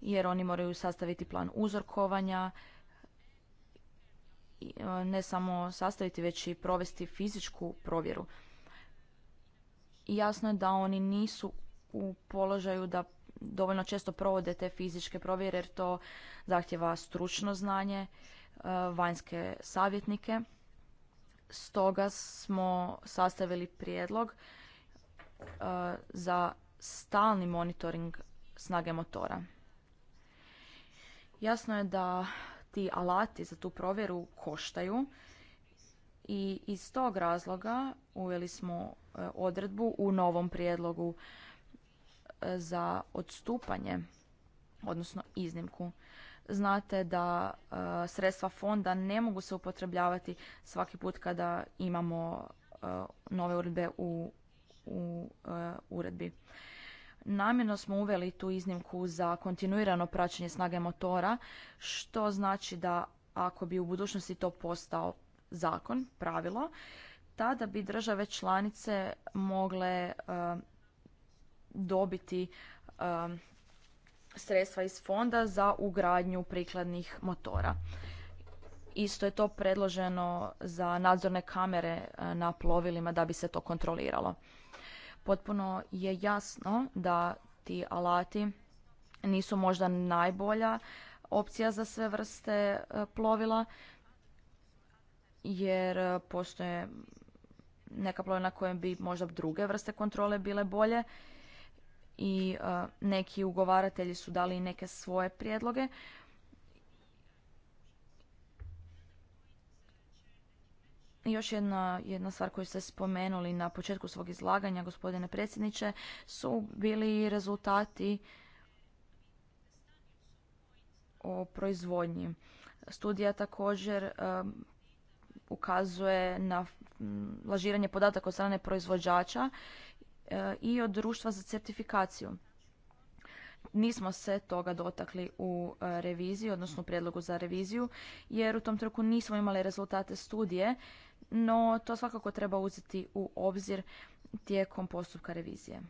S3: jer oni moraju sastaviti plan uzorkovanja, e, ne samo sastaviti već i provesti fizičku provjeru jasno je da oni nisu u položaju da dovoljno često provode te fizičke provjere jer to zahtjeva stručno znanje, e, vanjske savjetnike. Stoga smo sastavili prijedlog e, za stalni monitoring snage motora. Jasno je da ti alati za tu provjeru koštaju i iz tog razloga uveli smo E, odredbu u novom prijedlogu e, za odstupanje, odnosno iznimku. Znate da e, sredstva fonda ne mogu se upotrebljavati svaki put kada imamo nove uredbe u, u uredbi. Namjerno smo uveli tu iznimku za kontinuirano praćenje snage motora, što znači da ako bi u budućnosti to postao zakon, pravilo, tada bi države članice mogle e, dobiti e, sredstva iz fonda za ugradnju prikladnih motora. Isto je to predloženo za nadzorne kamere e, na plovilima da bi se to kontroliralo. Potpuno je jasno da ti alati nisu možda najbolja opcija za sve vrste plovila jer postoje neka plovila na kojem bi možda druge vrste kontrole bile bolje i e, neki ugovaratelji su dali neke svoje prijedloge. Još jedna, jedna stvar koju ste spomenuli na početku svog izlaganja, gospodine predsjedniče, su bili rezultati o proizvodnji. Studija također e, ukazuje na Mm, lažiranje podataka od strane proizvođača e, i od društva za certifikaciju. Nismo se toga dotakli u e, reviziji, odnosno u prijedlogu za reviziju, jer u tom trku nismo imali rezultate studije, no to svakako treba uzeti u obzir tijekom postupka revizije.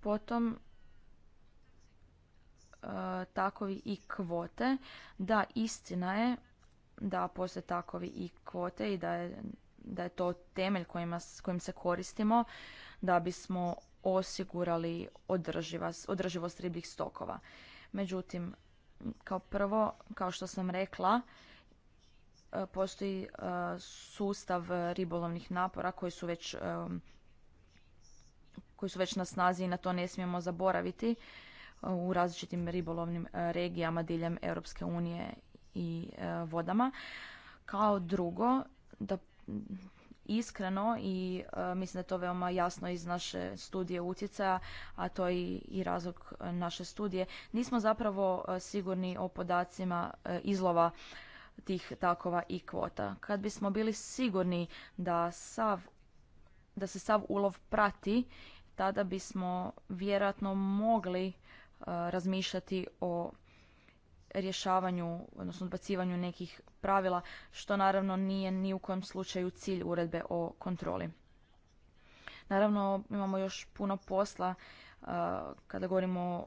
S3: Potom e, takovi i kvote. Da, istina je da postoje takovi i kvote i da je, da je to temelj kojima, s kojim se koristimo da bismo osigurali održivost ribljih stokova. Međutim, kao prvo, kao što sam rekla, e, postoji e, sustav ribolovnih napora koji su već e, koji su već na snazi i na to ne smijemo zaboraviti u različitim ribolovnim regijama diljem Europske unije i e, vodama. Kao drugo, da iskreno i e, mislim da je to veoma jasno iz naše studije utjecaja, a to je i, i razlog e, naše studije. Nismo zapravo sigurni o podacima izlova tih takova i kvota. Kad bismo bili sigurni da sav da se sav ulov prati, tada bismo vjerojatno mogli razmišljati o rješavanju, odnosno odbacivanju nekih pravila, što naravno nije ni u kojem slučaju cilj uredbe o kontroli. Naravno, imamo još puno posla kada govorimo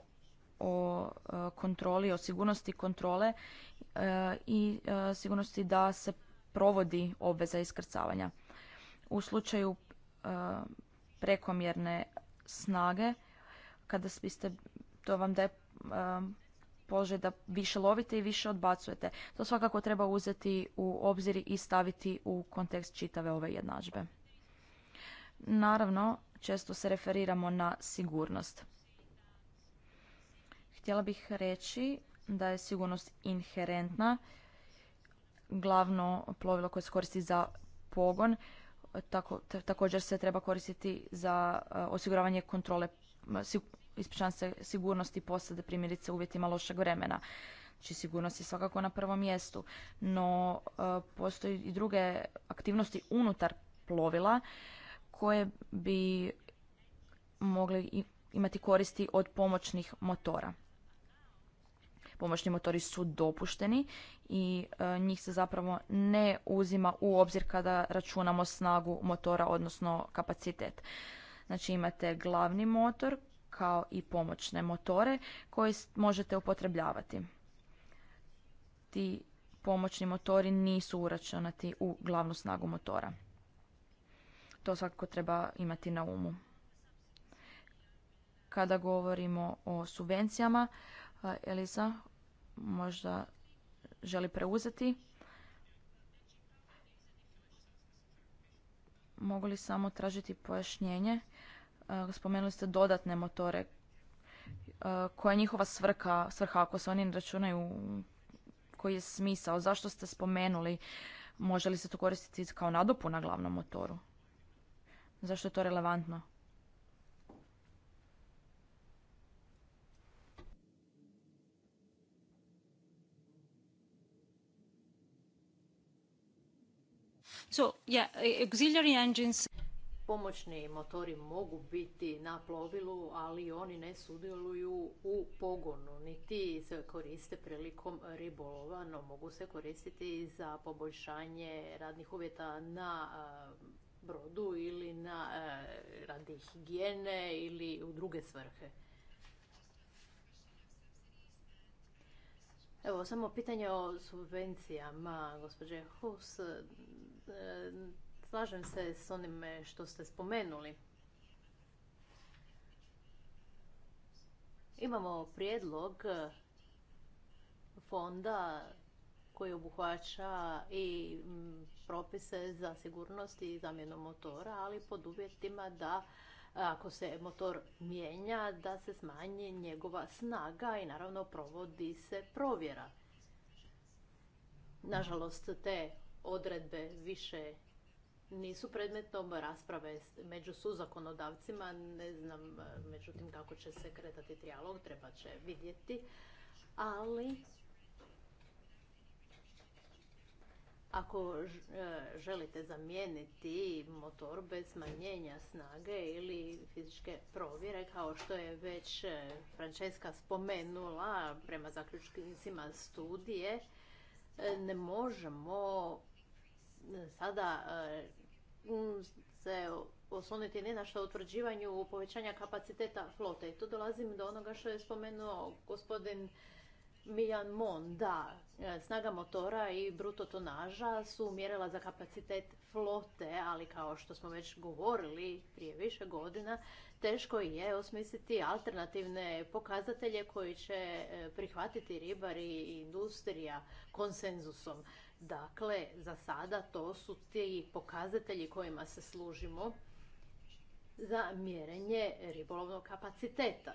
S3: o kontroli, o sigurnosti kontrole i sigurnosti da se provodi obveza iskrcavanja. U slučaju prekomjerne snage, kada biste, to vam daje položaj da više lovite i više odbacujete. To svakako treba uzeti u obzir i staviti u kontekst čitave ove jednadžbe. Naravno, često se referiramo na sigurnost. Htjela bih reći da je sigurnost inherentna, glavno plovilo koje se koristi za pogon, također se treba koristiti za e, osiguravanje kontrole ispričavam se, sigurnosti posade, primjerice uvjetima lošeg vremena. Znači sigurnost je svakako na prvom mjestu, no e, postoji i druge aktivnosti unutar plovila koje bi mogli imati koristi od pomoćnih motora. Pomoćni motori su dopušteni i e, njih se zapravo ne uzima u obzir kada računamo snagu motora, odnosno kapacitet. Znači imate glavni motor kao i pomoćne motore koje možete upotrebljavati. Ti pomoćni motori nisu uračunati u glavnu snagu motora. To svakako treba imati na umu. Kada govorimo o subvencijama, Eliza možda želi preuzeti. Mogu li samo tražiti pojašnjenje? Eh, spomenuli ste dodatne motore. Eh, koja je njihova svrha, svrha ako se oni ne računaju koji je smisao? Zašto ste spomenuli, može li se to koristiti kao nadopuna glavnom motoru? Zašto je to relevantno? So, yeah, auxiliary engines
S2: pomoćni motori mogu biti na plovilu, ali oni ne sudjeluju u pogonu, niti se koriste prilikom ribolova, no mogu se koristiti za poboljšanje radnih uvjeta na e, brodu ili na e, radi higijene ili u druge svrhe. Evo, samo pitanje o subvencijama, gospođe Hus. E, Slažem se s onime što ste spomenuli. Imamo prijedlog fonda koji obuhvaća i mm, propise za sigurnost i zamjenu motora, ali pod uvjetima da ako se motor mijenja, da se smanji njegova snaga i naravno provodi se provjera. Nažalost, te odredbe više nisu predmetom rasprave među suzakonodavcima. Ne znam, e, međutim, kako će se kretati trijalog, treba će vidjeti. Ali, ako e, želite zamijeniti motor bez smanjenja snage ili fizičke provjere, kao što je već e, Francesca spomenula prema zaključnicima studije, ne možemo sada se osloniti ne na što utvrđivanju povećanja kapaciteta flote. I tu dolazim do onoga što je spomenuo gospodin Miljan Mon. Da, e, snaga motora i bruto tonaža su mjerila za kapacitet flote, ali kao što smo već govorili prije više godina, teško je osmisliti alternativne pokazatelje koji će e, prihvatiti ribari i industrija konsenzusom. Dakle, za sada to su ti pokazatelji kojima se služimo za mjerenje ribolovnog kapaciteta.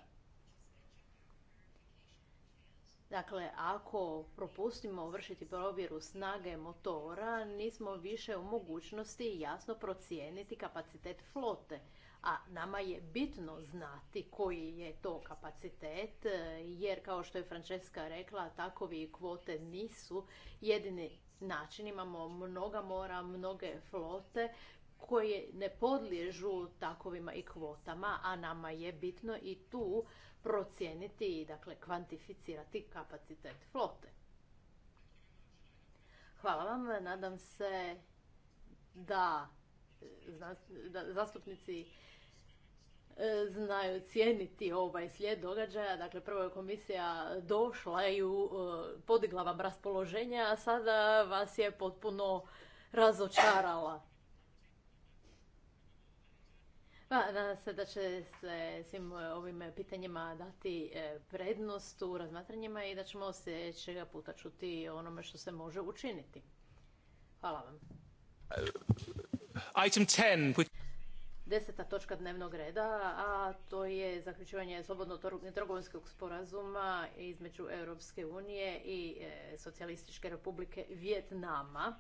S2: Dakle, ako propustimo vršiti provjeru snage motora, nismo više u mogućnosti jasno procijeniti kapacitet flote. A nama je bitno znati koji je to kapacitet, jer kao što je Francesca rekla, takovi kvote nisu jedini način. Imamo mnoga mora, mnoge flote koje ne podliježu takovima i kvotama, a nama je bitno i tu procijeniti i dakle kvantificirati kapacitet flote. Hvala vam, nadam se da, da zastupnici E, znaju cijeniti ovaj slijed događaja. Dakle, prvo je komisija došla i e, podigla vam raspoloženje, a sada vas je potpuno razočarala. Pa, nadam se da će se svim ovim pitanjima dati e, prednost u razmatranjima i da ćemo sljedećega puta čuti onome što se može učiniti. Hvala vam.
S1: Item 10
S2: deseta točka dnevnog reda, a to je zaključivanje slobodno trgovinskog sporazuma između Europske unije i e, Socialističke republike Vjetnama.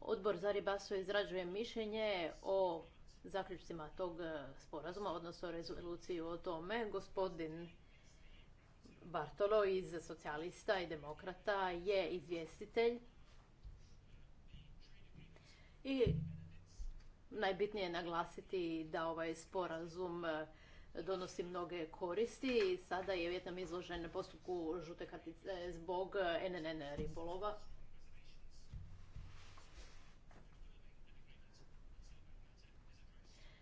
S2: Odbor za ribasu izrađuje mišljenje o zaključcima tog e, sporazuma, odnosno rezoluciju o tome. Gospodin Bartolo iz socijalista i demokrata je izvjestitelj. I najbitnije je naglasiti da ovaj sporazum e, donosi mnoge koristi i sada je Vjetnam izložen postupku žute kartice zbog NNN e, ribolova.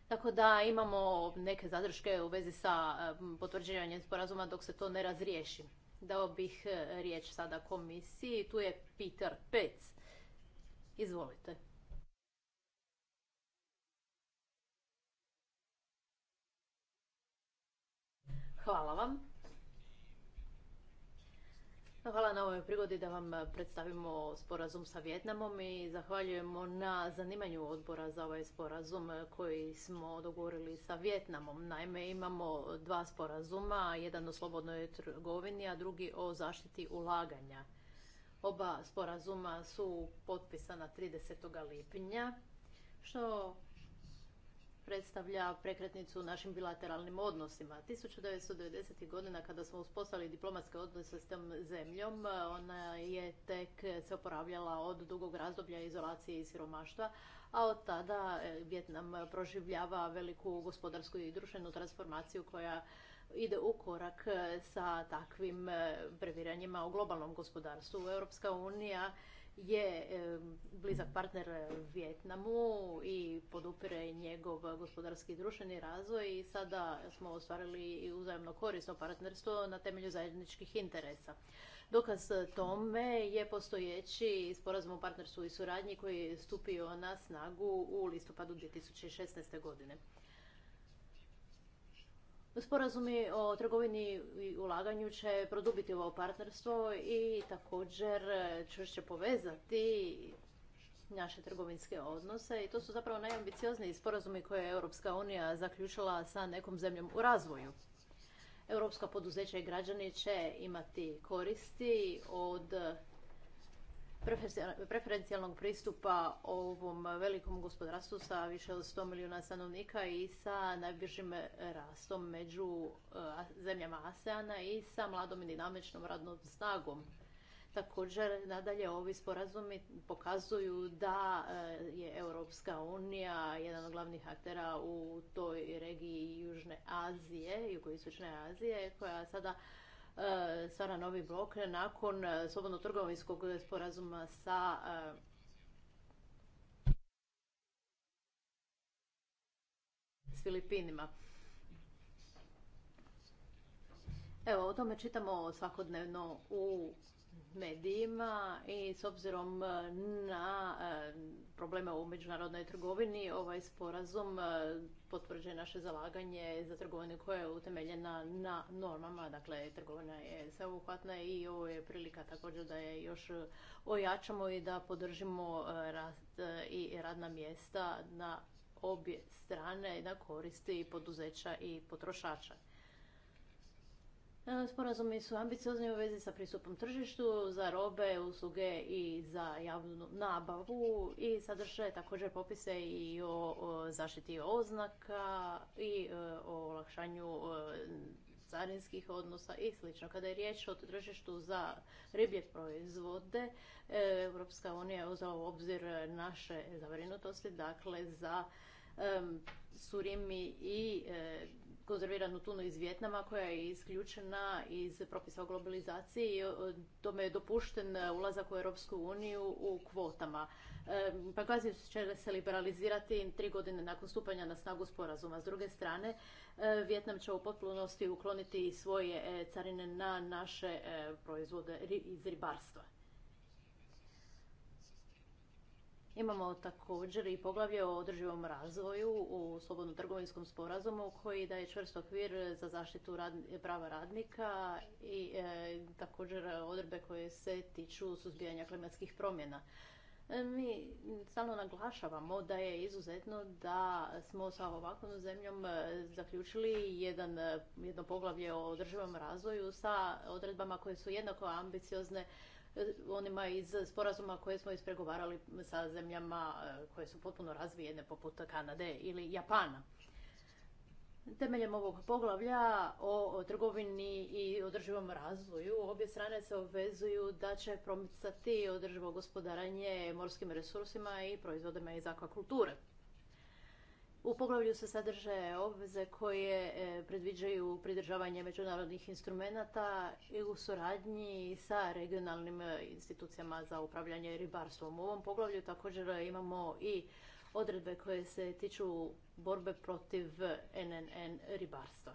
S2: Tako da imamo neke zadrške u vezi sa e, potvrđivanjem sporazuma dok se to ne razriješi. Dao bih riječ sada komisiji. Tu je Peter Pec. Izvolite. Hvala vam. Hvala na ovoj prigodi da vam predstavimo sporazum sa Vjetnamom i zahvaljujemo na zanimanju odbora za ovaj sporazum koji smo dogovorili sa Vjetnamom. Naime, imamo dva sporazuma, jedan o slobodnoj trgovini, a drugi o zaštiti ulaganja. Oba sporazuma su potpisana 30. lipnja, što predstavlja prekretnicu našim bilateralnim odnosima. 1990. godina kada smo uspostavili diplomatske odnose s tom zemljom, ona je tek se oporavljala od dugog razdoblja izolacije i siromaštva, a od tada e, Vjetnam proživljava veliku gospodarsku i društvenu transformaciju koja ide u korak e, sa takvim e, previranjima u globalnom gospodarstvu. Europska unija je blizak partner eh, Vjetnamu i podupire njegov gospodarski i društveni razvoj i sada smo ostvarili i uzajemno korisno partnerstvo na temelju zajedničkih interesa. Dokaz eh, tome je postojeći sporazum o partnerstvu i suradnji koji je stupio na snagu u listopadu 2016. godine. Sporazumi o trgovini i ulaganju će produbiti ovo partnerstvo i također čvršće povezati naše trgovinske odnose i to su zapravo najambiciozniji sporazumi koje je Europska unija zaključila sa nekom zemljom u razvoju. Europska poduzeća i građani će imati koristi od preferencijalnog pristupa ovom velikom gospodarstvu sa više od 100 milijuna stanovnika i sa najbržim rastom među eh, zemljama ASEANA i sa mladom i dinamičnom radnom snagom. Također, nadalje, ovi sporazumi pokazuju da eh, je Europska unija jedan od glavnih aktera u toj regiji Južne Azije, Jugoistočne Azije, koja sada E, stvara novi blok nakon e, slobodno trgovinskog sporazuma sa e, Filipinima. Evo, o tome čitamo svakodnevno u medijima i s obzirom e, na e, probleme u međunarodnoj trgovini ovaj sporazum e, potvrđuje naše zalaganje za trgovinu koja je utemeljena na normama, dakle trgovina je sveobuhvatna i ovo je prilika također da je još ojačamo i da podržimo rast i radna mjesta na obje strane da koristi poduzeća i potrošača. E, sporazumi su ambiciozni u vezi sa pristupom tržištu za robe, usluge i za javnu nabavu i sadrže također popise i o zaštiti oznaka i e, o olakšanju e, carinskih odnosa i sl. Kada je riječ o tržištu za riblje proizvode, Europska unija je uzela u obzir naše zabrinutosti, dakle za surimi i konzerviranu tunu iz Vjetnama koja je isključena iz propisa o globalizaciji i e, tome je dopušten e, ulazak u Europsku uniju u kvotama. E, Pagaziju će se liberalizirati tri godine nakon stupanja na snagu sporazuma. S druge strane, Vjetnam će u potpunosti ukloniti svoje carine na naše proizvode iz ribarstva. Imamo također i poglavlje o održivom razvoju u slobodnom trgovinskom sporazumu koji daje čvrst okvir za zaštitu prava radnika i e, također odredbe koje se tiču suzbijanja klimatskih promjena. E, mi stalno naglašavamo da je izuzetno da smo sa ovakvom zemljom e, zaključili jedan, jedno poglavlje o održivom razvoju sa odredbama koje su jednako ambiciozne onima iz sporazuma koje smo ispregovarali sa zemljama e, koje su potpuno razvijene poput Kanade ili Japana. Temeljem ovog poglavlja o trgovini i održivom razvoju obje strane se obvezuju da će promicati održivo gospodaranje morskim resursima i proizvodima iz akvakulture. U poglavlju se sadrže obveze koje e, predviđaju pridržavanje međunarodnih instrumenata i u suradnji sa regionalnim e, institucijama za upravljanje ribarstvom. U ovom poglavlju također e, imamo i odredbe koje se tiču borbe protiv NNN ribarstva.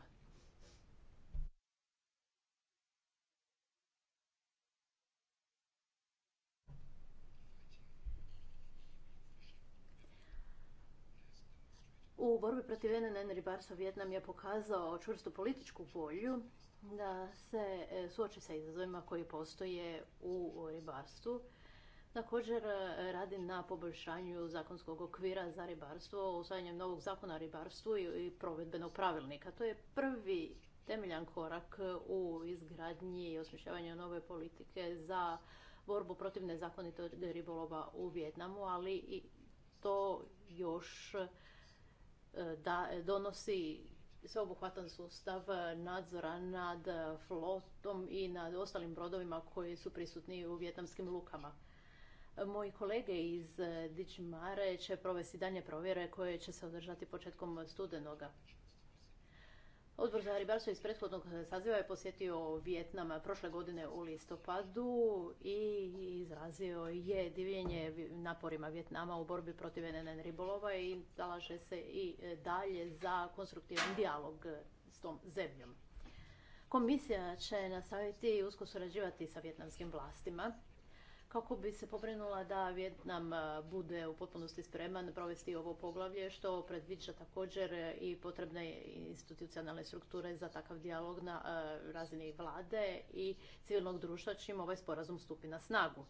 S2: U borbi protiv NNN ribarstva Vjetnam je pokazao čvrstu političku volju da se e, suoči sa izazovima koji postoje u ribarstvu. Također e, radi na poboljšanju zakonskog okvira za ribarstvo, usvajanjem novog zakona o ribarstvu i provedbenog pravilnika. To je prvi temeljan korak u izgradnji i osmišljavanju nove politike za borbu protiv nezakonitog ribolova u Vjetnamu, ali i to još E, da donosi sveobuhvatan sustav e, nadzora nad flotom i nad ostalim brodovima koji su prisutni u vjetnamskim lukama. E, moji kolege iz Dičmare će provesti danje provjere koje će se održati početkom studenoga. Odbor za ribarstvo iz prethodnog eh, saziva je posjetio Vijetnam eh, prošle godine u listopadu i izrazio je divljenje naporima Vjetnama u borbi protiv NNN ribolova i zalaže se i eh, dalje za konstruktivan dijalog s tom zemljom. Komisija će nastaviti usko surađivati sa vjetnamskim vlastima kako bi se pobrinula da Vjetnam e, bude u potpunosti spreman provesti ovo poglavlje što predviđa također e, i potrebne institucionalne strukture za takav dijalog na e, razini vlade i civilnog društva čim ovaj sporazum stupi na snagu.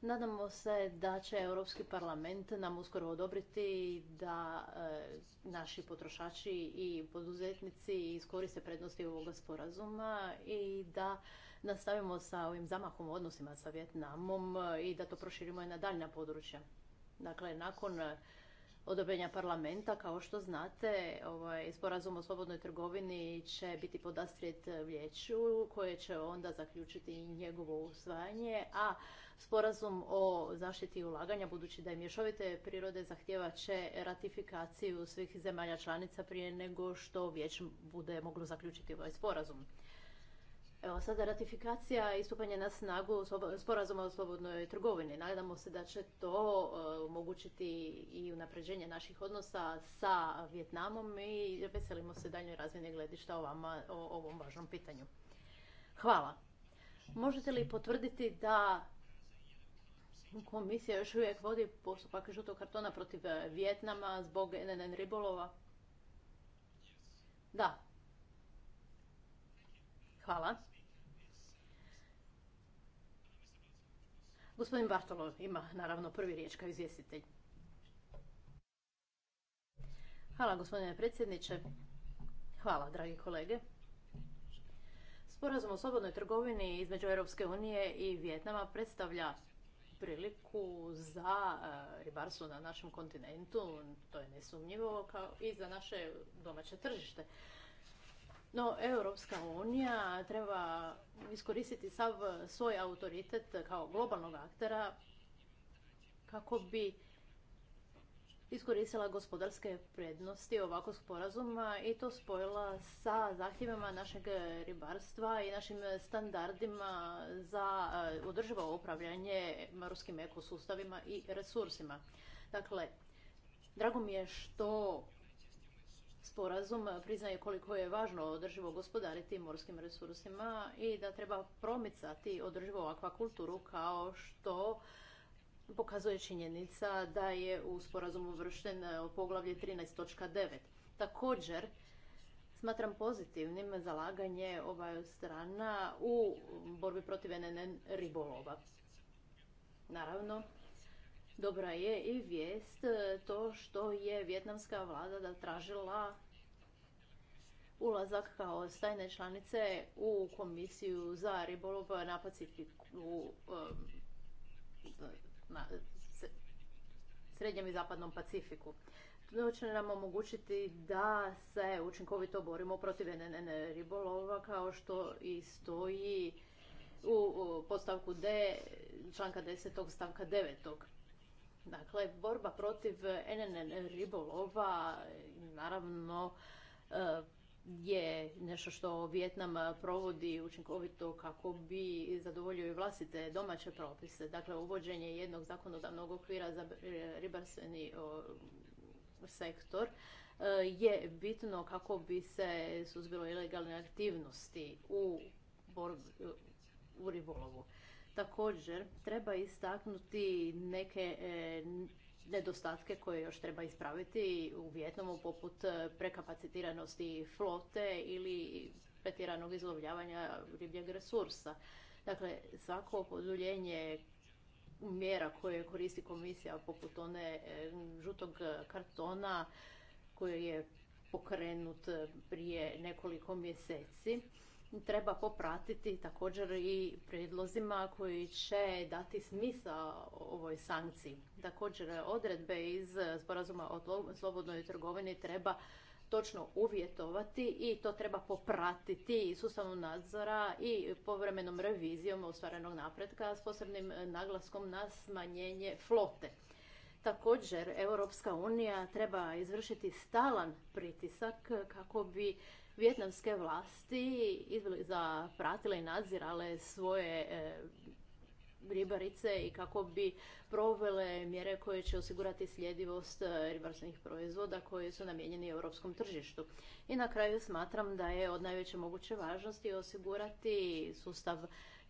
S2: Nadamo se da će Europski parlament nam uskoro odobriti da naši potrošači i poduzetnici iskoriste prednosti ovoga sporazuma i da nastavimo sa ovim zamahom u odnosima sa Vjetnamom e, i da to proširimo i na daljna područja. Dakle, nakon e, odobrenja parlamenta, kao što znate, ovaj, sporazum o slobodnoj trgovini će biti podastrijet vijeću koje će onda zaključiti njegovo usvajanje, a sporazum o zaštiti ulaganja, budući da je mješovite prirode, zahtjeva će ratifikaciju svih zemalja članica prije nego što vijeć bude moglo zaključiti ovaj sporazum. Evo sada ratifikacija i stupanje na snagu sporazuma o slobodnoj trgovini. Nadamo se da će to e, omogućiti i unapređenje naših odnosa sa Vjetnamom i veselimo se daljnjoj razmjeni gledišta o, vama, o ovom važnom pitanju. Hvala. Možete li potvrditi da komisija još uvijek vodi postupak žutog kartona protiv Vjetnama zbog NNN ribolova? Da, Hvala. Gospodin Bartolo ima naravno prvi riječ kao izvjestitelj. Hvala gospodine predsjedniče. Hvala dragi kolege. Sporazum o slobodnoj trgovini između Europske unije i Vijetnama predstavlja priliku za e, ribarstvo na našem kontinentu, to je nesumnjivo, kao i za naše domaće tržište. No, Europska unija treba iskoristiti sav svoj autoritet kao globalnog aktera kako bi iskoristila gospodarske prednosti ovakvog sporazuma i to spojila sa zahtjevima našeg ribarstva i našim standardima za e, održivo upravljanje ruskim ekosustavima i resursima. Dakle, drago mi je što sporazum eh, priznaje koliko je važno održivo gospodariti morskim resursima i da treba promicati održivo akvakulturu kao što pokazuje činjenica da je u sporazumu uvršten eh, poglavlje 13.9. Također, smatram pozitivnim zalaganje obaju strana u borbi protiv NNN ribolova. Naravno, Dobra je i vijest e, to što je vjetnamska vlada da tražila ulazak kao stajne članice u komisiju za ribolov na Pacifiku, na srednjem i zapadnom Pacifiku. To će nam omogućiti da se učinkovito borimo protiv NNN ribolova kao što i stoji u postavku D članka 10. stavka 9. Dakle, borba protiv NNN ribolova naravno e, je nešto što Vjetnam provodi učinkovito kako bi zadovoljio i vlastite domaće propise. Dakle, uvođenje jednog zakonodavnog okvira za ribarstveni sektor e, je bitno kako bi se suzbilo ilegalne aktivnosti u, u ribolovu. Također, treba istaknuti neke e, nedostatke koje još treba ispraviti u Vjetnamu, poput e, prekapacitiranosti flote ili pretjeranog izlovljavanja ribljeg resursa. Dakle, svako produljenje mjera koje koristi komisija, poput one e, žutog kartona koji je pokrenut prije nekoliko mjeseci, treba popratiti također i prijedlozima koji će dati smisa ovoj sankciji. Također odredbe iz sporazuma o slobodnoj trgovini treba točno uvjetovati i to treba popratiti sustavom nadzora i povremenom revizijom ostvarenog napretka s posebnim naglaskom na smanjenje flote. Također, Europska unija treba izvršiti stalan pritisak kako bi vijetnamske vlasti za pratile i nadzirale svoje e, ribarice i kako bi provele mjere koje će osigurati sljedivost e, ribarskih proizvoda koji su namijenjeni europskom tržištu. I na kraju smatram da je od najveće moguće važnosti osigurati sustav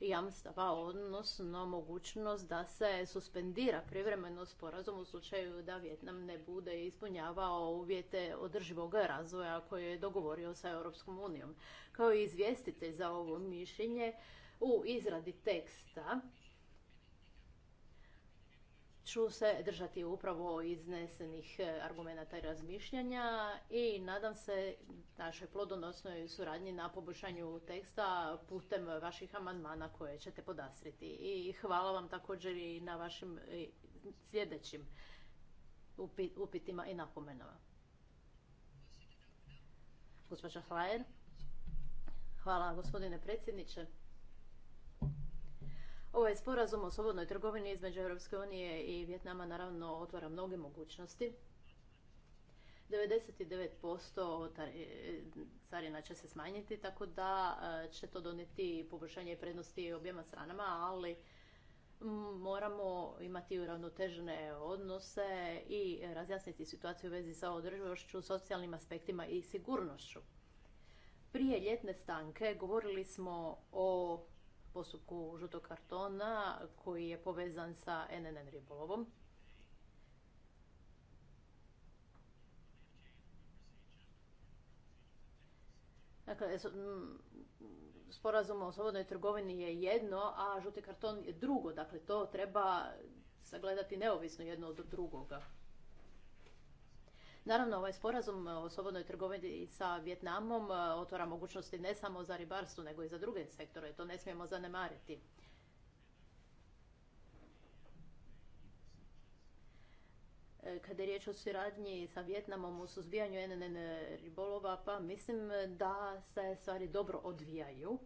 S2: jamstava, odnosno mogućnost da se suspendira privremeno sporazum u slučaju da Vjetnam ne bude ispunjavao uvjete održivog razvoja koje je dogovorio sa Europskom unijom. Kao i izvjestitelj za ovo mišljenje, u izradi teksta ću se držati upravo iznesenih e, argumenata i razmišljanja i nadam se našoj plodonosnoj suradnji na poboljšanju teksta putem vaših amandmana koje ćete podastriti. I hvala vam također i na vašim e, sljedećim upitima i napomenama. Gospođa Hlajer. Hvala gospodine predsjedniče. Ovaj sporazum o slobodnoj trgovini između Europske unije i Vjetnama naravno otvara mnoge mogućnosti. 99% e, carina će se smanjiti, tako da e, će to doneti poboljšanje prednosti objema stranama, ali moramo imati uravnotežene odnose i razjasniti situaciju u vezi sa održivošću, socijalnim aspektima i sigurnošću. Prije ljetne stanke govorili smo o postupku žutog kartona koji je povezan sa NNN ribolovom. Dakle, sporazum o slobodnoj trgovini je jedno, a žuti karton je drugo. Dakle, to treba sagledati neovisno jedno od drugoga. Naravno, ovaj sporazum e, o slobodnoj trgovini sa Vjetnamom e, otvara mogućnosti ne samo za ribarstvo, nego i za druge sektore. To ne smijemo zanemariti. E, kada je riječ o suradnji sa Vjetnamom u suzbijanju NNN ribolova, pa mislim da se stvari dobro odvijaju.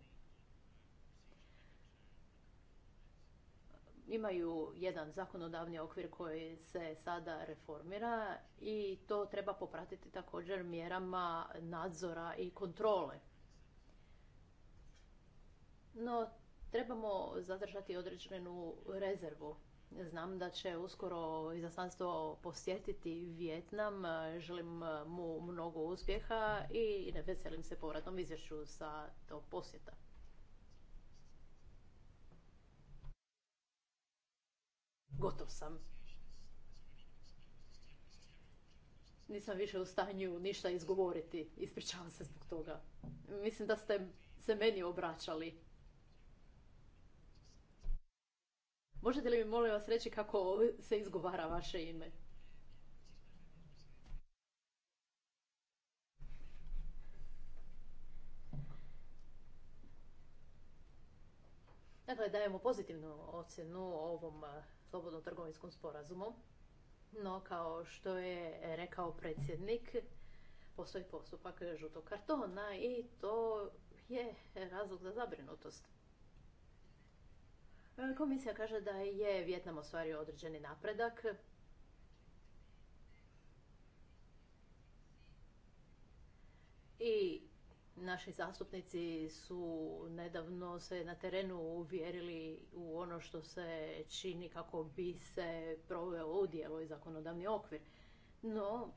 S2: imaju jedan zakonodavni okvir koji se sada reformira i to treba popratiti također mjerama nadzora i kontrole. No, trebamo zadržati određenu rezervu. Znam da će uskoro izaslanstvo posjetiti Vjetnam. Želim mu mnogo uspjeha i ne veselim se povratnom izvješću sa tog posjeta. Gotov sam. Nisam više u stanju ništa izgovoriti. Ispričavam se zbog toga. Mislim da ste se meni obraćali. Možete li mi molim vas reći kako se izgovara vaše ime? Dakle, dajemo pozitivnu ocjenu ovom slobodnom trgovinskom sporazumu, no kao što je rekao predsjednik, postoji postupak žutog kartona i to je razlog za zabrinutost. E, komisija kaže da je Vjetnam ostvario određeni napredak. I Naši zastupnici su nedavno se na terenu uvjerili u ono što se čini kako bi se proveo u dijelu i zakonodavni okvir. No,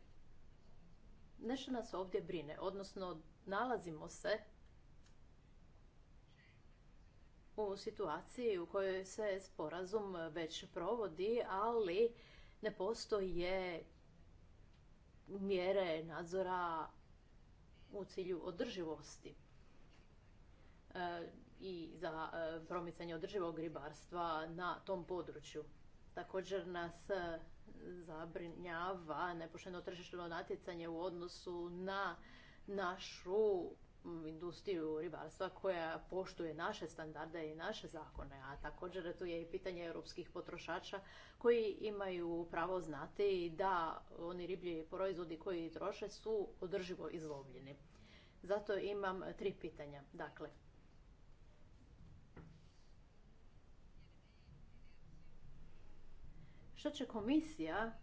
S2: nešto nas ovdje brine, odnosno nalazimo se u situaciji u kojoj se sporazum već provodi, ali ne postoje mjere nadzora u cilju održivosti e, i za e, promicanje održivog ribarstva na tom području. Također nas e, zabrinjava nepošteno tržišno natjecanje u odnosu na našu industriju ribarstva koja poštuje naše standarde i naše zakone, a također tu je i pitanje europskih potrošača koji imaju pravo znati da oni riblji proizvodi koji troše su održivo izlovljeni. Zato imam tri pitanja. Dakle, što će komisija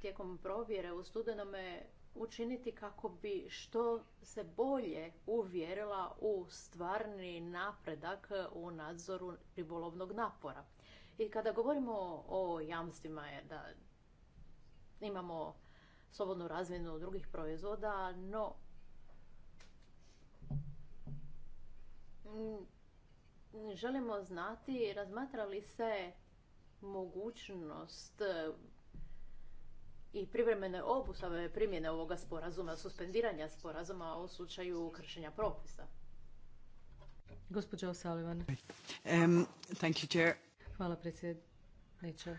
S2: tijekom provjere u studenome učiniti kako bi što se bolje uvjerila u stvarni napredak u nadzoru ribolovnog napora. I kada govorimo o jamstvima, je da imamo slobodnu razmjenu drugih proizvoda, no želimo znati razmatra li se mogućnost i privremene obustave primjene ovoga sporazuma, suspendiranja sporazuma u slučaju kršenja propisa.
S1: Gospođo O'Sullivan. Hvala predsjedniče.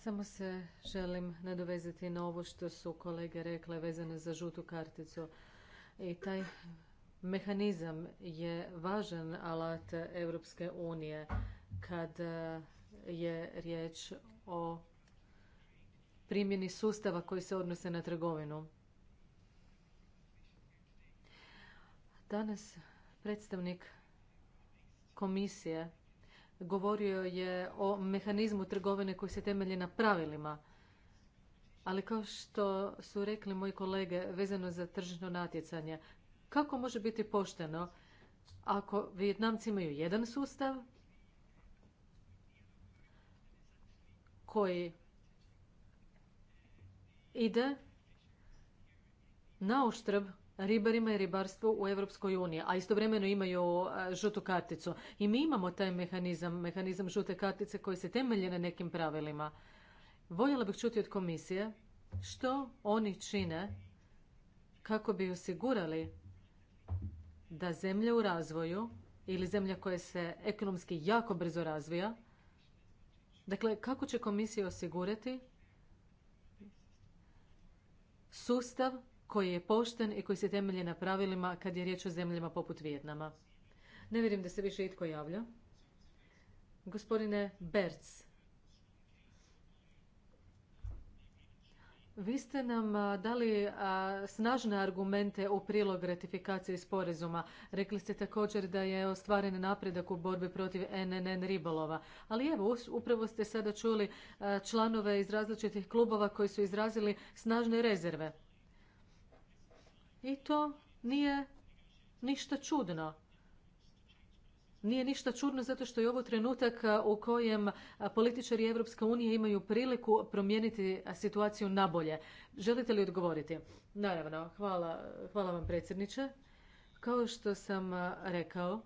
S1: Samo se želim nadovezati na ovo što su kolege rekle vezano za žutu karticu. I taj mehanizam je važan alat Europske unije kad je riječ o primjeni sustava koji se odnose na trgovinu. Danas predstavnik komisije govorio je o mehanizmu trgovine koji se temelji na pravilima. Ali kao što su rekli moji kolege vezano za tržišno natjecanje, kako može biti pošteno ako Vjetnamci imaju jedan sustav koji ide na oštrb ribarima i ribarstvu u Europskoj uniji, a istovremeno imaju e, žutu karticu. I mi imamo taj mehanizam, mehanizam žute kartice koji se temelji na nekim pravilima. Voljela bih čuti od komisije što oni čine kako bi osigurali da zemlje u razvoju ili zemlja koja se ekonomski jako brzo razvija, dakle kako će komisija osigurati sustav koji je pošten i koji se temelji na pravilima kad je riječ o zemljama poput Vijetnama. Ne vidim da se više itko javlja. Gospodine Berc, Vi ste nam dali snažne argumente u prilog ratifikacije sporazuma. Rekli ste također da je ostvaren napredak u borbi protiv NNN ribolova. Ali evo, upravo ste sada čuli članove iz različitih klubova koji su izrazili snažne rezerve. I to nije ništa čudno. Nije ništa čudno zato što je ovo trenutak u kojem političari Europske unije imaju priliku promijeniti situaciju na bolje. Želite li odgovoriti? Naravno, hvala, hvala vam predsjedniče. Kao što sam rekao,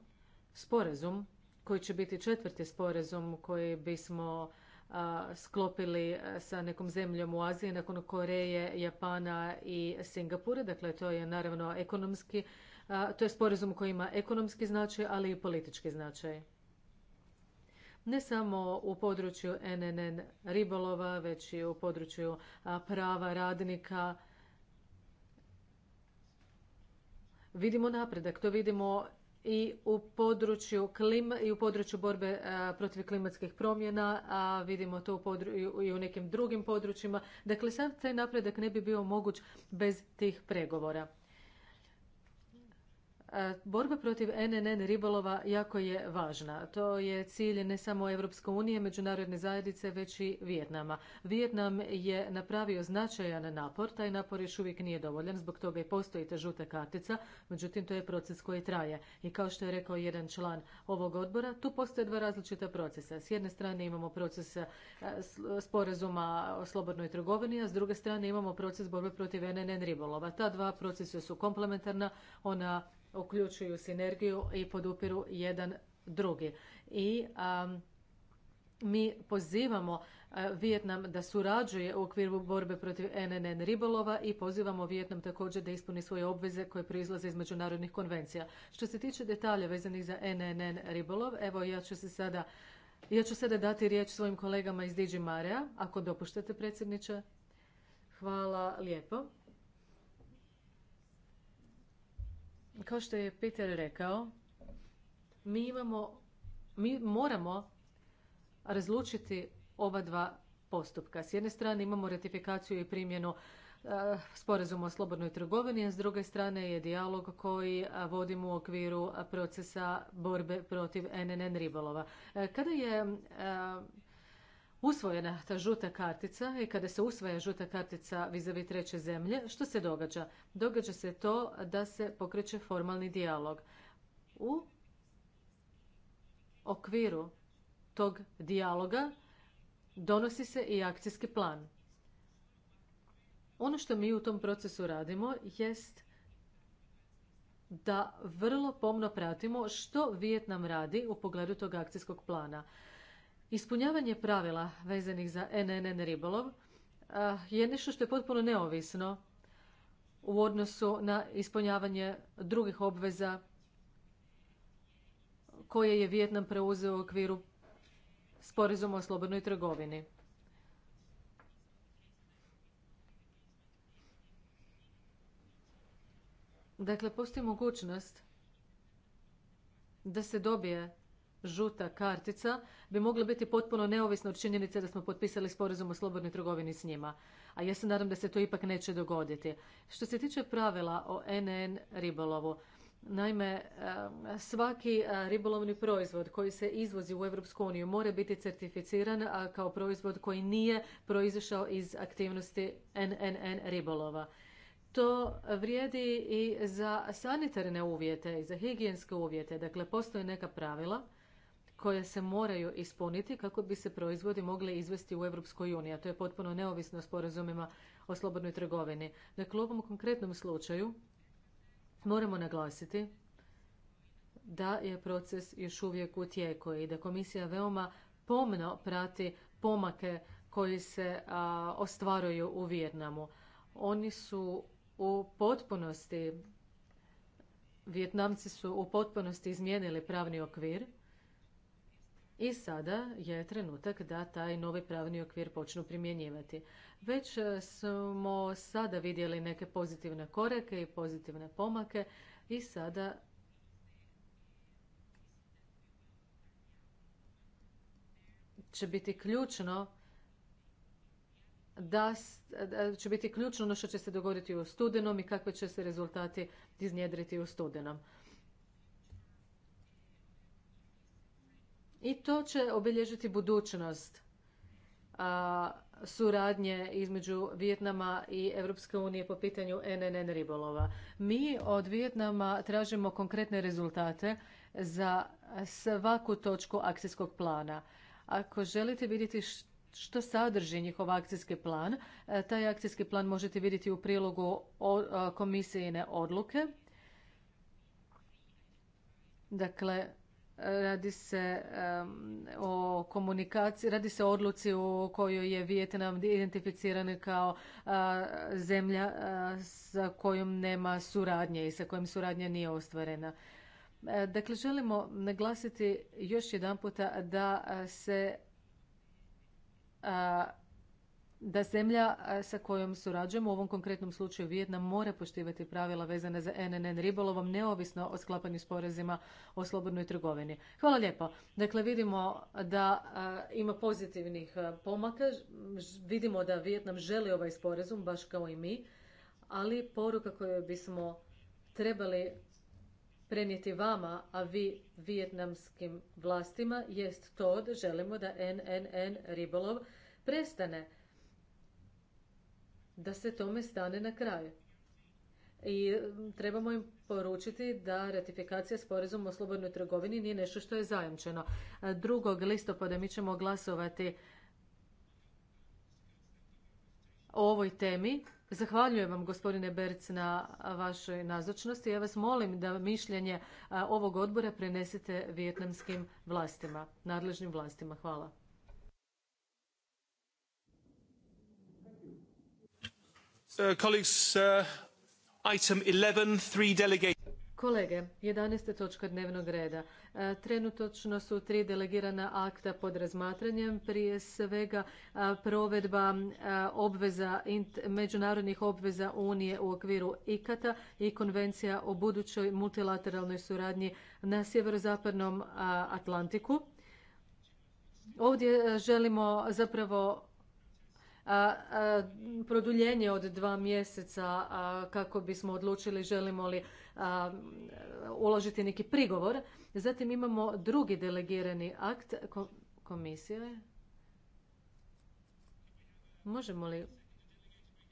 S1: sporazum koji će biti četvrti sporazum koji bismo sklopili sa nekom zemljom u Aziji nakon Koreje, Japana i Singapura. Dakle, to je naravno ekonomski to je sporazum koji ima ekonomski značaj, ali i politički značaj. Ne samo u području NNN ribolova, već i u području prava radnika. Vidimo napredak, to vidimo i u području klima, i u području borbe protiv klimatskih promjena, a vidimo to u i u nekim drugim područjima. Dakle, sam taj napredak ne bi bio moguć bez tih pregovora. E, borba protiv NNN ribolova jako je važna. To je cilj ne samo Evropske unije, međunarodne zajednice, već i Vijetnama. Vijetnam je napravio značajan napor, taj napor još uvijek nije dovoljan, zbog toga i postoji ta žuta kartica, međutim to je proces koji traje. I kao što je rekao jedan član ovog odbora, tu postoje dva različita procesa. S jedne strane imamo proces e, sporazuma o slobodnoj trgovini, a s druge strane imamo proces borbe protiv NNN ribolova. Ta dva procesa su komplementarna, ona uključuju sinergiju i podupiru jedan drugi. I mi pozivamo e, Vijetnam da surađuje u okviru borbe protiv NNN ribolova i pozivamo Vijetnam također da ispuni svoje obveze koje proizlaze iz međunarodnih konvencija. Što se tiče detalja vezanih za NNN ribolov, evo ja ću se sada ja ću sada dati riječ svojim kolegama iz Digi Marea, ako dopuštate predsjedniče. Hvala lijepo. Kao što je Peter rekao, mi imamo, mi moramo razlučiti oba dva postupka. S jedne strane imamo ratifikaciju i primjenu eh, sporazuma o slobodnoj trgovini, a s druge strane je dijalog koji eh, vodimo u okviru procesa borbe protiv NNN ribolova. Eh, kada je usvojena ta žuta kartica i kada se usvaja žuta kartica vizavi treće zemlje, što se događa? Događa se to da se pokreće formalni dijalog. U okviru tog dijaloga donosi se i akcijski plan. Ono što mi u tom procesu radimo jest da vrlo pomno pratimo što Vijetnam radi u pogledu tog akcijskog plana. Ispunjavanje pravila vezanih za NNN ribolov je nešto što je potpuno neovisno u odnosu na ispunjavanje drugih obveza koje je Vijetnam preuzeo u okviru sporazuma o slobodnoj trgovini. Dakle, postoji mogućnost da se dobije žuta kartica bi mogla biti potpuno neovisna od činjenice da smo potpisali sporazum o slobodnoj trgovini s njima. A ja se nadam da se to ipak neće dogoditi. Što se tiče pravila o NN ribolovu, Naime, e, svaki e, ribolovni proizvod koji se izvozi u uniju, mora biti certificiran kao proizvod koji nije proizašao iz aktivnosti NNN ribolova. To vrijedi i za sanitarne uvjete i za higijenske uvjete. Dakle, postoje neka pravila koje se moraju ispuniti kako bi se proizvodi mogli izvesti u Europskoj uniji, a to je potpuno neovisno sporazumima o slobodnoj trgovini. Dakle, u ovom konkretnom slučaju moramo naglasiti da je proces još uvijek u tijeku i da komisija veoma pomno prati pomake koji se ostvaruju u Vijetnamu. Oni su u potpunosti Vjetnamci su u potpunosti izmijenili pravni okvir i sada je trenutak da taj novi pravni okvir počnu primjenjivati. Već e, smo sada vidjeli neke pozitivne korake i pozitivne pomake i sada će biti ključno da će biti ključno ono što će se dogoditi u studenom i kakvi će se rezultati iznjedriti u studenom. I to će obilježiti budućnost suradnje između Vijetnama i Europske unije po pitanju NNN ribolova. Mi od Vijetnama tražimo konkretne rezultate za svaku točku akcijskog plana. Ako želite vidjeti što sadrži njihov akcijski plan, e, taj akcijski plan možete vidjeti u prilogu e, komisijine odluke. Dakle, Radi se o komunikaciji, radi se o odluci u kojoj je Vijetnam identificiran kao zemlja s sa kojom nema suradnje i sa kojom suradnja nije ostvarena. E, dakle, želimo naglasiti još jedan puta da se da zemlja sa kojom surađujemo, u ovom konkretnom slučaju Vijetnam, mora poštivati pravila vezane za NNN ribolovom, neovisno o sklapanju sporazima o slobodnoj trgovini. Hvala lijepo. Dakle, vidimo da ima pozitivnih pomaka, vidimo da Vijetnam želi ovaj sporazum, baš kao i mi, ali poruka koju bismo trebali prenijeti vama, a vi vijetnamskim vlastima, jest to da želimo da NNN ribolov prestane da se tome stane na kraj. I trebamo im poručiti da ratifikacija sporazuma o slobodnoj trgovini nije nešto što je zajamčeno. 2. listopada mi ćemo glasovati o ovoj temi. Zahvaljujem vam, gospodine Berc, na vašoj nazočnosti. Ja vas molim da mišljenje ovog odbora prenesete vijetnamskim vlastima, nadležnim vlastima. Hvala. Uh, uh, Kolege, 11. točka dnevnog reda. Uh, Trenutočno su tri delegirana akta pod razmatranjem, prije svega provedba obveza, međunarodnih obveza Unije u okviru IKATA i konvencija o budućoj multilateralnoj suradnji na sjeverozapadnom Atlantiku. Ovdje želimo zapravo produljenje od dva mjeseca kako bismo odlučili želimo li uložiti neki prigovor. Zatim imamo drugi delegirani akt komisije. Možemo li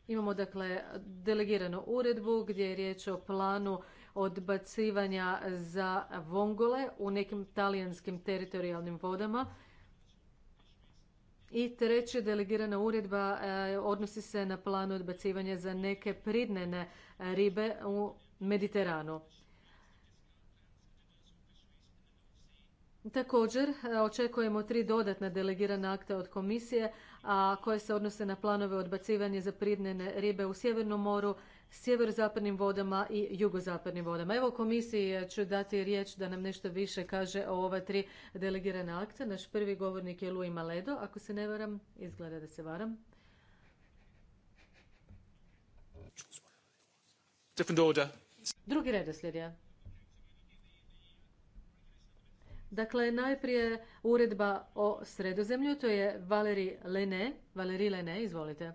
S1: Imamo dakle delegiranu uredbu gdje je riječ o planu odbacivanja za vongole u nekim talijanskim teritorijalnim vodama. I treće, delegirana uredba e, odnosi se na plan odbacivanja za neke pridnene e, ribe u Mediteranu. Također, e, očekujemo tri dodatna delegirana akta od komisije, a koje se odnose na planove odbacivanja za pridnene ribe u Sjevernom moru, sjeverozapadnim vodama i jugozapadnim vodama. Evo komisiji ću dati riječ da nam nešto više kaže o ova tri delegirana akta. Naš prvi govornik je Luima Maledo, ako se ne varam, izgleda da se varam. Drugi redoslijed je. Dakle, najprije uredba o sredozemlju, to je Valeri Lene. Valerie Lene, izvolite.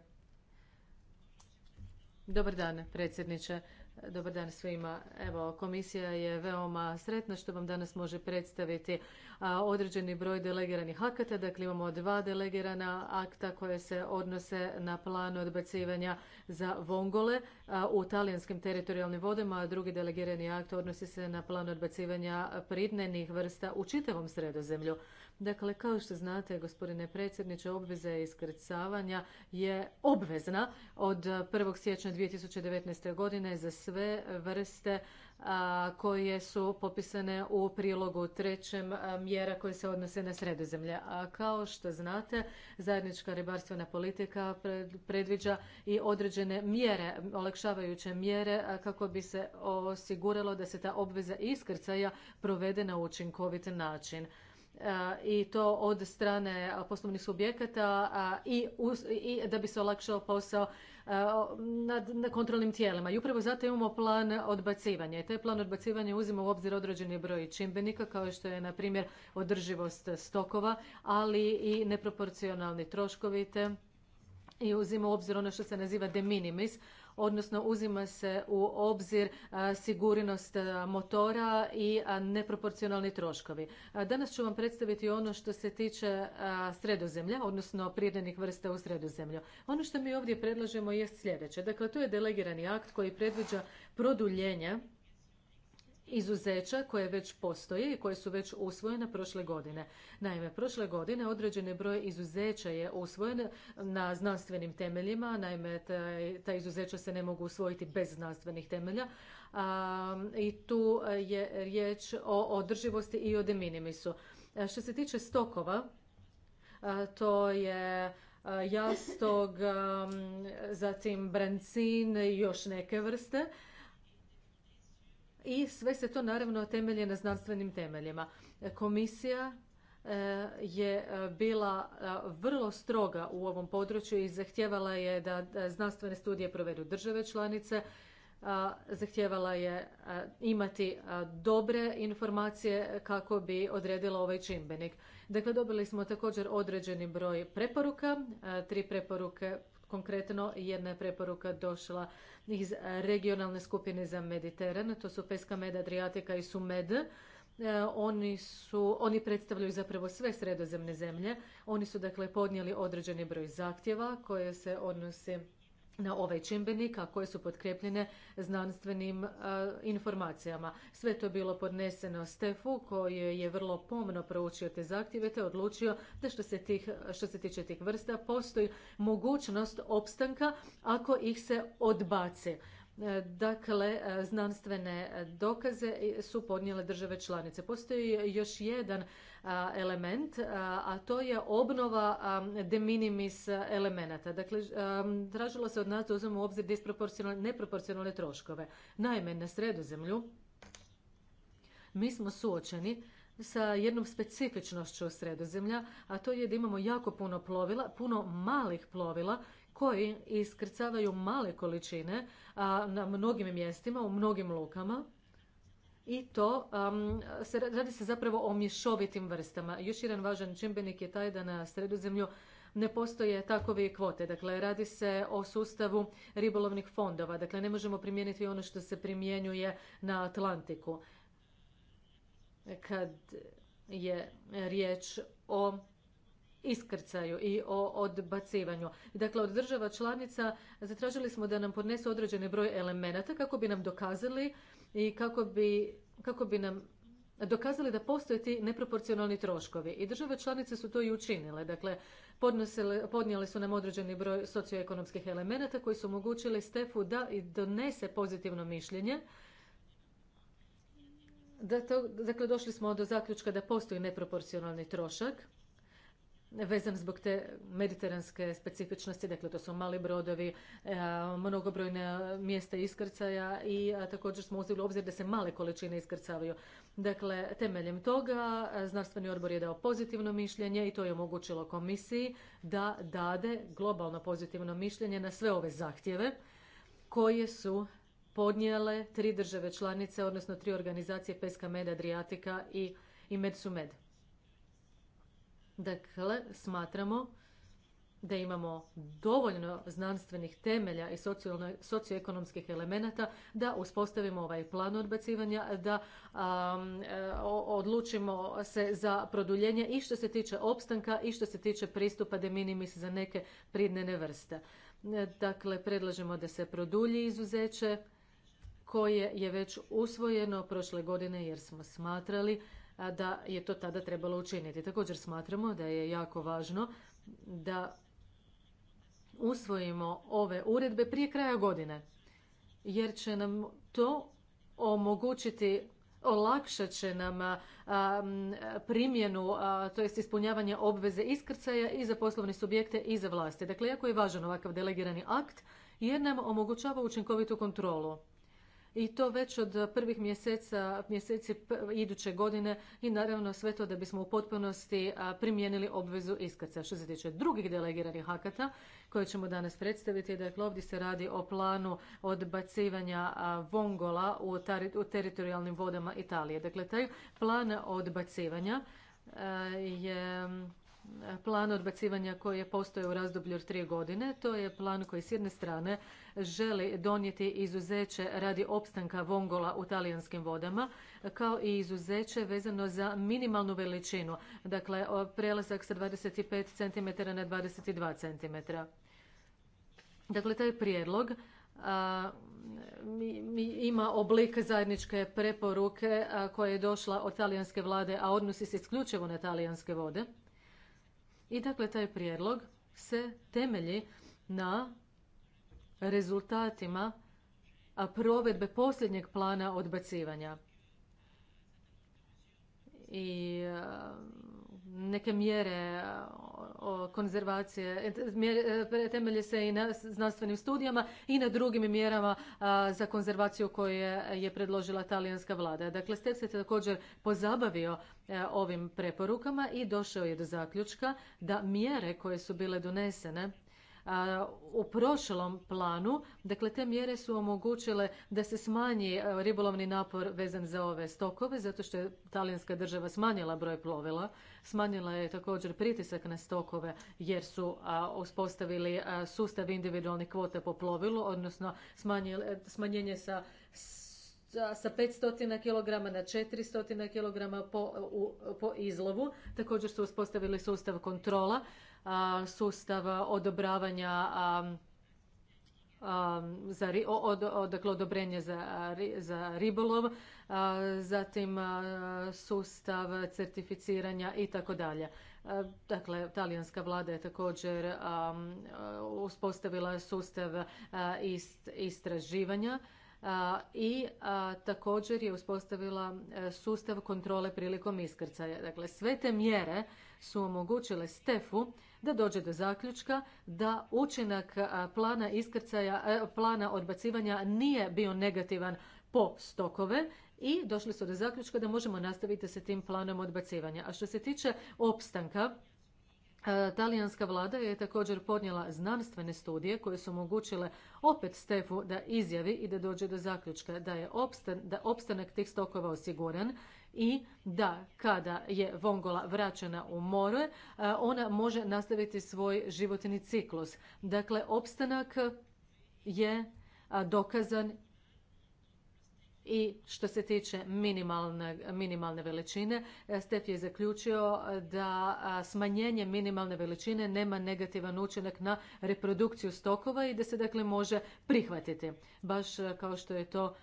S1: Dobar dan, predsjedniče. Dobar dan svima. Evo, komisija je veoma sretna što vam danas može predstaviti određeni broj delegiranih akata. Dakle, imamo dva delegirana akta koje se odnose na plan odbacivanja za vongole u talijanskim teritorijalnim vodama, a drugi delegirani akt odnosi se na plan odbacivanja pridnenih vrsta u čitavom sredozemlju. Dakle, kao što znate, gospodine predsjedniče, obveza iskrcavanja je obvezna od 1. siječnja 2019. godine za sve vrste koje su popisane u prilogu trećem mjera koje se odnose na sredozemlje. A kao što znate, zajednička ribarstvena politika predviđa i određene mjere, olakšavajuće mjere kako bi se osiguralo da se ta obveza iskrcaja provede na učinkovit način. E, i to od strane poslovnih subjekata i, da bi se olakšao posao e, nad, kontrolnim tijelima. I upravo zato imamo plan odbacivanja. I taj plan odbacivanja uzima u obzir određeni broj čimbenika kao što je na primjer održivost stokova, ali i neproporcionalni troškovi i uzima u obzir ono što se naziva de minimis, odnosno uzima se u obzir sigurnost motora i neproporcionalni troškovi. Danas ću vam predstaviti ono što se tiče sredozemlja, odnosno prirodnih vrsta u sredozemlju. Ono što mi ovdje predlažemo je sljedeće. Dakle, to je delegirani akt koji predviđa produljenje izuzeća koje već postoje i koje su već usvojene prošle godine. Naime, prošle godine određeni broj izuzeća je usvojen na znanstvenim temeljima, naime ta izuzeća se ne mogu usvojiti bez znanstvenih temelja i tu je riječ o održivosti i o de minimisu. što se tiče stokova, to je jastog, zatim brancin i još neke vrste. I sve se to naravno temelje na znanstvenim temeljima. Komisija e, je e, bila e, vrlo stroga u ovom području i zahtjevala je da znanstvene studije provedu države članice, zahtjevala je imati dobre informacije kako bi odredila ovaj čimbenik. Dakle, dobili smo također određeni broj preporuka, tri preporuke Konkretno jedna je preporuka došla iz regionalne skupine za Mediteran, to su Peska Med, Adriatika i Sumed. E, oni, su, oni predstavljaju zapravo sve sredozemne zemlje. Oni su dakle podnijeli određeni broj zahtjeva koje se odnose na ove ovaj čimbenik, koje su potkrepljene znanstvenim e, informacijama. Sve to je bilo podneseno Stefu koji je vrlo pomno proučio te zahtjeve te odlučio da što se, tih, što se tiče tih vrsta postoji mogućnost opstanka ako ih se odbaci. E, dakle, e, znanstvene dokaze su podnijele države članice. Postoji još jedan element, a to je obnova de minimis elemenata. Dakle, tražilo se od nas da uzmemo u obzir neproporcionalne troškove. Naime, na sredozemlju mi smo suočeni sa jednom specifičnošću sredozemlja, a to je da imamo jako puno plovila, puno malih plovila koji iskrcavaju male količine na mnogim mjestima, u mnogim lukama i to um, radi se zapravo o mješovitim vrstama. Još jedan važan čimbenik je taj da na sredozemlju ne postoje takove kvote. Dakle, radi se o sustavu ribolovnih fondova. Dakle, ne možemo primijeniti ono što se primjenjuje na Atlantiku. Kad je riječ o iskrcaju i o odbacivanju. Dakle, od država članica zatražili smo da nam podnesu određeni broj elemenata kako bi nam dokazali i kako bi, kako bi nam dokazali da postoje ti neproporcionalni troškovi. I države članice su to i učinile. Dakle, podnijeli su nam određeni broj socioekonomskih elemenata koji su omogućili Stefu da i donese pozitivno mišljenje. Dakle, došli smo do zaključka da postoji neproporcionalni trošak vezan zbog te mediteranske specifičnosti, dakle to su mali brodovi, e, mnogobrojne mjesta iskrcaja i e, također smo uzeli u obzir da se male količine iskrcavaju. Dakle, temeljem toga e, znanstveni odbor je dao pozitivno mišljenje i to je omogućilo komisiji da dade globalno pozitivno mišljenje na sve ove zahtjeve koje su podnijele tri države članice, odnosno tri organizacije Peska Med, Adriatika i, i Medsumed. Dakle, smatramo da imamo dovoljno znanstvenih temelja i socioekonomskih elemenata da uspostavimo ovaj plan odbacivanja, da odlučimo se za produljenje i što se tiče opstanka i što se tiče pristupa de minimis za neke pridnene vrste. Dakle, predlažemo da se produlji izuzeće koje je već usvojeno prošle godine jer smo smatrali da je to tada trebalo učiniti. Također smatramo da je jako važno da usvojimo ove uredbe prije kraja godine, jer će nam to omogućiti olakšat će nam primjenu, to jest ispunjavanje obveze iskrcaja i za poslovne subjekte i za vlasti. Dakle, jako je važan ovakav delegirani akt jer nam omogućava učinkovitu kontrolu i to već od prvih mjeseca, mjeseci iduće godine i naravno sve to da bismo u potpunosti primijenili obvezu iskrca. Što se tiče drugih delegiranih hakata koje ćemo danas predstaviti, dakle ovdje se radi o planu odbacivanja vongola u, u teritorijalnim vodama Italije. Dakle, taj plan odbacivanja je plan odbacivanja koji je postoje u razdoblju od tri godine. To je plan koji s jedne strane želi donijeti izuzeće radi opstanka vongola u talijanskim vodama, kao i izuzeće vezano za minimalnu veličinu, dakle prelazak sa 25 cm na 22 cm. Dakle, taj prijedlog mi, ima oblik zajedničke preporuke koja je došla od talijanske vlade, a odnosi se isključivo na talijanske vode. I dakle, taj prijedlog se temelji na rezultatima provedbe posljednjeg plana odbacivanja. I neke mjere konzervacije e, e, temelje se i na znanstvenim studijama i na drugim mjerama za konzervaciju koje je predložila talijanska vlada. Dakle, ste se također pozabavio e, ovim preporukama i došao je do zaključka da mjere koje su bile donesene u prošlom planu, dakle te mjere su omogućile da se smanji e, ribolovni napor vezan za ove stokove, zato što je talijanska država smanjila broj plovila, smanjila je također pritisak na stokove jer su uspostavili sustav individualnih kvota po plovilu, odnosno e, smanjenje sa sa 500 kg na 400 kg po, po izlovu. Također su uspostavili sustav kontrola sustav odobravanja za, odobrenje za, za ribolov, zatim sustav certificiranja i tako dalje. Dakle, talijanska vlada je također uspostavila sustav istraživanja i također je uspostavila e, sustav kontrole prilikom iskrcaja. Dakle, sve te mjere su omogućile Stefu da dođe do zaključka da učinak plana iskrcaja, e, plana odbacivanja nije bio negativan po stokove i došli su do zaključka da možemo nastaviti sa tim planom odbacivanja. A što se tiče opstanka, e, Talijanska vlada je također podnijela znanstvene studije koje su omogućile opet Stefu da izjavi i da dođe do zaključka da je opstanak tih stokova osiguran i da kada je vongola vraćena u more, e, ona može nastaviti svoj životni ciklus. Dakle, opstanak je dokazan i što se tiče minimalne, minimalne veličine, e, Stef je zaključio da smanjenje minimalne veličine nema negativan učinak na reprodukciju stokova i da se dakle može prihvatiti, baš e, kao što je to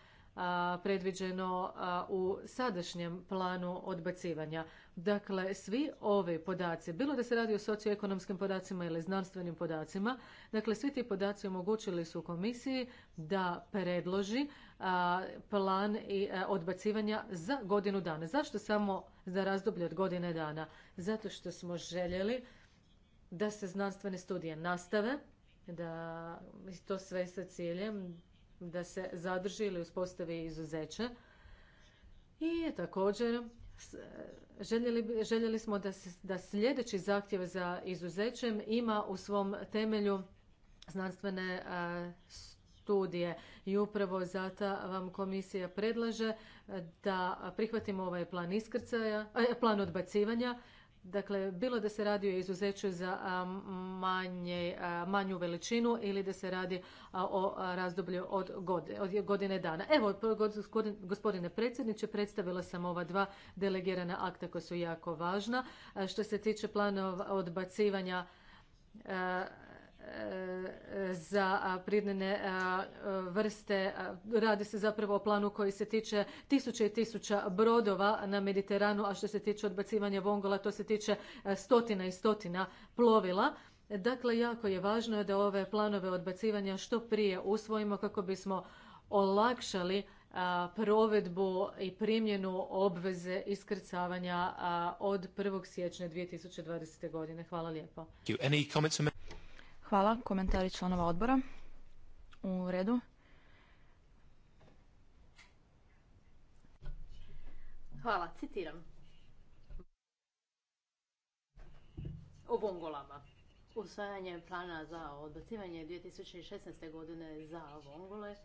S1: predviđeno u sadašnjem planu odbacivanja. Dakle, svi ovi podaci, bilo da se radi o socioekonomskim podacima ili znanstvenim podacima, dakle, svi ti podaci omogućili su komisiji da predloži plan odbacivanja za godinu dana. Zašto samo za razdoblje od godine dana? Zato što smo željeli da se znanstvene studije nastave, da to sve sa ciljem da se zadrži ili uspostavi izuzeće. I također željeli, smo da, da sljedeći zahtjev za izuzećem ima u svom temelju znanstvene e, studije i upravo zato vam komisija predlaže da prihvatimo ovaj plan iskrcaja, e, plan odbacivanja Dakle, bilo da se radi o izuzeću za manje, manju veličinu ili da se radi o razdoblju od godine, od godine dana. Evo, gospodine predsjedniče, predstavila sam ova dva delegirana akta koja su jako važna. Što se tiče planova odbacivanja E, za pridnene vrste. Radi se zapravo o planu koji se tiče tisuće i tisuća brodova na Mediteranu, a što se tiče odbacivanja vongola, to se tiče e, stotina i stotina plovila. Dakle, jako je važno da ove planove odbacivanja što prije usvojimo kako bismo olakšali provedbu i primjenu obveze iskrcavanja od 1. siječnja 2020. godine. Hvala lijepo.
S3: Hvala. Komentari članova odbora. U redu.
S2: Hvala. Citiram. O vongolama. Usvajanje plana za odbacivanje 2016. godine za vongole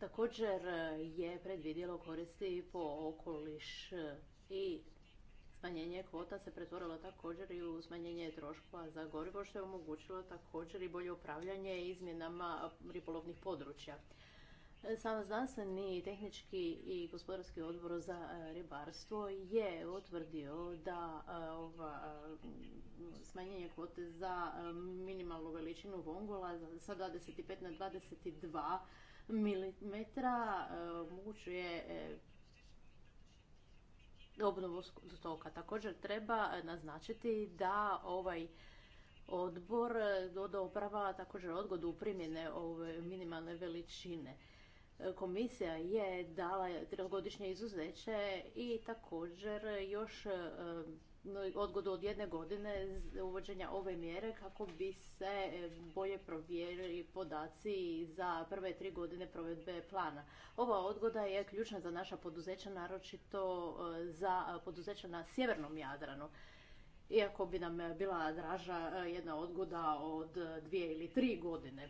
S2: također je predvidjelo koristi po okoliš i Smanjenje kvota se pretvorilo također i u smanjenje troškova za gorivo, što je omogućilo također i bolje upravljanje izmjenama ribolovnih područja. Sam znanstveni, tehnički i gospodarski odbor za e, ribarstvo je utvrdio da e, ova, e, smanjenje kvote za minimalnu veličinu vongola sa 25 na 22 mm, omogućuje obnovu stoka. Također treba eh, naznačiti da ovaj odbor eh, odobrava također odgodu primjene ove minimalne veličine. Eh, komisija je dala trogodišnje izuzeće i također još odgodu od jedne godine uvođenja ove mjere kako bi se e, bolje provjerili podaci za prve tri godine provedbe plana. Ova odgoda je ključna za naša poduzeća, naročito e, za poduzeća na sjevernom Jadranu. Iako bi nam bila draža e, jedna odgoda od dvije ili tri godine.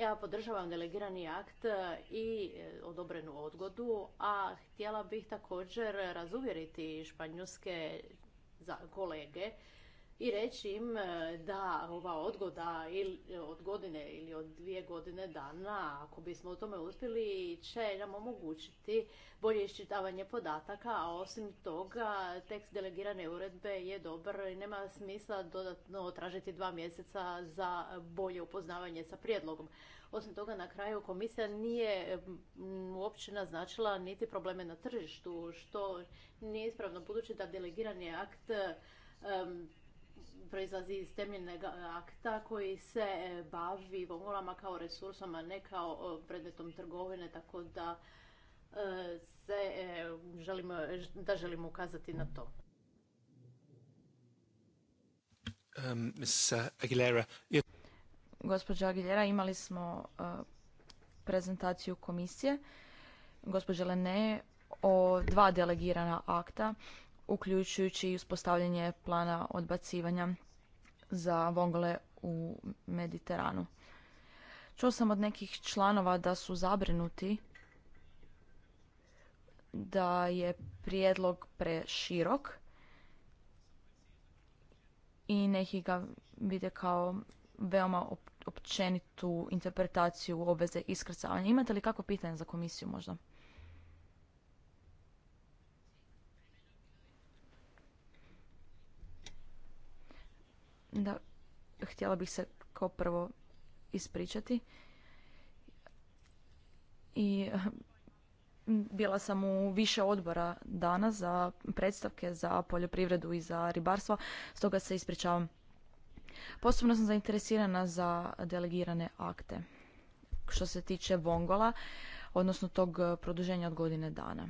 S2: Ja podržavam delegirani akt e, i e, odobrenu odgodu, a htjela bih također razuvjeriti španjolske kolege i reći im e, da ova odgoda ili od godine ili od dvije godine dana, ako bismo u tome uspjeli, će nam omogućiti bolje iščitavanje podataka, a osim toga tekst delegirane uredbe je dobar i nema smisla dodatno tražiti dva mjeseca za bolje upoznavanje sa prijedlogom. Osim toga, na kraju komisija nije uopće naznačila niti probleme na tržištu, što nije ispravno budući da delegirani akt proizlazi iz temeljnog akta koji se e, bavi gomolama kao resursom, a ne kao e, predmetom trgovine, tako da e, se želimo, da želimo ukazati na to.
S3: Um, uh, Aguilera. Gospođa Aguilera, imali smo prezentaciju komisije gospođe Lene o dva delegirana akta uključujući i uspostavljanje plana odbacivanja za vongole u Mediteranu. Čuo sam od nekih članova da su zabrinuti da je prijedlog preširok i neki ga vide kao veoma općenitu interpretaciju obveze iskrcavanja. Imate li kako pitanje za komisiju možda? Da, htjela bih se kao prvo ispričati. I bila sam u više odbora danas za predstavke za poljoprivredu i za ribarstvo, stoga se ispričavam. Posebno sam zainteresirana za delegirane akte. Što se tiče Vongola, odnosno tog produženja od godine dana.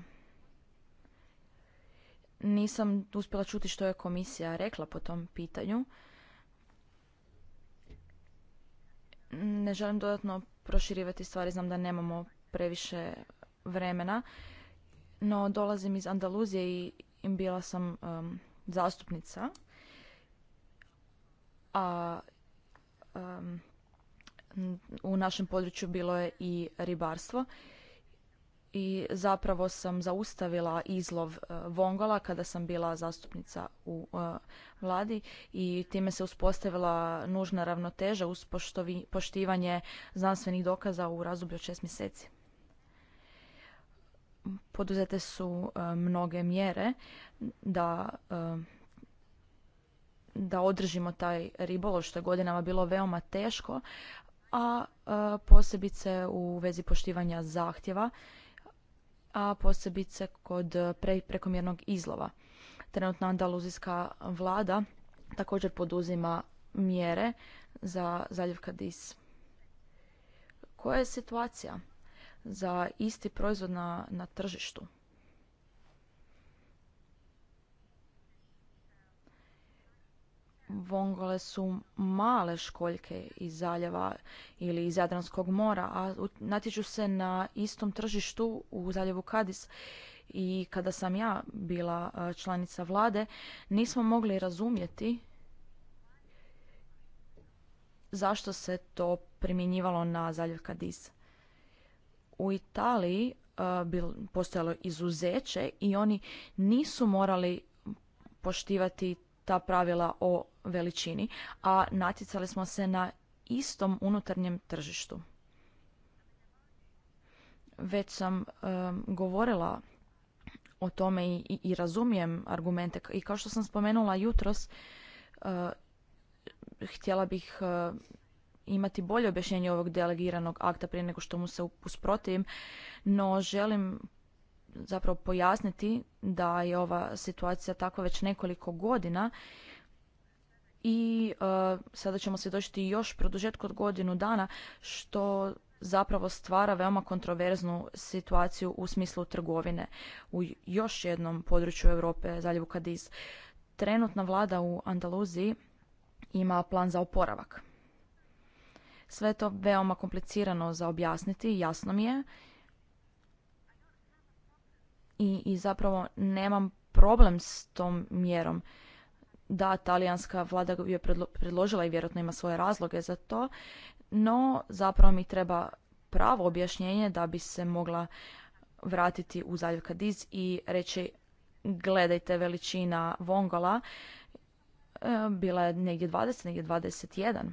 S3: Nisam uspjela čuti što je komisija rekla po tom pitanju. Ne želim dodatno proširivati stvari, znam da nemamo previše vremena, no dolazim iz Andaluzije i bila sam um, zastupnica. A um, u našem području bilo je i ribarstvo i zapravo sam zaustavila izlov e, vongola kada sam bila zastupnica u e, vladi i time se uspostavila nužna ravnoteža uz poštivanje znanstvenih dokaza u razdoblju od šest mjeseci. Poduzete su e, mnoge mjere da da održimo taj ribolov što je godinama bilo veoma teško, a posebice u vezi poštivanja zahtjeva a posebice kod pre, prekomjernog izlova. Trenutna andaluzijska vlada također poduzima mjere za zaljev Kadis. Koja je situacija za isti proizvod na, na tržištu? vongole su male školjke iz zaljeva ili iz Jadranskog mora, a natječu se na istom tržištu u zaljevu Kadis. I kada sam ja bila e, članica vlade, nismo mogli razumjeti zašto se to primjenjivalo na zaljev Kadis. U Italiji e, postojalo izuzeće i oni nisu morali poštivati ta pravila o veličini, a natjecali smo se na istom unutarnjem tržištu. Već sam govorila o tome i, razumijem argumente i kao što sam spomenula jutros e, htjela bih e, imati bolje objašnjenje ovog delegiranog akta prije nego što mu se usprotivim, no želim zapravo pojasniti da je ova situacija takva već nekoliko godina i e, sada ćemo svjedočiti još produžetku od godinu dana što zapravo stvara veoma kontroverznu situaciju u smislu trgovine u još jednom području Europe, zaljevu Kadiz. Trenutna vlada u Andaluziji ima plan za oporavak. Sve je to veoma komplicirano za objasniti, jasno mi je, i, zapravo nemam problem s tom mjerom. Da, talijanska vlada ju je predložila i vjerojatno ima svoje razloge za to, no zapravo mi treba pravo objašnjenje da bi se mogla vratiti u zaljev Kadiz i reći gledajte veličina Vongola e, bila je negdje 20, negdje 21.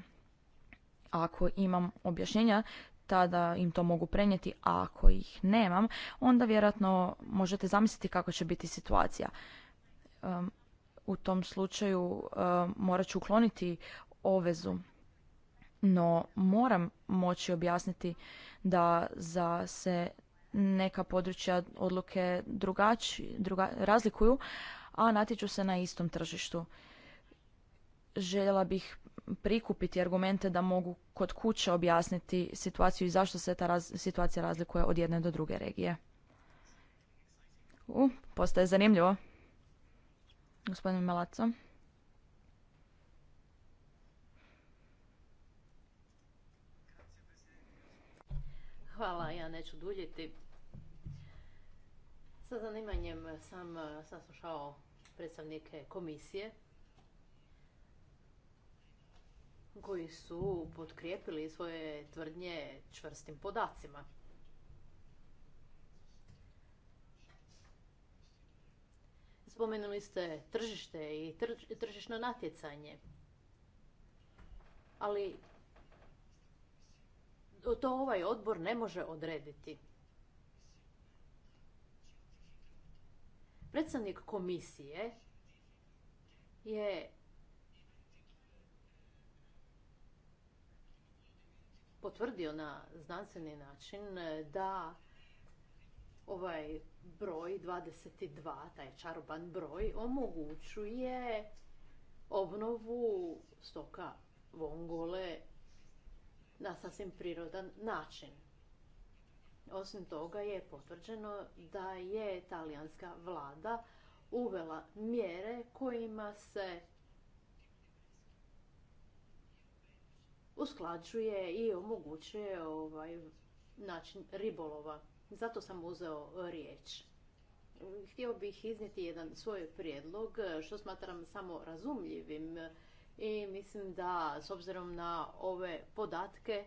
S3: Ako imam objašnjenja, tada im to mogu prenijeti, a ako ih nemam, onda vjerojatno možete zamisliti kako će biti situacija. u tom slučaju morat ću ukloniti ovezu, no moram moći objasniti da za se neka područja odluke drugači, druga, razlikuju, a natječu se na istom tržištu. Željela bih prikupiti argumente da mogu kod kuće objasniti situaciju i zašto se ta situacija razlikuje od jedne do druge regije. U, postaje zanimljivo. Gospodin Malaco.
S2: Hvala, ja neću duljiti. Sa zanimanjem sam eh, saslušao predstavnike komisije koji su potkrijepili svoje tvrdnje čvrstim podacima. Spomenuli ste tržište i tržišno natjecanje. Ali to ovaj odbor ne može odrediti. Predstavnik komisije je potvrdio na znanstveni način e, da ovaj broj 22, taj čaroban broj, omogućuje obnovu stoka vongole na sasvim prirodan način. Osim toga je potvrđeno da je talijanska vlada uvela mjere kojima se usklađuje i omogućuje ovaj način ribolova. Zato sam uzeo riječ. Htio bih iznijeti jedan svoj prijedlog što smatram samo razumljivim i mislim da s obzirom na ove podatke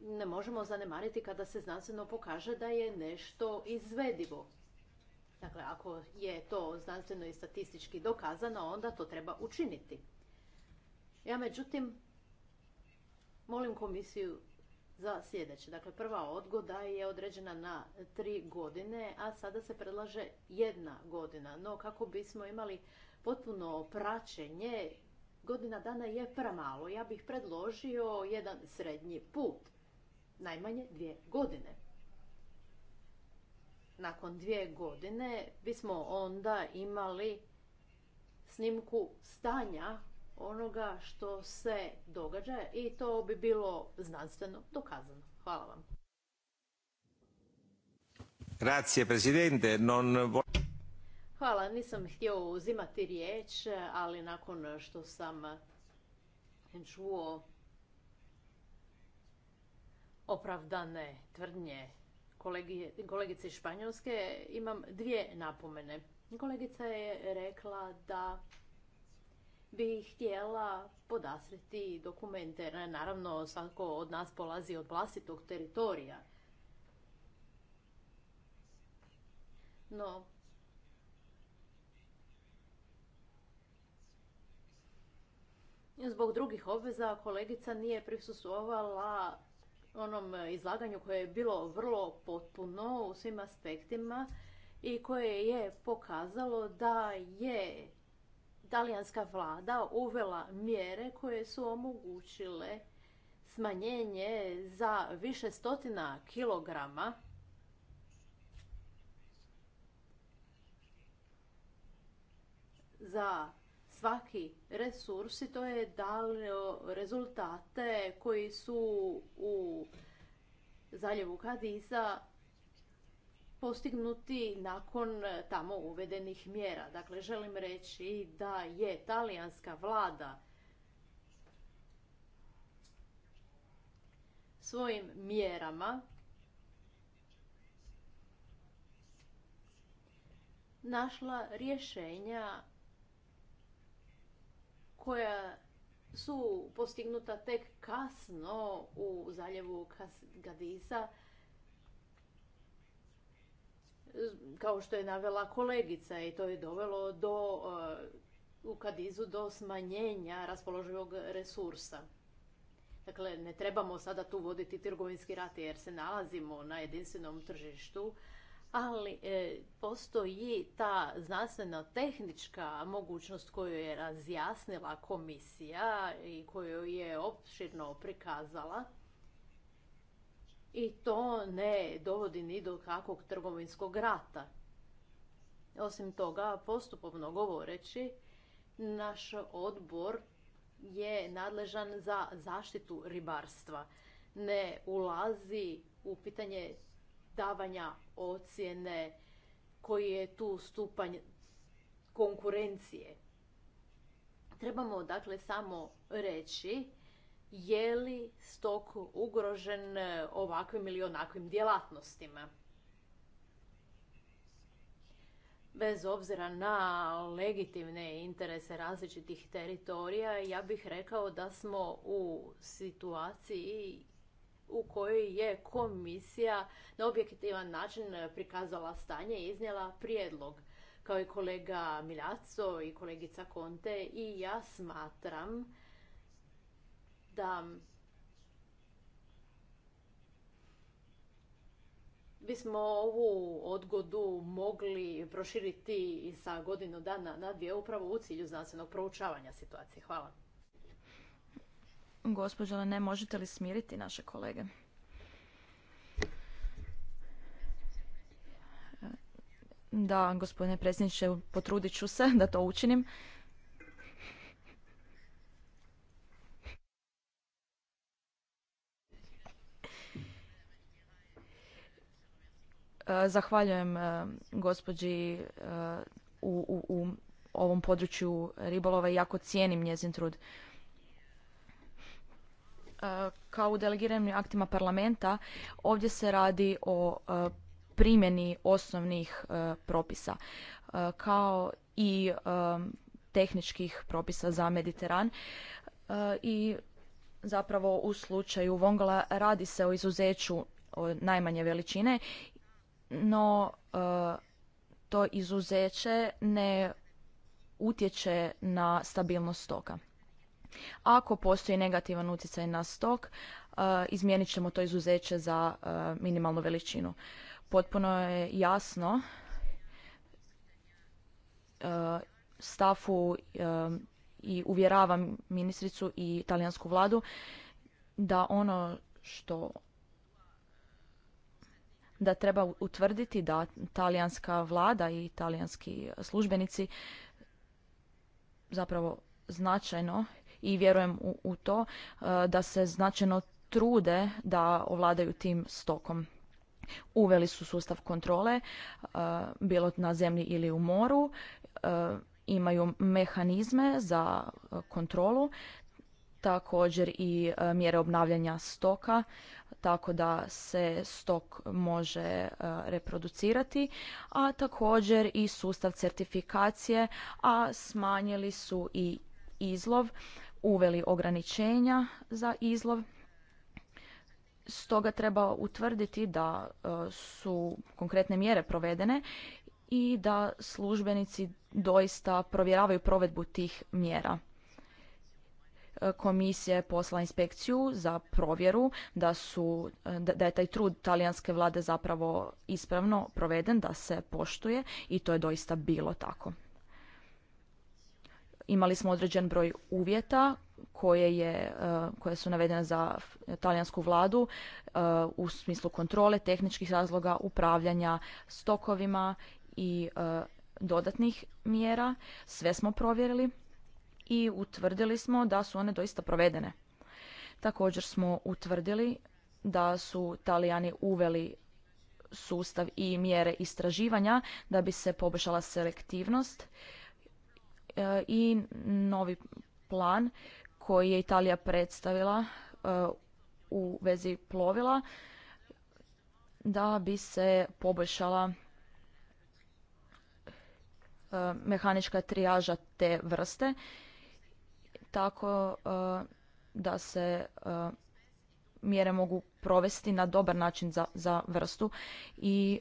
S2: ne možemo zanemariti kada se znanstveno pokaže da je nešto izvedivo. Dakle, ako je to znanstveno i statistički dokazano, onda to treba učiniti. Ja međutim molim komisiju za sljedeće. Dakle, prva odgoda je određena na tri godine, a sada se predlaže jedna godina. No, kako bismo imali potpuno praćenje, godina dana je premalo. Ja bih predložio jedan srednji put, najmanje dvije godine. Nakon dvije godine bismo onda imali snimku stanja onoga što se događa i to bi bilo znanstveno dokazano. Hvala vam.
S1: Grazie, presidente. Non...
S2: Hvala, nisam htio uzimati riječ, ali nakon što sam čuo opravdane tvrdnje kolegi, kolegice Španjolske, imam dvije napomene. Kolegica je rekla da bi htjela podasreti dokumente. Naravno, svako od nas polazi od vlastitog teritorija. No, zbog drugih obveza kolegica nije prisustvovala onom izlaganju koje je bilo vrlo potpuno u svim aspektima i koje je pokazalo da je talijanska vlada uvela mjere koje su omogućile smanjenje za više stotina kilograma za svaki resurs i to je dalo rezultate koji su u zaljevu Kadiza postignuti nakon e, tamo uvedenih mjera. Dakle, želim reći da je talijanska vlada svojim mjerama našla rješenja koja su postignuta tek kasno u zaljevu Gadisa kao što je navela kolegica i to je dovelo do, e, u Kadizu do smanjenja raspoloživog resursa. Dakle, ne trebamo sada tu voditi trgovinski rat jer se nalazimo na jedinstvenom tržištu, ali e, postoji ta znanstveno-tehnička mogućnost koju je razjasnila komisija i koju je opširno prikazala i to ne dovodi ni do kakvog trgovinskog rata. Osim toga, postupovno govoreći, naš odbor je nadležan za zaštitu ribarstva. Ne ulazi u pitanje davanja ocjene koji je tu stupanj konkurencije. Trebamo dakle samo reći je li stok ugrožen e, ovakvim ili onakvim djelatnostima. Bez obzira na legitimne interese različitih teritorija, ja bih rekao da smo u situaciji u kojoj je komisija na objektivan način prikazala stanje i iznijela prijedlog. Kao i kolega Miljaco i kolegica Conte i ja smatram da bismo ovu odgodu mogli proširiti i sa godinu dana na dvije upravo u cilju znanstvenog proučavanja situacije. Hvala.
S3: Gospođo ne možete li smiriti naše kolege? Da, gospodine predsjedniče, potrudit ću se da to učinim. Eh, zahvaljujem eh, gospođi eh, u, u, u ovom području ribolova i jako cijenim njezin trud. Kao u delegiranim aktima parlamenta, ovdje se radi o primjeni osnovnih propisa, kao i tehničkih propisa za Mediteran. I zapravo u slučaju Vongola radi se o izuzeću najmanje veličine no e, to izuzeće ne utječe na stabilnost stoka. Ako postoji negativan utjecaj na stok, e, izmijenit ćemo to izuzeće za e, minimalnu veličinu. Potpuno je jasno stafu i uvjeravam ministricu i talijansku vladu da ono što da treba utvrditi da talijanska vlada i talijanski službenici zapravo značajno i vjerujem u, u to e, da se značajno trude da ovladaju tim stokom. Uveli su sustav kontrole, e, bilo na zemlji ili u moru, e, imaju mehanizme za kontrolu, također i e, mjere obnavljanja stoka tako da se stok može e, reproducirati, a također i sustav certifikacije, a smanjili su i izlov, uveli ograničenja za izlov. Stoga treba utvrditi da e, su konkretne mjere provedene i da službenici doista provjeravaju provedbu tih mjera. E, komisija je poslala inspekciju za provjeru da, su, e, da je taj trud talijanske vlade zapravo ispravno proveden, da se poštuje i to je doista bilo tako. Imali smo određen broj uvjeta koje, je, e, koje su navedene za talijansku vladu u smislu kontrole, tehničkih razloga, upravljanja stokovima i dodatnih mjera. Sve smo provjerili i utvrdili smo da su one doista provedene. Također smo utvrdili da su Talijani uveli sustav i mjere istraživanja da bi se poboljšala selektivnost e, i novi plan koji je Italija predstavila e, u vezi plovila da bi se poboljšala e, mehanička trijaža te vrste tako e, da se e, mjere mogu provesti na dobar način za, za vrstu i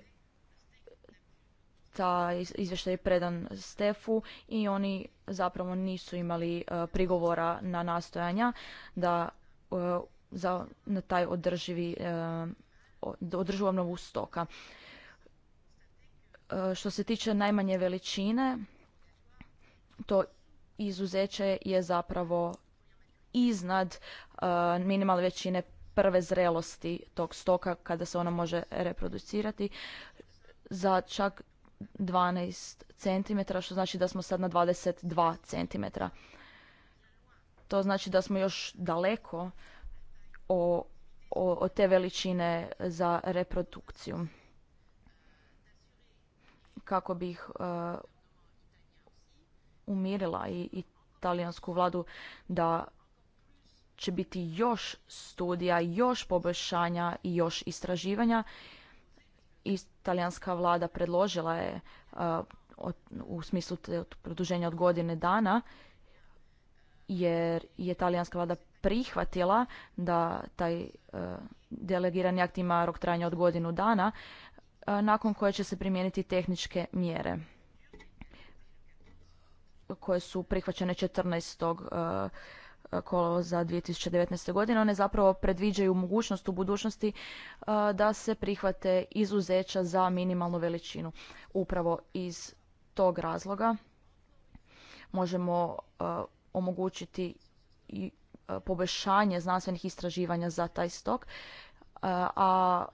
S3: ta izvještaj je predan Stefu i oni zapravo nisu imali e, prigovora na nastojanja da za na taj održivi održivu obnovu stoka. Što se tiče najmanje veličine, to izuzeće je zapravo iznad uh, minimalne većine prve zrelosti tog stoka kada se ona može reproducirati za čak 12 cm, što znači da smo sad na 22 cm. To znači da smo još daleko od o, te veličine za reprodukciju kako bih... Uh, umirila i italijansku vladu da će biti još studija, još poboljšanja i još istraživanja. Italijanska vlada predložila je e, u smislu produženja od godine dana jer je talijanska vlada prihvatila da taj e, delegirani akt ima rok trajanja od godinu dana e, nakon koje će se primijeniti tehničke mjere koje su prihvaćene 14 e, e, kolovoza 2019. godine. One zapravo predviđaju mogućnost u budućnosti e, da se prihvate izuzeća za minimalnu veličinu. Upravo iz tog razloga možemo omogućiti i poboljšanje znanstvenih istraživanja za taj stok, a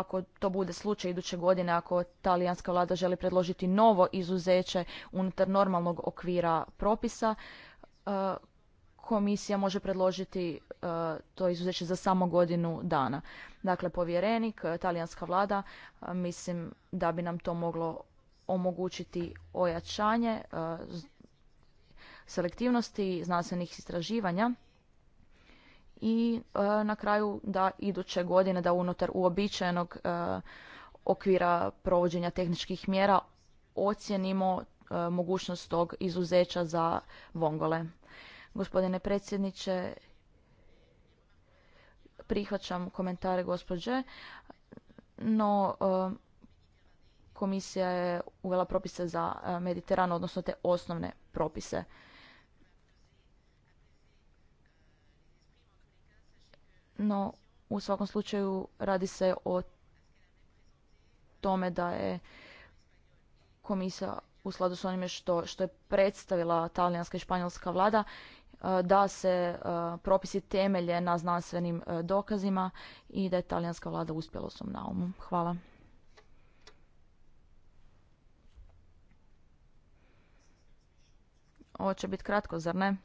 S3: ako to bude slučaj iduće godine, ako talijanska vlada želi predložiti novo izuzeće unutar normalnog okvira propisa, e, komisija može predložiti e, to izuzeće za samo godinu dana. Dakle, povjerenik, e, talijanska vlada, mislim da bi nam to moglo omogućiti ojačanje selektivnosti znanstvenih istraživanja i e, na kraju da iduće godine da unutar uobičajenog e, okvira provođenja tehničkih mjera ocijenimo e, mogućnost tog izuzeća za vongole. Gospodine predsjedniče, prihvaćam komentare gospođe, no komisija je uvela propise za Mediteran, odnosno te osnovne propise. No, u svakom slučaju radi se o tome da je komisija u skladu s onime što, što je predstavila talijanska i španjolska vlada e, da se e, propisi temelje na znanstvenim e, dokazima i da je talijanska vlada uspjela u svom naumu. Hvala. Ovo će biti kratko, zar ne?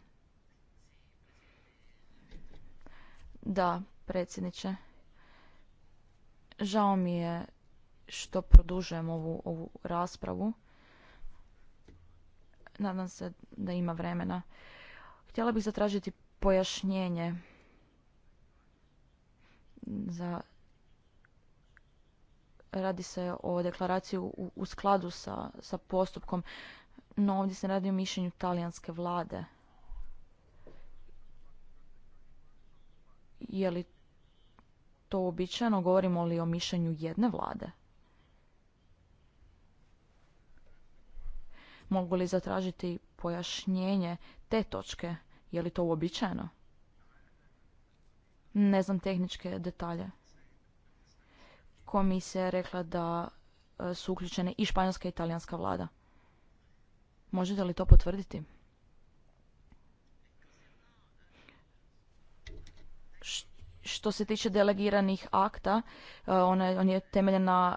S3: Da, predsjedniče. Žao mi je što produžujem ovu, ovu raspravu. Nadam se da ima vremena. Htjela bih zatražiti pojašnjenje za radi se o deklaraciji u, skladu sa, sa postupkom, no ovdje se radi o mišljenju talijanske vlade. Je li to uobičajeno? Govorimo li o mišljenju jedne vlade? Mogu li zatražiti pojašnjenje te točke? Je li to uobičajeno? Ne znam tehničke detalje. Komisija je rekla da e, su uključene i španjolska i italijanska vlada. Možete li to potvrditi? Što se tiče delegiranih akta, e, on je, on je temeljen na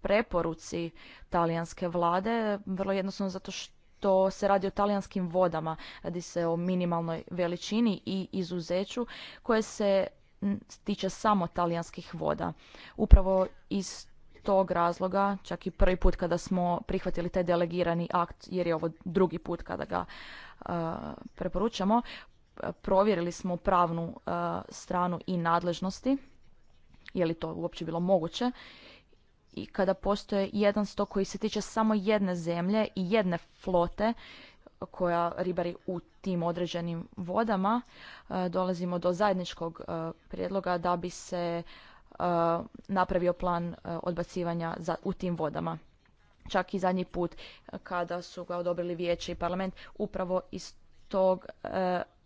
S3: preporuci talijanske vlade, vrlo jednostavno zato što se radi o talijanskim vodama, radi se o minimalnoj veličini i izuzeću koje se tiče samo talijanskih voda. Upravo iz tog razloga, čak i prvi put kada smo prihvatili taj delegirani akt, jer je ovo drugi put kada ga e, preporučamo, provjerili smo pravnu e, stranu i nadležnosti, je li to uopće bilo moguće, i kada postoje jedan stok koji se tiče samo jedne zemlje i jedne flote koja ribari u tim određenim vodama, e, dolazimo do zajedničkog e, prijedloga da bi se napravio plan odbacivanja u tim vodama. Čak i zadnji put kada su ga odobrili vijeće i parlament, upravo iz tog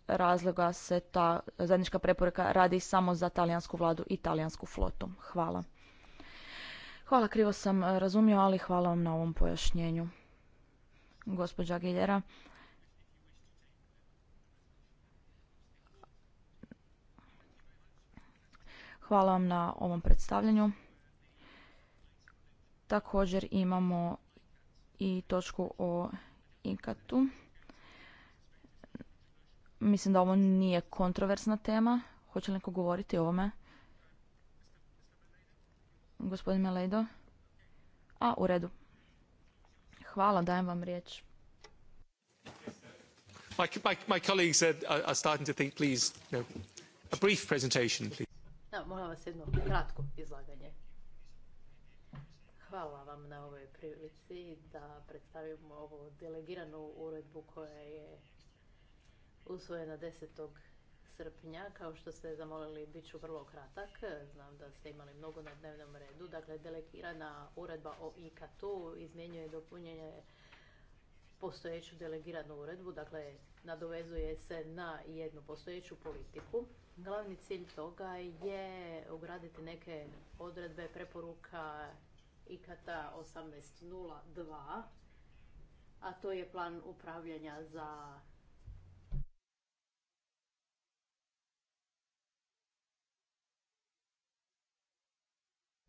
S3: razloga se ta zajednička preporuka radi samo za talijansku vladu i talijansku flotu. Hvala. Hvala, krivo sam e, razumio, ali hvala vam na ovom pojašnjenju. Gospođa Giljera. Hvala vam na ovom predstavljanju. Također imamo i točku o inkatu. Mislim da ovo nije kontroversna tema. Hoće li neko govoriti o ovome? Gospodin Melejdo? A, u redu. Hvala, dajem vam riječ.
S1: My, my, colleagues starting to think, please, a brief presentation, please.
S2: molim vas jedno kratko izlaganje. Hvala vam na ovoj prilici da predstavimo ovu delegiranu uredbu koja je usvojena 10. srpnja. Kao što ste zamolili, bit ću vrlo kratak. Znam da ste imali mnogo na dnevnom redu. Dakle, delegirana uredba o IKATU u izmjenjuje dopunjenje postojeću delegiranu uredbu, dakle nadovezuje se na jednu postojeću politiku. Glavni cilj toga je ugraditi neke odredbe preporuka IKATA 18.02, a to je plan upravljanja za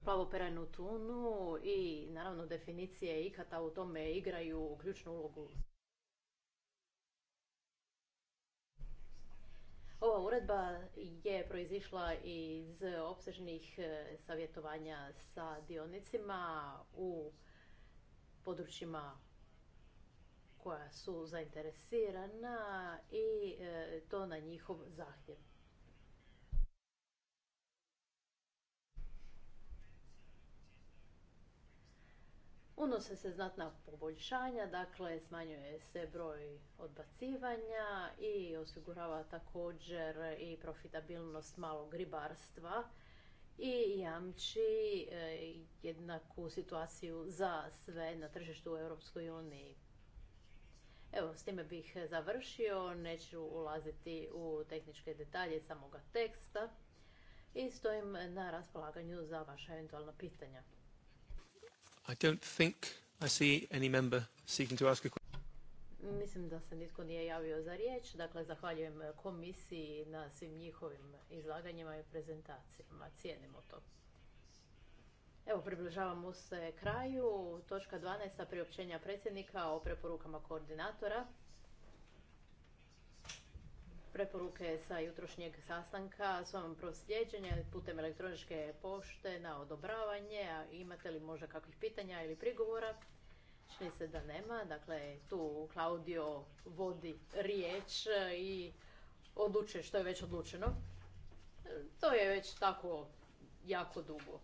S2: plavoperajnu tunu i naravno definicije ikata u tome igraju ključnu ulogu. Ova uredba je proizišla iz opsežnih e, savjetovanja sa dionicima u područjima koja su zainteresirana i e, to na njihov zahtjev. Unose se znatna poboljšanja, dakle smanjuje se broj odbacivanja i osigurava također i profitabilnost malog ribarstva i jamči e, jednaku situaciju za sve na tržištu u Europskoj uniji. Evo, s time bih završio, neću ulaziti u tehničke detalje samoga teksta i stojim na raspolaganju za vaša eventualna pitanja.
S1: I don't think I see any member seeking to ask a question.
S2: Mislim da se nitko nije javio za riječ. Dakle, zahvaljujem komisiji na svim njihovim izlaganjima i prezentacijama. Cijenimo to. Evo, približavamo se kraju. Točka 12. priopćenja predsjednika o preporukama koordinatora. Preporuke sa jutrošnjeg sastanka s vam putem elektroničke pošte na odobravanje. A imate li možda kakvih pitanja ili prigovora? Čini se da nema. Dakle, tu Claudio vodi riječ i odlučuje što je već odlučeno. To je već tako jako dugo.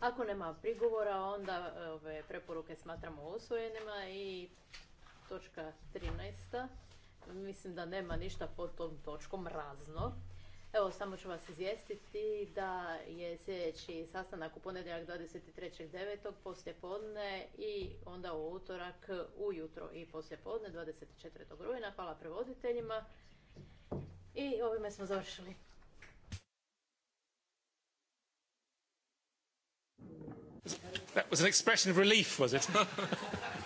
S2: Ako nema prigovora, onda ove preporuke smatramo usvojenima i točka 13. Mislim da nema ništa pod tom točkom razno. Evo, samo ću vas izvijestiti da je sljedeći sastanak u ponedjeljak 23.9. poslje podne i onda u utorak ujutro i poslje podne 24. rujna. Hvala prevoditeljima i ovime smo završili.
S1: That was an expression of relief, was it?